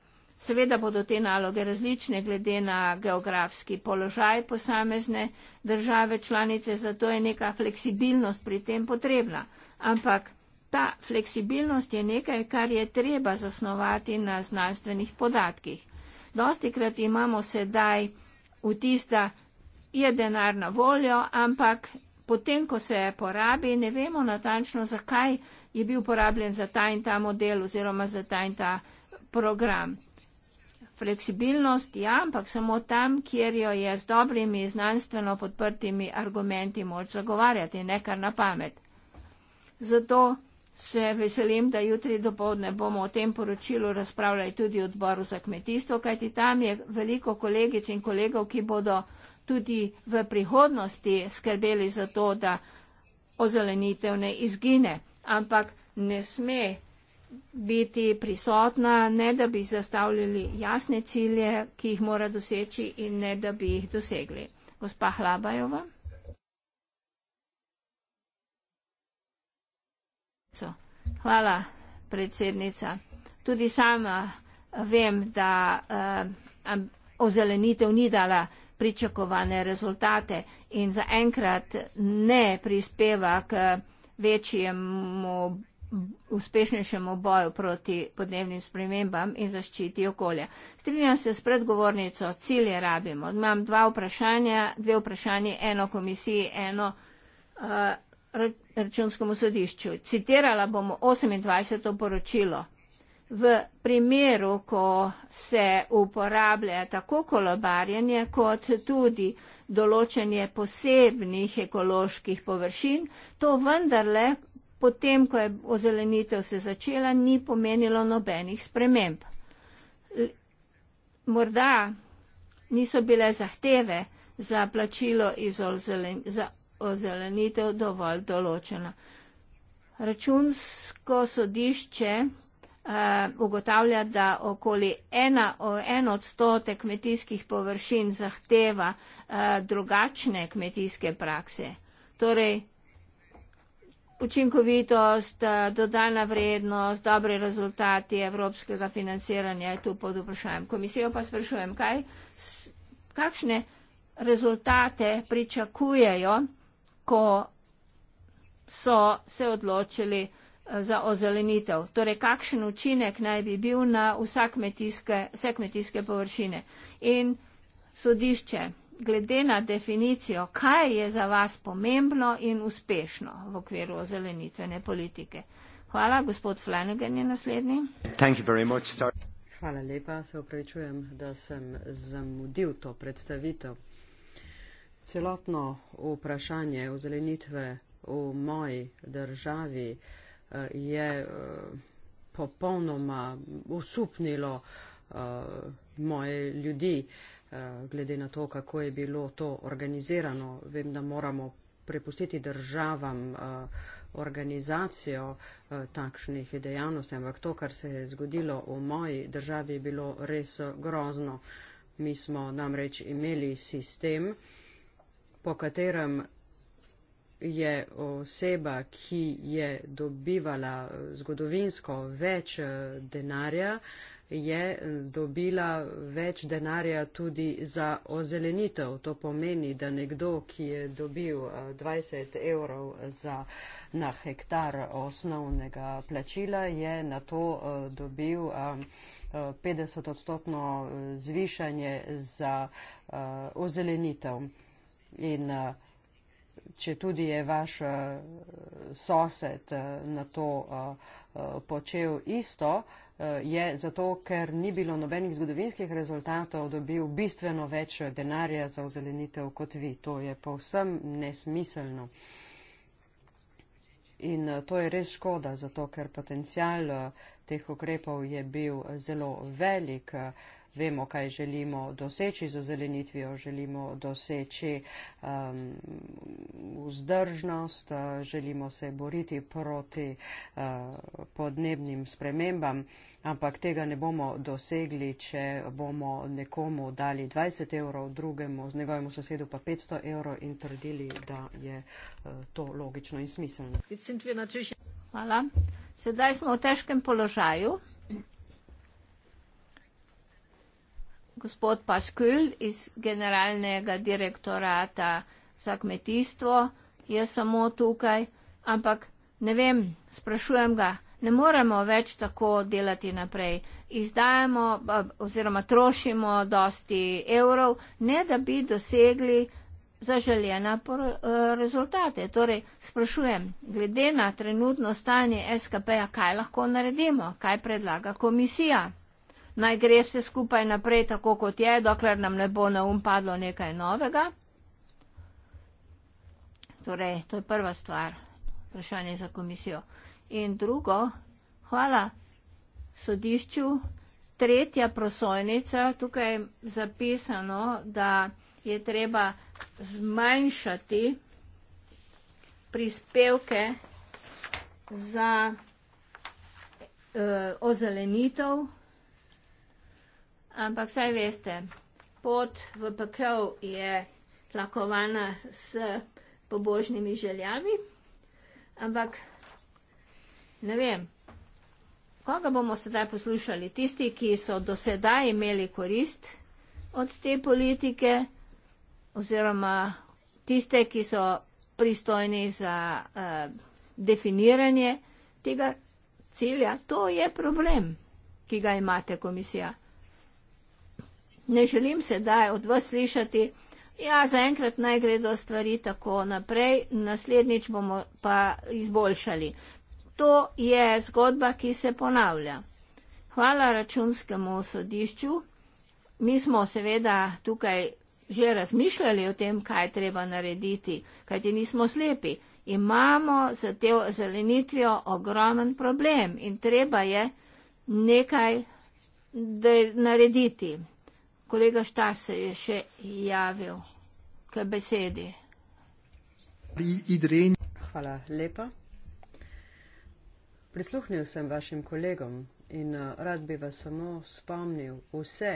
Seveda bodo te naloge različne glede na geografski položaj posamezne države članice, zato je neka fleksibilnost pri tem potrebna. Ampak ta fleksibilnost je nekaj, kar je treba zasnovati na znanstvenih podatkih. Dosti krat imamo sedaj vtis, da je denar na voljo, ampak potem, ko se porabi, ne vemo natančno, zakaj je bil porabljen za ta in ta model oziroma za ta in ta program. Fleksibilnost je, ja, ampak samo tam, kjer jo je z dobrimi znanstveno podprtimi argumenti moč zagovarjati, ne kar na pamet. Zato se veselim, da jutri dopovdne bomo o tem poročilu razpravljali tudi v odboru za kmetijstvo, kajti tam je veliko kolegic in kolegov, ki bodo tudi v prihodnosti skrbeli za to, da ozelenitev ne izgine, ampak ne sme biti prisotna, ne da bi zastavljali jasne cilje, ki jih mora doseči in ne da bi jih dosegli. Gospa Hlabajova. Gorico. Hvala, predsednica. Tudi sama vem, da eh, ozelenitev ni dala pričakovane rezultate in zaenkrat ne prispeva k večjemu uspešnejšemu boju proti podnebnim spremembam in zaščiti okolja. Strinjam se s predgovornico, cilje rabimo. Imam dva vprašanja, dve vprašanje, eno komisiji, eno uh, računskemu sodišču. Citirala bom 28. poročilo. V primeru, ko se uporablja tako kolobarjenje, kot tudi določenje posebnih ekoloških površin, to vendarle potem, ko je ozelenitev se začela, ni pomenilo nobenih sprememb. Morda niso bile zahteve za plačilo iz ozelen za ozelenitev dovolj določena. Računsko sodišče uh, ugotavlja, da okoli ena, o, en odstotek kmetijskih površin zahteva uh, drugačne kmetijske prakse. Torej, učinkovitost, uh, dodana vrednost, dobre rezultati evropskega financiranja je tu pod vprašanjem. Komisijo pa sprašujem, kaj, s, kakšne rezultate pričakujejo ko so se odločili eh, za ozelenitev. Torej, kakšen učinek naj bi bil na kmetijske, vse kmetijske površine. In sodišče, glede na definicijo, kaj je za vas pomembno in uspešno v okviru ozelenitvene politike. Hvala, gospod Flanagan je naslednji. Hvala lepa, se upravičujem, da sem zamudil to predstavitev celotno vprašanje ozelenitve v moji državi eh, je eh, popolnoma usupnilo eh, moje ljudi, glede na to, kako je bilo to organizirano. Vem, da moramo prepustiti državam organizacijo takšnih dejavnosti, ampak to, kar se je zgodilo v moji državi, je bilo res grozno. Mi smo namreč imeli sistem, po katerem je oseba, ki je dobivala zgodovinsko več eh, denarja, je eh, dobila več denarja tudi za ozelenitev. To pomeni, da nekdo, ki je dobil 20 eh, evrov za, na hektar osnovnega plačila, je na to dobil 50-odstotno zvišanje za ozelenitev. In eh, če tudi je vaš eh, sosed eh, na to počel isto, je zato, ker ni bilo nobenih zgodovinskih rezultatov, dobil bistveno več denarja za ozelenitev kot vi. To je povsem nesmiselno. In to je res škoda, zato ker potencial teh ukrepov je bil zelo velik vemo, kaj želimo doseči z ozelenitvijo, želimo doseči um, vzdržnost, uh, želimo se boriti proti uh, podnebnim spremembam, ampak tega ne bomo dosegli, če bomo nekomu dali 20 evrov, drugemu, njegovemu sosedu pa 500 evrov in trdili, da je uh, to logično in smiselno. Hvala. Sedaj smo v težkem položaju. gospod Paškül iz generalnega direktorata za kmetijstvo je samo tukaj, ampak ne vem, sprašujem ga, ne moremo več tako delati naprej. Izdajamo oziroma trošimo dosti evrov, ne da bi dosegli zaželjena por, eh, rezultate. Torej, sprašujem, glede na trenutno stanje SKP-ja, kaj lahko naredimo, kaj predlaga komisija? naj gre vse skupaj naprej tako, kot je, dokler nam ne bo na um padlo nekaj novega. Torej, to je prva stvar, vprašanje za komisijo. In drugo, hvala sodišču. Tretja prosojnica, tukaj je zapisano, da je treba zmanjšati prispevke za uh, ozelenitev ampak saj veste, pot v pekel je tlakovana s pobožnimi željami, ampak ne vem, koga bomo sedaj poslušali? Tisti, ki so do sedaj imeli korist od te politike oziroma tiste, ki so pristojni za uh, definiranje tega cilja, to je problem, ki ga imate komisija ne želim sedaj od vas slišati, ja, zaenkrat naj gredo stvari tako naprej, naslednjič bomo pa izboljšali. To je zgodba, ki se ponavlja. Hvala računskemu sodišču. Mi smo seveda tukaj že razmišljali o tem, kaj treba narediti, kajti nismo slepi. Imamo z te zelenitvijo ogromen problem in treba je nekaj narediti. Kolega Štas se je še javil k besedi. Hvala lepa. Prisluhnil sem vašim kolegom in uh, rad bi vas samo spomnil vse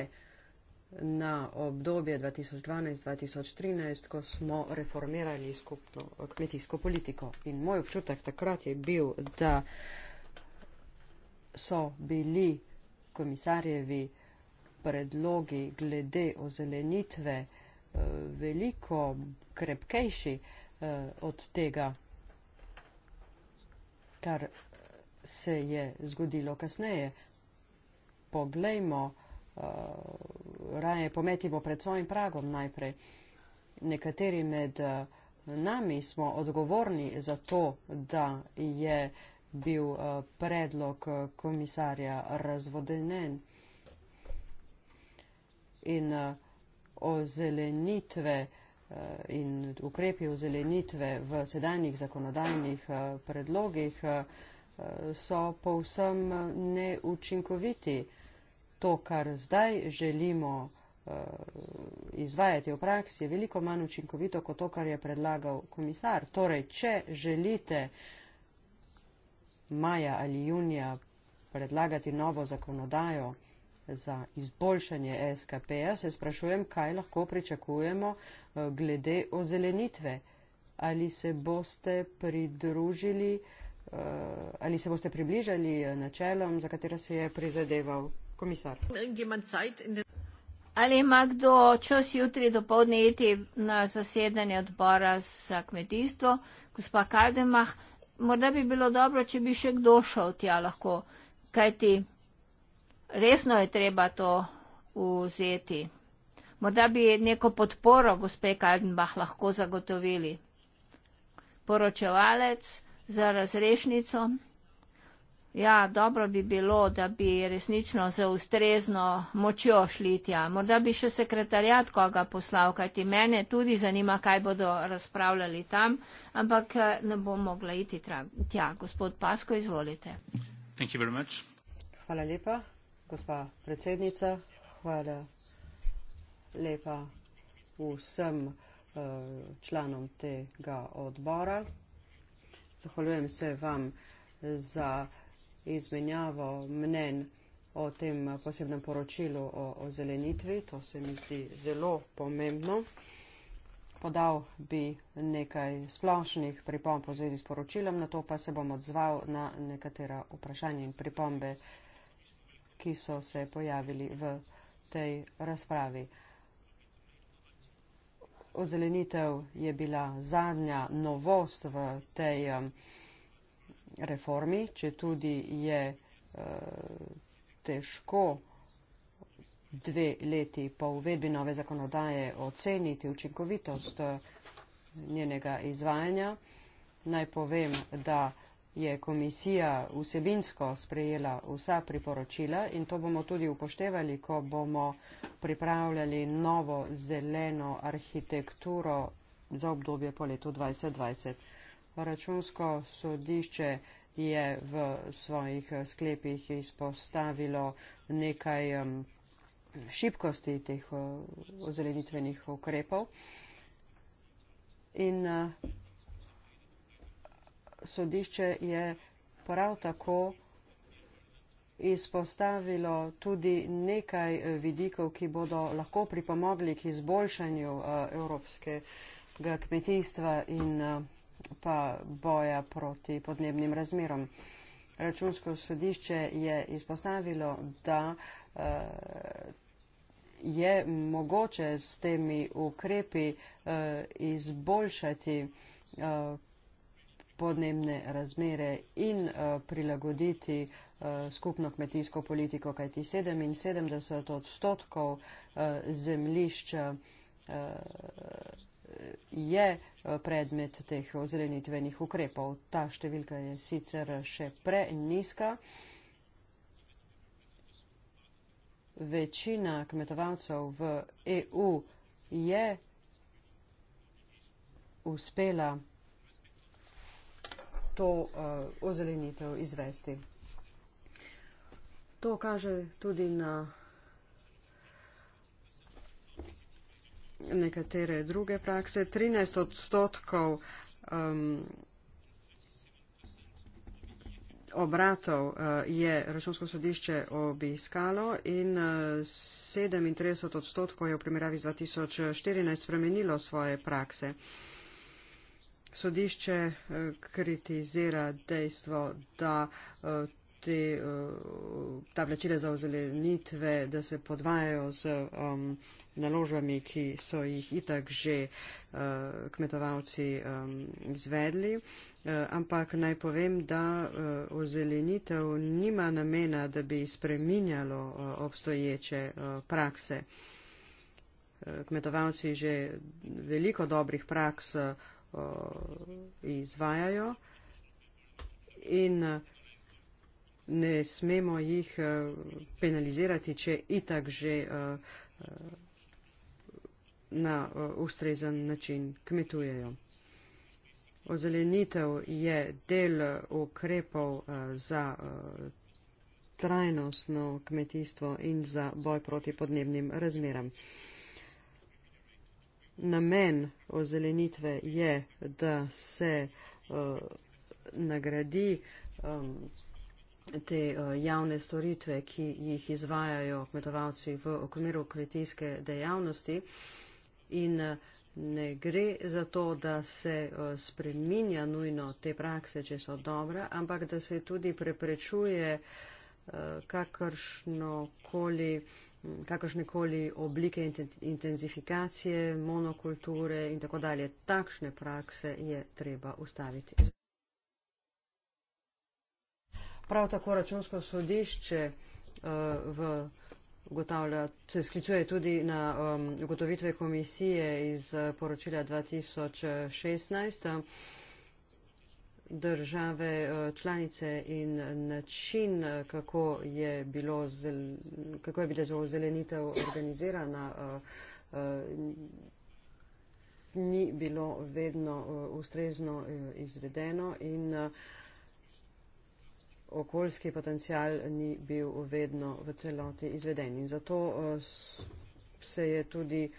na obdobje 2012-2013, ko smo reformirali skupno uh, kmetijsko politiko. In moj občutek takrat je bil, da so bili komisarjevi predlogi glede ozelenitve eh, veliko krepkejši eh, od tega, kar se je zgodilo kasneje. Poglejmo, eh, raje pometimo pred svojim pragom najprej. Nekateri med nami smo odgovorni za to, da je bil predlog komisarja razvodenen in uh, ozelenitve uh, in ukrepi ozelenitve v sedanjih zakonodajnih uh, predlogih uh, so povsem uh, neučinkoviti. To, kar zdaj želimo uh, izvajati v praksi, je veliko manj učinkovito kot to, kar je predlagal komisar. Torej, če želite maja ali junija predlagati novo zakonodajo, za izboljšanje SKP-ja, se sprašujem, kaj lahko pričakujemo eh, glede ozelenitve. Ali se boste pridružili, eh, ali se boste približali eh, načelom, za katera se je prizadeval komisar? Ali ima kdo čas jutri do povdneti na zasedanje odbora za kmetijstvo, gospa Kardemah? Morda bi bilo dobro, če bi še kdo šel tja lahko, kajti resno je treba to vzeti. Morda bi neko podporo gospe Kaldenbach lahko zagotovili. Poročevalec za razrešnico. Ja, dobro bi bilo, da bi resnično za ustrezno močjo šli tja. Morda bi še sekretarjat koga poslal, kajti mene tudi zanima, kaj bodo razpravljali tam, ampak eh, ne bom mogla iti tja. Gospod Pasko, izvolite. Hvala lepa. Gospa predsednica, hvala lepa vsem uh, članom tega odbora. Zahvaljujem se vam za izmenjavo mnen o tem posebnem poročilu o, o zelenitvi. To se mi zdi zelo pomembno. Podal bi nekaj splošnih pripomb v zvezi s poročilom, na to pa se bom odzval na nekatera vprašanja in pripombe ki so se pojavili v tej razpravi. Ozelenitev je bila zadnja novost v tej um, reformi, če tudi je uh, težko dve leti po uvedbi nove zakonodaje oceniti učinkovitost uh, njenega izvajanja. Naj povem, da je komisija vsebinsko sprejela vsa priporočila in to bomo tudi upoštevali, ko bomo pripravljali novo zeleno arhitekturo za obdobje po letu 2020. Računsko sodišče je v svojih sklepih izpostavilo nekaj šibkosti teh ozelenitvenih ukrepov. In sodišče je prav tako izpostavilo tudi nekaj eh, vidikov, ki bodo lahko pripomogli k izboljšanju eh, evropskega kmetijstva in eh, pa boja proti podnebnim razmerom. Računsko sodišče je izpostavilo, da je mogoče s temi ukrepi izboljšati podnebne razmere in eh, prilagoditi eh, skupno kmetijsko politiko, kajti 77 odstotkov eh, zemlišča je predmet teh ozelenitvenih ukrepov. Ta številka je sicer še preniska. Večina kmetovalcev v EU je uspela to uh, ozelenitev izvesti. To kaže tudi na nekatere druge prakse. 13 odstotkov um, obratov uh, je računsko sodišče obiskalo in uh, eh, 37 odstotkov je v primerjavi z 2014 spremenilo svoje prakse. Uh, sodišče eh, kritizira dejstvo, da eh, te, eh, ta plačila za ozelenitve, da se podvajajo z um, naložbami, ki so jih itak že uh, kmetovalci um, izvedli. Uh, ampak naj povem, da uh, ozelenitev nima namena, da bi spreminjalo uh, obstoječe uh, prakse. Uh, kmetovalci že veliko dobrih praks uh, Eh, izvajajo in eh, ne smemo jih eh, penalizirati, če itak že na ustrezen način kmetujejo. Ozelenitev je del ukrepov za trajnostno kmetijstvo in za boj proti podnebnim razmeram namen ozelenitve je, da se uh, nagradi um, te uh, javne storitve, ki jih izvajajo kmetovalci v okviru kmetijske dejavnosti. In uh, ne gre za to, da se uh, spreminja nujno te prakse, če so dobre, ampak da se tudi preprečuje uh, kakršno koli kakršne koli oblike intenzifikacije, monokulture in tako dalje. Takšne prakse je treba ustaviti. Prav tako računsko sodišče uh, v Ugotavlja, se sklicuje tudi na um, ugotovitve komisije iz uh, poročila 2016. Uh, države eh, članice in način, eh, kako je, bilo, kako je bila zelenitev organizirana, eh, ni bilo vedno ustrezno izvedeno in okoljski potencial ni bil vedno v celoti izveden. In zato se je tudi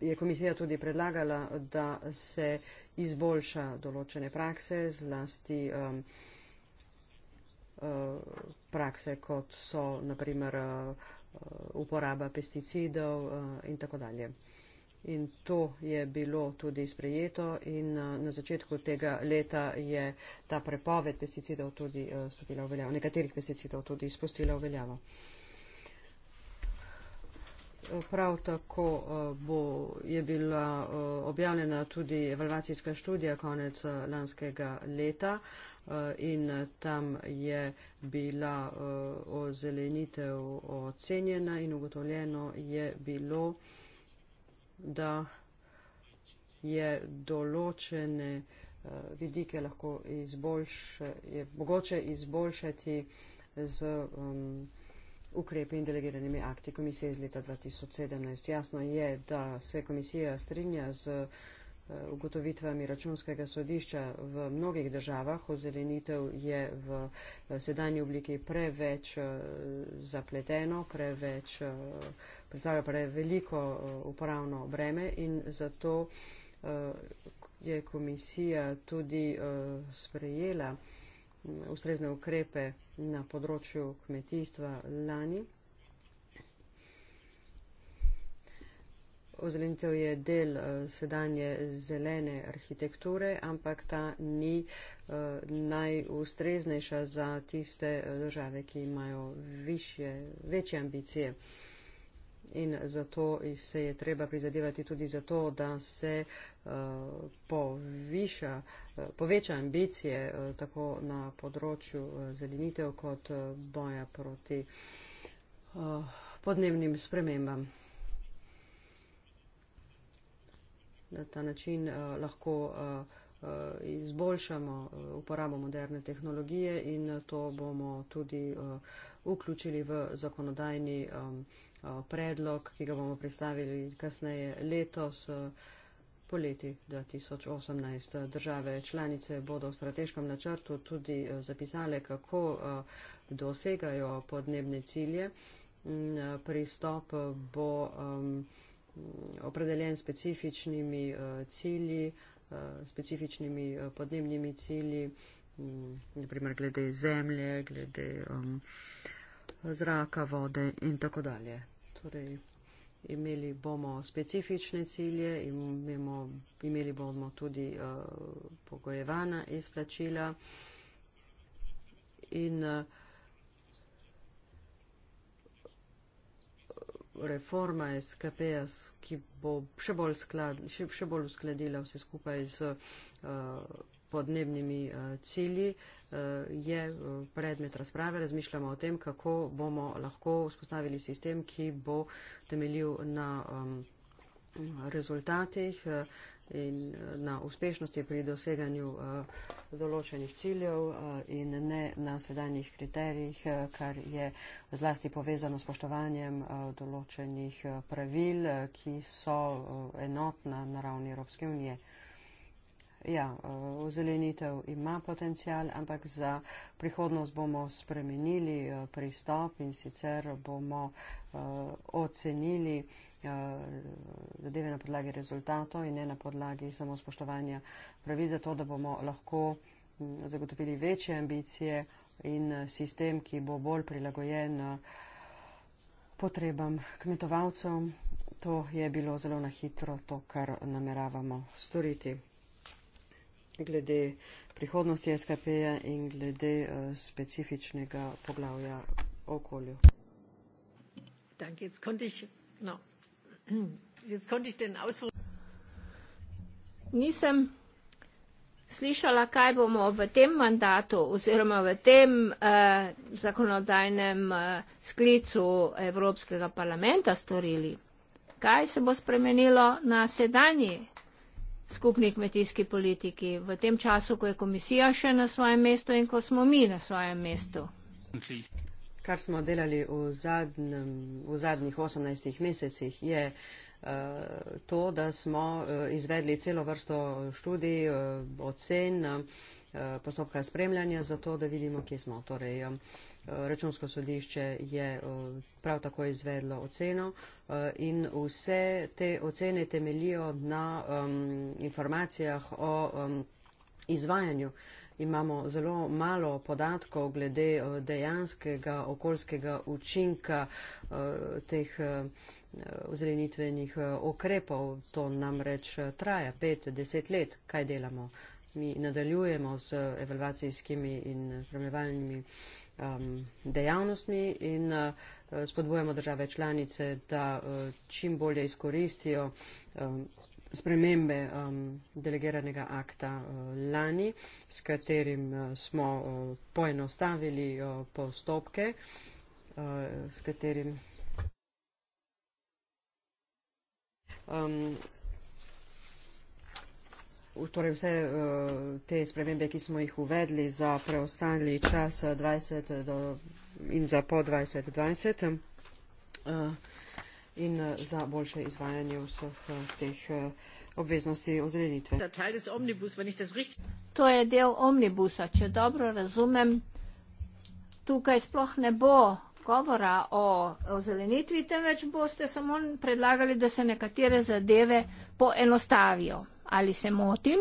je komisija tudi predlagala, da se izboljša določene prakse, zlasti um, uh, prakse, kot so naprimer uh, uh, uporaba pesticidov in tako dalje. In to je bilo tudi sprejeto in na začetku tega leta je ta prepoved pesticidov tudi stopila v veljavo, nekaterih pesticidov tudi izpustila v veljavo. Prav tako eh, bo, je bila eh, objavljena tudi evalvacijska študija konec eh, lanskega leta in tam je bila ozelenitev ocenjena in ugotovljeno je bilo, da je določene vidike lahko izboljš, je mogoče izboljšati z. Um, ukrepi in delegiranimi akti komisije iz leta 2017. Jasno je, da se komisija strinja z eh, ugotovitvami računskega sodišča v mnogih državah. Ozelenitev je v eh, sedanji obliki preveč eh, zapleteno, preveč, predstavlja preveliko upravno breme in zato je komisija tudi sprejela ustrezne ukrepe na področju kmetijstva lani. Ozelenitev je del eh, sedanje zelene arhitekture, ampak ta ni eh, najustreznejša za tiste eh, države, ki imajo višje, večje ambicije in zato se je treba prizadevati tudi za to, da se eh, poviša, eh, poveča ambicije eh, tako na področju zelenitev kot boja proti podnebnim spremembam. Na ta način lahko izboljšamo uporabo moderne tehnologije in to bomo tudi vključili v zakonodajni proces predlog, ki ga bomo predstavili kasneje letos. Poleti 2018 države članice bodo v strateškem načrtu tudi zapisale, kako dosegajo podnebne cilje. Pristop bo opredeljen specifičnimi cilji, specifičnimi podnebnimi cilji, naprimer glede zemlje, glede. Um, zraka, vode in tako dalje. Torej, imeli bomo specifične cilje, imemo, imeli bomo tudi uh, pogojevana izplačila in uh, reforma SKPS, ki bo še bolj, sklad, še, še bolj uskladila vse skupaj z uh, podnebnimi uh, cilji. Uh, Eh, je eh, predmet razprave. Razmišljamo o tem, kako bomo lahko vzpostavili sistem, ki bo temeljil na rezultatih eh, in na uspešnosti pri doseganju določenih ciljev in ne na sedanjih kriterijih, kar je zlasti povezano s poštovanjem določenih pravil, ki so enotna na ravni Evropske unije ja, eh, ozelenitev ima potencial, ampak za prihodnost bomo spremenili eh, pristop in sicer bomo eh, ocenili zadeve na podlagi rezultatov in ne na podlagi samo spoštovanja pravic, zato da bomo lahko hm, zagotovili večje ambicije in sistem, ki bo bolj prilagojen potrebam kmetovalcev. To je bilo zelo na hitro to, kar nameravamo storiti glede prihodnosti SKP-ja in glede uh, specifičnega poglavja okolju. No. Nisem slišala, kaj bomo v tem mandatu oziroma v tem uh, zakonodajnem uh, sklicu Evropskega parlamenta storili. Kaj se bo spremenilo na sedanji skupni kmetijski politiki, v tem času, ko je komisija še na svojem mestu in ko smo mi na svojem mestu. Kar smo delali v, zadnjem, v zadnjih 18 mesecih je eh, to, da smo eh, izvedli celo vrsto študij, eh, ocen, Eh, postopka spremljanja, zato da vidimo, kje smo. Torej, eh, računsko sodišče je eh, prav tako izvedlo oceno in vse te ocene temelijo na um, informacijah o um, izvajanju. Imamo zelo malo podatkov glede dejanskega okoljskega učinka teh ozelenitvenih ukrepov. To namreč traja 5-10 let, kaj delamo mi nadaljujemo z evalvacijskimi in spremljevalnimi um, dejavnostmi in uh, spodbujamo države članice, da uh, čim bolje izkoristijo um, spremembe um, delegiranega akta uh, lani, s katerim uh, smo uh, poenostavili uh, postopke, uh, s katerim. Um, torej vse eh, te spremembe, ki smo jih uvedli za preostali čas 20 eh, do, in za po 2020 eh, in za boljše izvajanje vseh teh obveznosti ozrenitve. To je del omnibusa, če dobro razumem. Tukaj sploh ne bo govora o ozelenitvi, temveč boste samo predlagali, da se nekatere zadeve poenostavijo. Ali se motim?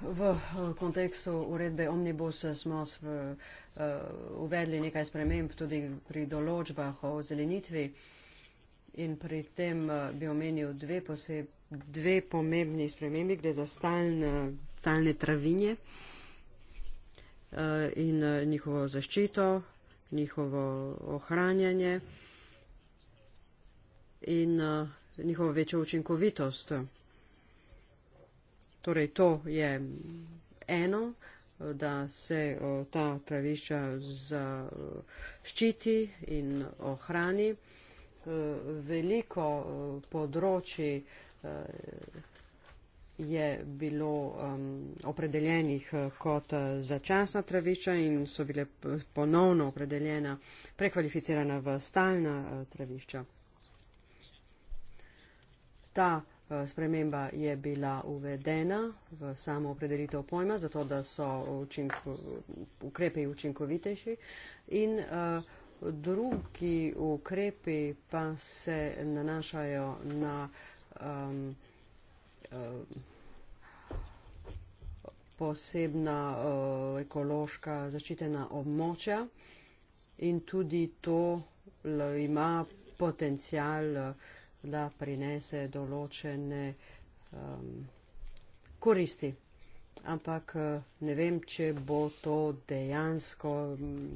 V eh, kontekstu uredbe omnibus eh, smo v, uh, eh, uvedli nekaj sprememb tudi pri določbah o zelenitvi in pri tem uh, bi omenil dve, poseb, dve pomembni spremembi, gre za stalne, stalne travinje uh, in uh, njihovo zaščito. Uh, njihovo ohranjanje in eh, njihovo večjo učinkovitost. Torej, to je eno, da se eh, ta travišča eh, ščiti in ohrani. Veliko področji je bilo um, opredeljenih eh, kot eh, začasna travišča in so bile ponovno opredeljena, prekvalificirana v stalna eh, travišča. Ta sprememba je bila uvedena v samo opredelitev pojma, zato da so učinko, ukrepi učinkovitejši. In uh, drugi ukrepi pa se nanašajo na um, Eh, posebna uh, ekološka zaščitena območja in tudi to le, ima potencial, eh, da prinese določene um, koristi. Ampak ne vem, če bo to dejansko um,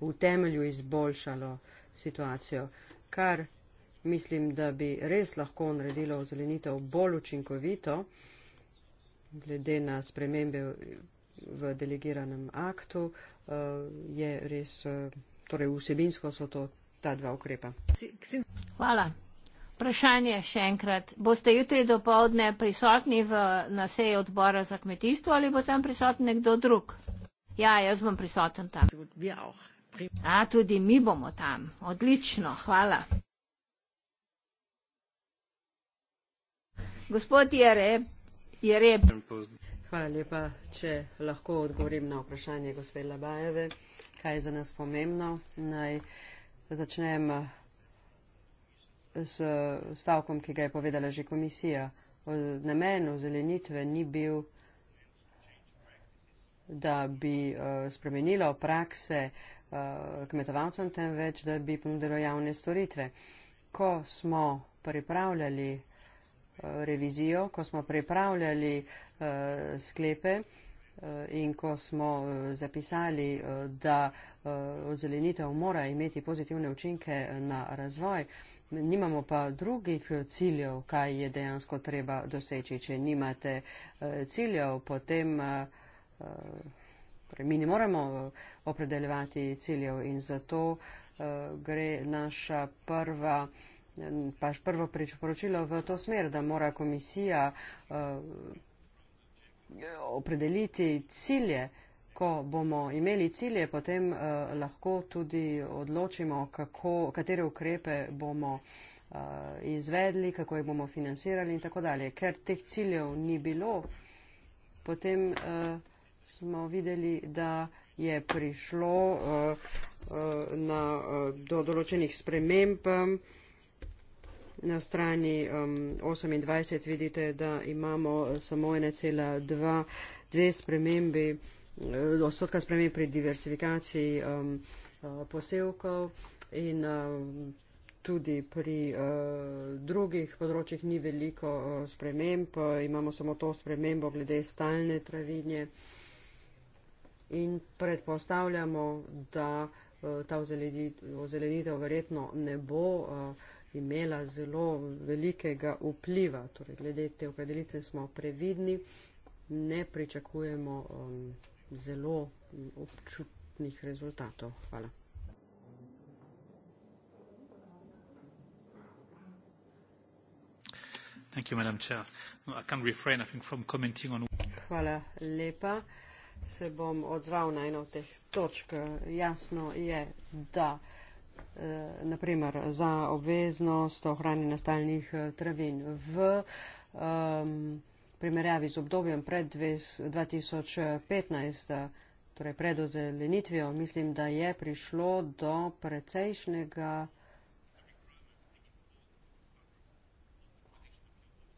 v temelju izboljšalo situacijo. Kar mislim, da bi res lahko naredilo ozelenitev bolj učinkovito, glede na spremembe v delegiranem aktu, eh, je res, eh, torej vsebinsko so to ta dva ukrepa. Hvala. Vprašanje še enkrat. Boste jutri do povdne prisotni v, na seji odbora za kmetijstvo ali bo tam prisoten nekdo drug? Ja, jaz bom prisoten tam. A ja, tudi mi bomo tam. Odlično, hvala. Gospod Jere, Jere. Hvala lepa, če lahko odgovorim na vprašanje gospe Labajeve, kaj je za nas pomembno. Naj začnem s stavkom, ki ga je povedala že komisija. Namen ozelenitve ni bil, da bi spremenilo prakse kmetovalcem, temveč, da bi ponudilo javne storitve. Ko smo pripravljali revizijo, ko smo pripravljali eh, sklepe eh, in ko smo eh, zapisali, da ozelenitev mora imeti pozitivne učinke na razvoj. Nimamo pa drugih ciljev, kaj je dejansko treba doseči. Če nimate ciljev, potem mi ne moremo opredeljevati ciljev in zato gre naša prva pač prvo priporočilo v to smer, da mora komisija uh, opredeliti cilje. Ko bomo imeli cilje, potem uh, lahko tudi odločimo, kako, katere ukrepe bomo uh, izvedli, kako jih bomo financirali in tako dalje. Ker teh ciljev ni bilo, potem uh, smo videli, da je prišlo uh, uh, na, uh, do določenih sprememb. Uh, na strani um, 28 vidite, da imamo samo 1,2 spremembi, eh, odstotka sprememb pri diversifikaciji um, eh, posevkov in um, tudi pri uh, drugih področjih ni veliko uh, sprememb, uh, imamo samo to spremembo glede stalne travinje in predpostavljamo, da uh, ta ozelenitev verjetno ne bo. Uh, imela zelo velikega vpliva. Torej, glede te opredelitve smo previdni, ne pričakujemo um, zelo občutnih rezultatov. Hvala. No, Hvala lepa. Se bom odzval na eno od teh točk. Jasno je, da. Eh, naprimer za obveznost ohranjanja stalnih eh, travin v um, primerjavi z obdobjem pred 2015, torej pred ozelenitvijo, mislim, da je prišlo do precejšnjega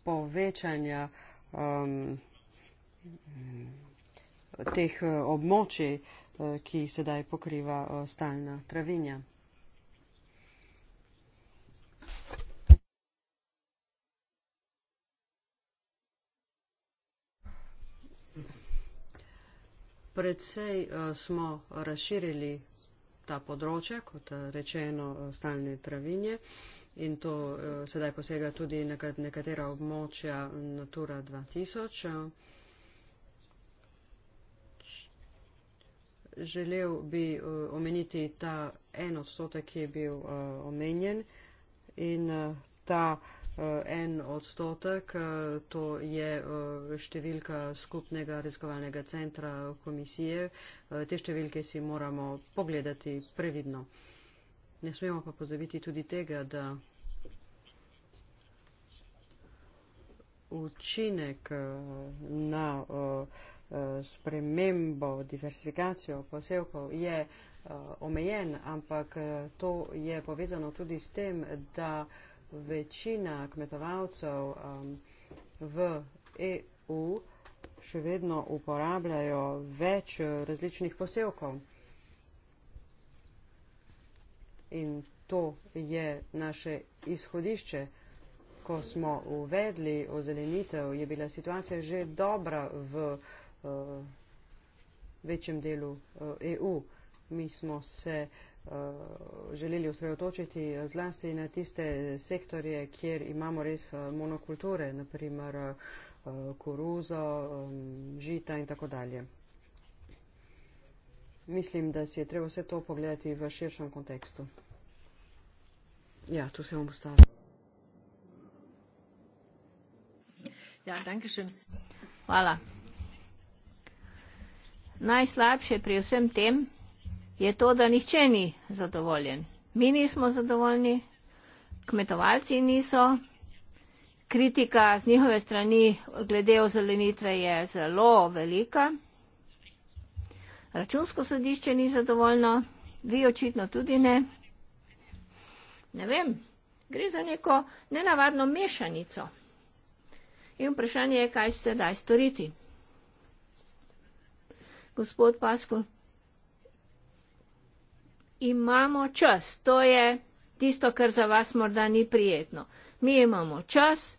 povečanja um, teh eh, območij, ki sedaj pokriva stalna travinja. Predvsej eh, smo razširili ta področja, kot eh, rečeno, eh, stalne travinje in to sedaj posega tudi nekatera območja Natura 2000. Želel bi omeniti ta en odstotek, ki je bil omenjen in ta področja, Eh, en odstotek. Eh, to je eh, številka skupnega raziskovalnega centra komisije. Te številke si moramo pogledati previdno. Ne smemo pa pozabiti tudi tega, da učinek na spremembo, diversifikacijo posevkov je omejen, ampak to je povezano tudi s tem, da večina kmetovalcev um, v EU še vedno uporabljajo več eh, različnih posevkov. In to je naše izhodišče. Ko smo uvedli ozelenitev, je bila situacija že dobra v uh, večjem delu uh, eh, EU. Mi smo se uh, Eh, želeli osredotočiti eh, zlasti na tiste sektorje, kjer imamo res eh, monokulture, naprimer koruzo, žita in tako dalje. Mislim, da si je treba vse to pogledati v širšem kontekstu. Ja, tu se bom ustavil. Ja, dankeschön. Hvala. Najslabše pri vsem tem, je to, da nihče ni zadovoljen. Mi nismo zadovoljni, kmetovalci niso. Kritika z njihove strani glede ozelenitve je zelo velika. Računsko sodišče ni zadovoljno, vi očitno tudi ne. Ne vem, gre za neko nenavadno mešanico. In vprašanje je, kaj se daj storiti. Gospod Paskov, imamo čas, to je tisto, kar za vas morda ni prijetno. Mi imamo čas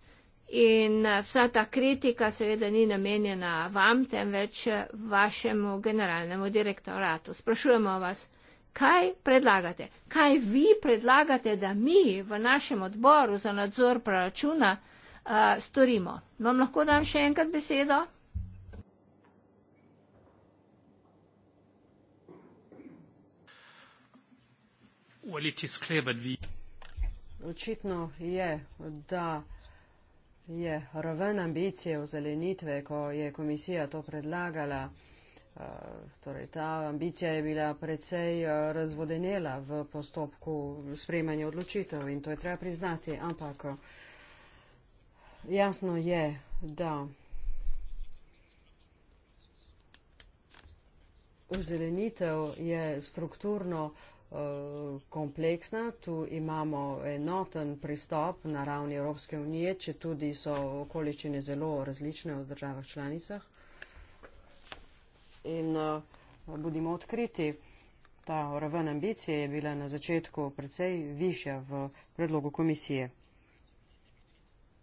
in eh, vsa ta kritika seveda ni namenjena vam, temveč eh, vašemu generalnemu direktoratu. Sprašujemo vas, kaj predlagate? Kaj vi predlagate, da mi v našem odboru za nadzor proračuna uh, storimo? Vam lahko dam še enkrat besedo? Očitno je, da je raven ambicije v zelenitve, ko je komisija to predlagala, eh, torej ta ambicija je bila precej eh, razvodenela v postopku sprejmanja odločitev in to je treba priznati, ampak eh, jasno je, da Ozelenitev je strukturno uh, Eh, kompleksna. Tu imamo enoten pristop na ravni Evropske unije, če tudi so okoličine zelo različne v državah članicah. In eh, bodimo odkriti, ta raven ambicije je bila na začetku precej višja v predlogu komisije.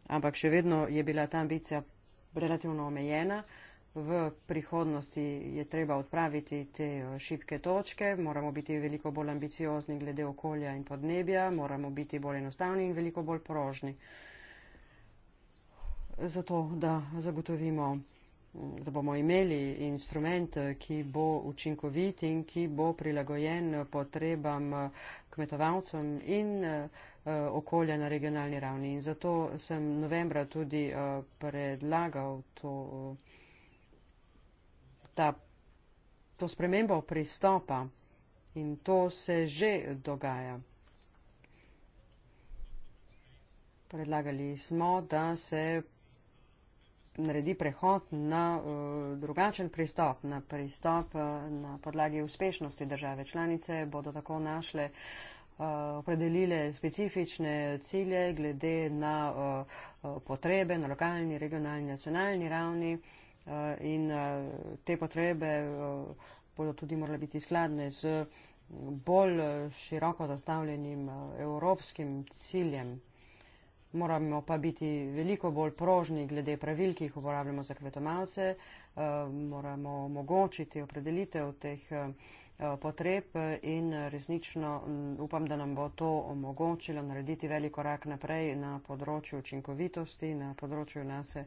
Ampak še vedno je bila ta ambicija relativno omejena v prihodnosti je treba odpraviti te eh, šibke točke, moramo biti veliko bolj ambiciozni glede okolja in podnebja, moramo biti bolj enostavni in veliko bolj porožni. Zato, da zagotovimo, mm, da bomo imeli instrument, eh, ki bo učinkovit in ki bo prilagojen potrebam eh, kmetovalcem in okolja na regionalni ravni. In zato sem novembra tudi predlagal to ta, to spremembo pristopa in to se že dogaja. Predlagali smo, da se naredi prehod na uh, drugačen pristop, na pristop uh, na podlagi uspešnosti države članice, bodo tako našle, uh, opredelile specifične cilje glede na uh, potrebe na lokalni, regionalni, nacionalni ravni. Uh, Eh, in eh, te potrebe eh, bodo tudi morale biti skladne z bolj široko zastavljenim evropskim ciljem. Moramo pa biti veliko bolj prožni glede pravil, ki jih uporabljamo za kvetomalce, moramo omogočiti opredelitev teh Eh, potreb in resnično mm, upam, da nam bo to omogočilo narediti velik korak naprej na področju učinkovitosti, na področju naše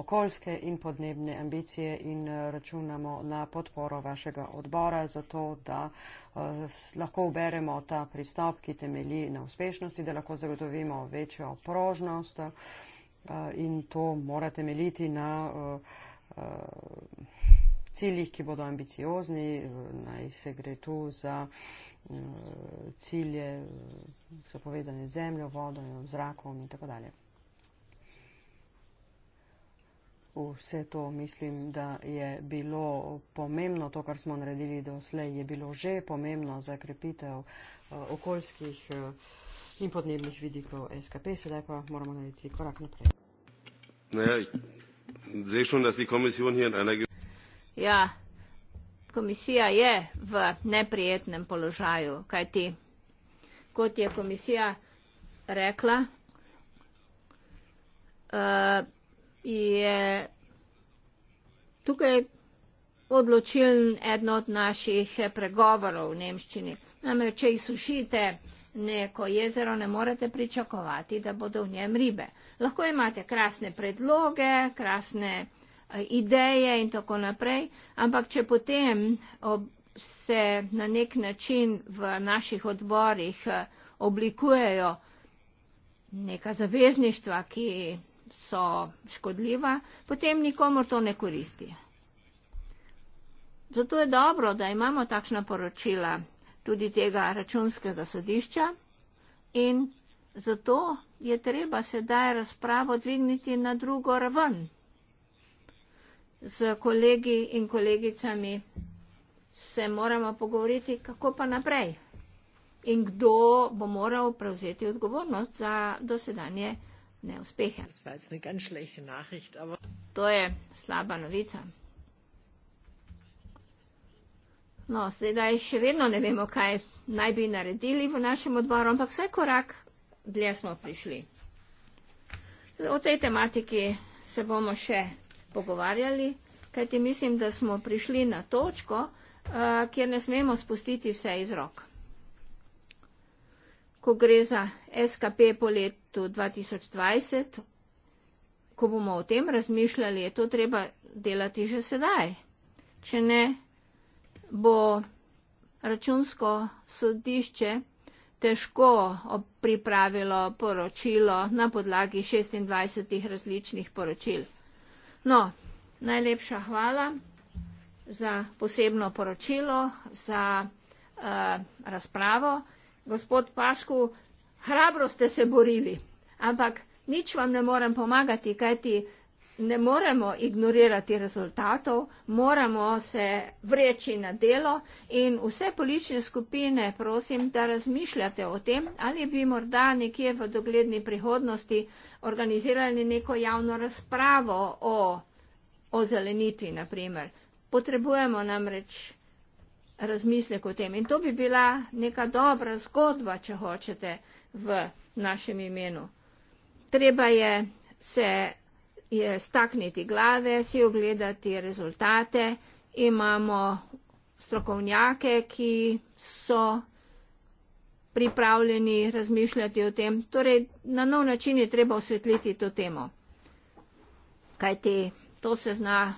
okoljske in podnebne ambicije in eh, računamo na podporo vašega odbora za to, da eh, lahko uberemo ta pristop, ki temelji na uspešnosti, da lahko zagotovimo večjo prožnost in to mora temeljiti na ciljih, ki bodo ambiciozni, naj se gre tu za eh, cilje, ki eh, so povezane z zemljo, vodo, zrakom in tako dalje. Vse to mislim, da je bilo pomembno, to, kar smo naredili do slej, je bilo že pomembno za krepitev eh, okoljskih in podnebnih vidikov SKP, sedaj pa moramo narediti korak naprej. Naja, zdaj šlo, da si komisijo ni enega. Ja, komisija je v neprijetnem položaju, kajti kot je komisija rekla, eh, je tukaj odločilen eden od naših pregovorov v Nemščini. Namreč, če izsušite neko jezero, ne morete pričakovati, da bodo v njem ribe. Lahko imate krasne predloge, krasne predloge, ideje in tako naprej, ampak če potem ob, eh, se na nek način v naših odborih eh, oblikujejo neka zavezništva, ki so škodljiva, potem nikomu to ne koristi. Zato je dobro, da imamo takšna poročila tudi tega računskega sodišča in zato je treba sedaj razpravo dvigniti na drugo raven z kolegi in kolegicami se moramo pogovoriti, kako pa naprej in kdo bo moral prevzeti odgovornost za dosedanje neuspehe. To je slaba novica. No, sedaj še vedno ne vemo, kaj naj bi naredili v našem odboru, ampak vsaj korak dlje smo prišli. O tej tematiki se bomo še pogovarjali, kajti mislim, da smo prišli na točko, eh, kjer ne smemo spustiti vse iz rok. Ko gre za SKP po letu 2020, ko bomo o tem razmišljali, je to treba delati že sedaj. Če ne bo računsko sodišče težko pripravilo poročilo na podlagi 26 različnih poročil. No, najlepša hvala za posebno poročilo, za uh, razpravo. Gospod Pasku, hrabro ste se borili, ampak nič vam ne morem pomagati, kajti ne moremo ignorirati rezultatov, moramo se vreči na delo in vse politične skupine prosim, da razmišljate o tem, ali bi morda nekje v dogledni prihodnosti organizirali neko javno razpravo o, o zeleniti, naprimer. Potrebujemo namreč razmislek o tem in to bi bila neka dobra zgodba, če hočete, v našem imenu. Treba je se je stakniti glave, si ogledati rezultate. Imamo strokovnjake, ki so pripravljeni razmišljati o tem. Torej, na nov način je treba osvetliti to temo. Kaj ti to se zna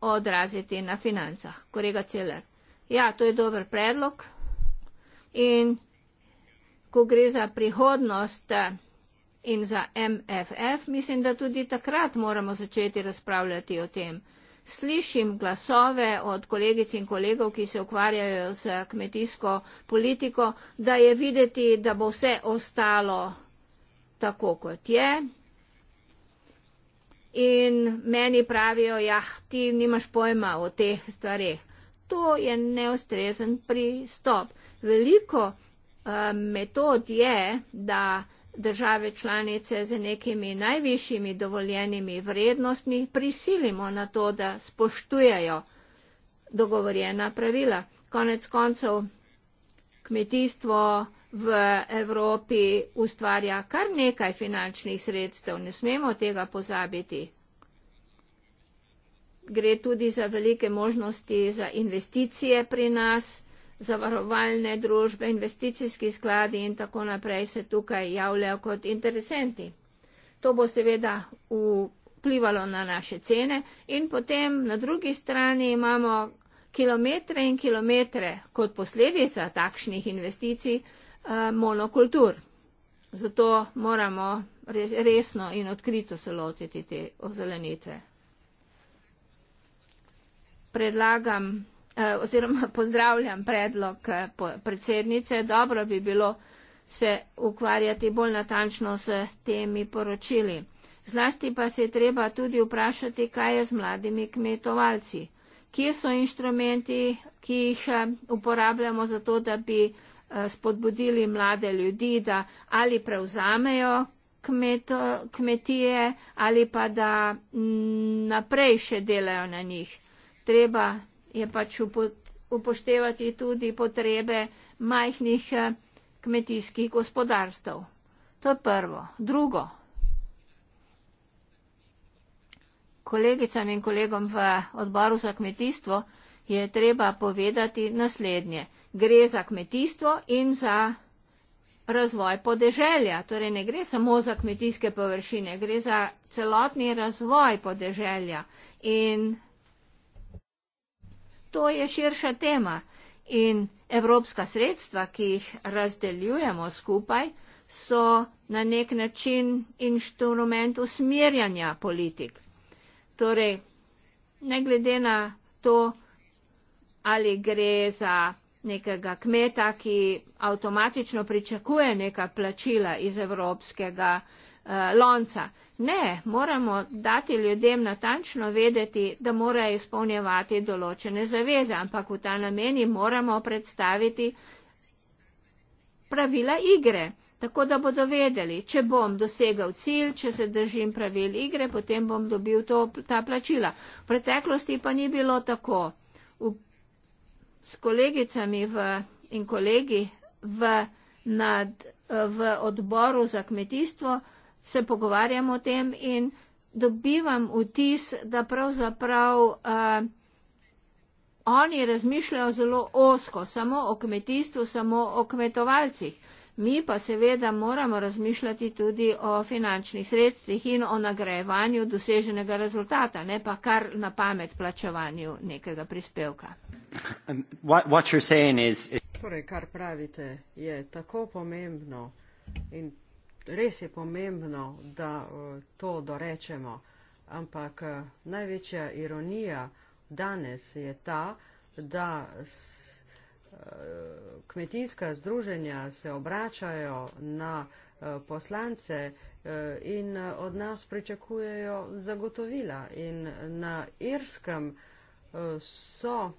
odraziti na financah? Korega celer. Ja, to je dober predlog. In ko gre za prihodnost, eh, in za MFF, mislim, da tudi takrat moramo začeti razpravljati o tem. Slišim glasove od kolegic in kolegov, ki se ukvarjajo z kmetijsko politiko, da je videti, da bo vse ostalo tako, kot je. In meni pravijo, ja, ti nimaš pojma o teh stvareh. To je neustrezen pristop. Veliko uh, metod je, da države članice z nekimi najvišjimi dovoljenimi vrednostmi prisilimo na to, da spoštujejo dogovorjena pravila. Konec koncev kmetijstvo v Evropi ustvarja kar nekaj finančnih sredstev, ne smemo tega pozabiti. Gre tudi za velike možnosti za investicije pri nas zavarovalne družbe, investicijski skladi in tako naprej se tukaj javljajo kot interesenti. To bo seveda vplivalo na naše cene in potem na drugi strani imamo kilometre in kilometre kot posledica takšnih investicij eh, monokultur. Zato moramo resno in odkrito se lotiti te ozelenitve. Predlagam Eh, oziroma pozdravljam predlog eh, predsednice. Dobro bi bilo se ukvarjati bolj natančno s temi poročili. Zlasti pa se je treba tudi vprašati, kaj je z mladimi kmetovalci. Kje so inštrumenti, ki jih eh, uporabljamo za to, da bi spodbudili mlade ljudi, da ali prevzamejo kmeto, kmetije ali pa da mm, naprej še delajo na njih. Treba je pač upoštevati tudi potrebe majhnih eh, kmetijskih gospodarstv. To je prvo. Drugo. Kolegicam in kolegom v odboru za kmetijstvo je treba povedati naslednje. Gre za kmetijstvo in za razvoj podeželja. Torej ne gre samo za kmetijske površine, gre za celotni razvoj podeželja. In to je širša tema in evropska sredstva, ki jih razdeljujemo skupaj, so na nek način inštrument usmerjanja politik. Torej, ne glede na to, ali gre za nekega kmeta, ki avtomatično pričakuje neka plačila iz evropskega uh, lonca. Ne, moramo dati ljudem natančno vedeti, da morajo izpolnjevati določene zaveze, ampak v ta nameni moramo predstaviti pravila igre, tako da bodo vedeli, če bom dosegal cilj, če se držim pravil igre, potem bom dobil to, ta plačila. V preteklosti pa ni bilo tako. V, s kolegicami v, in kolegi v, nad, v odboru za kmetijstvo, se pogovarjam o tem in dobivam vtis, da pravzaprav uh, oni razmišljajo zelo osko, samo o kmetijstvu, samo o kmetovalcih. Mi pa seveda moramo razmišljati tudi o finančnih sredstvih in o nagrajevanju doseženega rezultata, ne pa kar na pamet plačevanju nekega prispevka. What, what is, it... Torej, kar pravite, je tako pomembno in res je pomembno, da eh, to dorečemo, ampak eh, največja ironija danes je ta, da eh, kmetijska združenja se obračajo na poslance in od nas pričakujejo zagotovila. In na Irskem so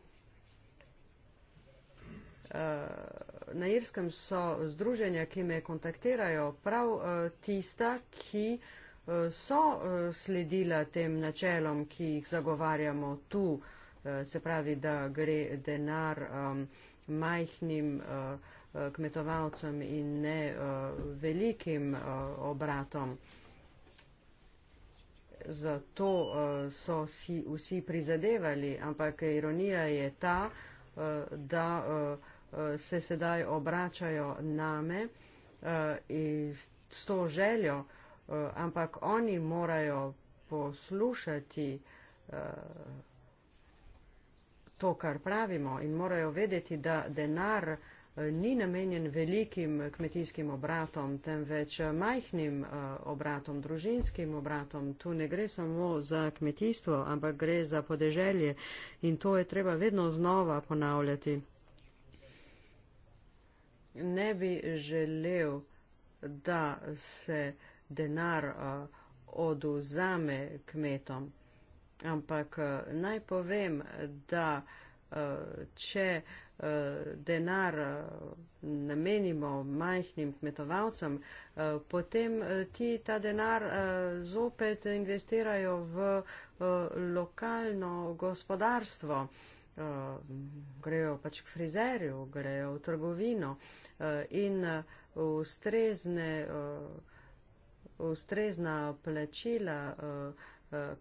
na Irskem so združenja, ki me kontaktirajo, prav eh, tista, ki eh, so eh, sledila tem načelom, ki jih zagovarjamo tu, se pravi, da gre denar ehm, majhnim kmetovalcem in ne velikim obratom. Zato so si vsi prizadevali, ampak ironija je ta, da se sedaj obračajo name eh, s to željo, eh, ampak oni morajo poslušati eh, to, kar pravimo in morajo vedeti, da denar ni namenjen velikim kmetijskim obratom, temveč majhnim obratom, družinskim obratom. Tu ne gre samo za kmetijstvo, ampak gre za podeželje in to je treba vedno znova ponavljati ne bi želel, da se denar oduzame kmetom, ampak naj povem, da če denar namenimo majhnim kmetovalcem, potem ti ta denar zopet investirajo v lokalno gospodarstvo. Eh, grejo pač k frizerju, grejo v trgovino eh, in eh, ustrezne, ustrezna plačila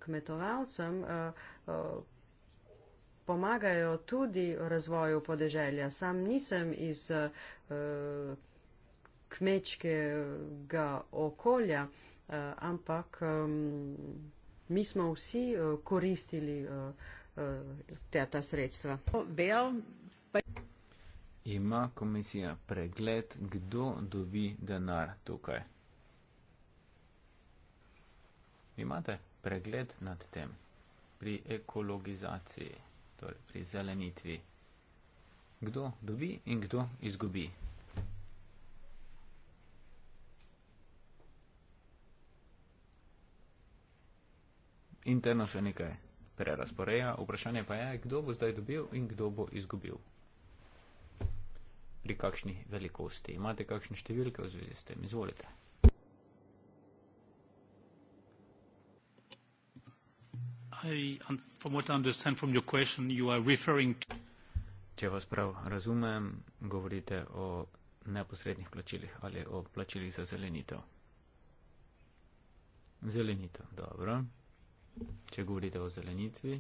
kmetovalcem pomagajo tudi razvoju podeželja. Sam nisem iz kmečkega okolja, ampak mi smo vsi koristili ta sredstva. Ima komisija pregled, kdo dobi denar tukaj? Imate pregled nad tem pri ekologizaciji, torej pri zelenitvi? Kdo dobi in kdo izgubi? Interno še nekaj prerasporeja. Vprašanje pa je, kdo bo zdaj dobil in kdo bo izgubil. Pri kakšni velikosti imate kakšne številke v zvezi s tem? Izvolite. Question, Če vas prav razumem, govorite o neposrednih plačilih ali o plačilih za zelenitev. Zelenitev, dobro če govorite o zelenitvi.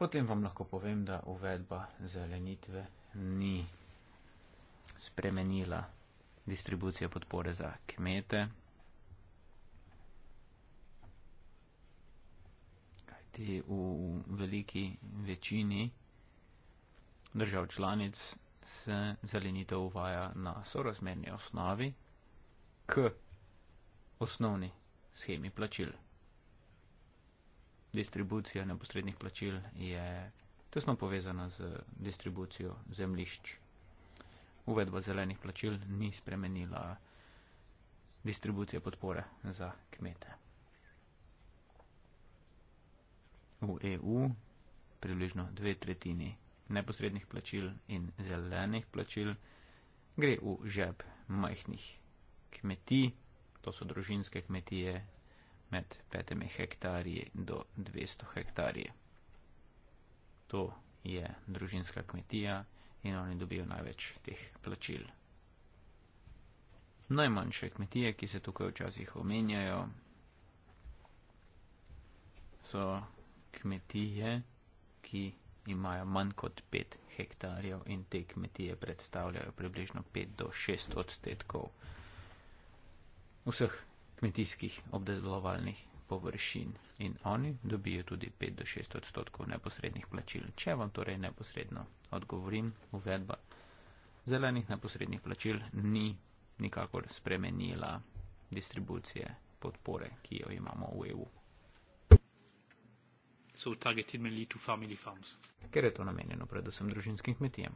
Potem vam lahko povem, da uvedba zelenitve ni spremenila distribucije podpore za kmete. Kajti v veliki večini držav članic se zelenitev uvaja na sorazmerni osnovi k osnovni schemi plačil. Distribucija neposrednih plačil je tesno povezana z distribucijo zemlišč. Uvedba zelenih plačil ni spremenila distribucije podpore za kmete. V EU približno dve tretjini neposrednih plačil in zelenih plačil gre v žep majhnih kmetij. To so družinske kmetije med 5 hektarji do 200 hektarji. To je družinska kmetija in oni dobijo največ teh plačil. Najmanjše kmetije, ki se tukaj včasih omenjajo, so kmetije, ki imajo manj kot 5 hektarjev in te kmetije predstavljajo približno 5 do 6 odstotkov vseh kmetijskih obdelovalnih površin in oni dobijo tudi 5 do 6 odstotkov neposrednih plačil. Če vam torej neposredno odgovorim, uvedba zelenih neposrednih plačil ni nikakor spremenila distribucije podpore, ki jo imamo v EU. So targeted mainly to family farms. Ker je to namenjeno predvsem družinskim kmetijam.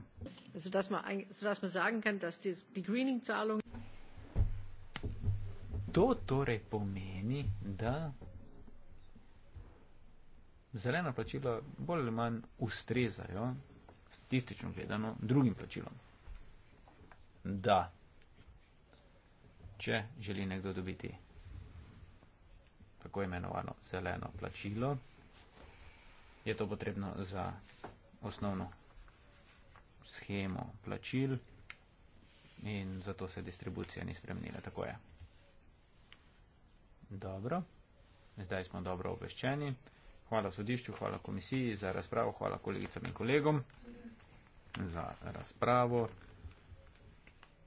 Zato, da smo, zato, da smo sagen, da die greening zalung to torej pomeni, da zelena plačila bolj ali manj ustrezajo, statistično gledano, drugim plačilom. Da, če želi nekdo dobiti tako imenovano zeleno plačilo, je to potrebno za osnovno schemo plačil in zato se distribucija ni spremenila, tako je. Dobro. Zdaj smo dobro obveščeni. Hvala sodišču, hvala komisiji za razpravo, hvala kolegicam in kolegom za razpravo.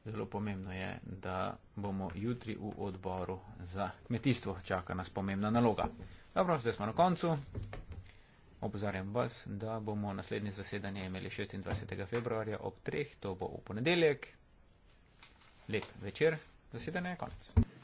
Zelo pomembno je, da bomo jutri v odboru za kmetijstvo. Čaka nas pomembna naloga. Dobro, zdaj smo na koncu. Obozarjam vas, da bomo naslednje zasedanje imeli 26. februarja ob 3. To bo v ponedeljek. Lep večer. Zasedanje je konec.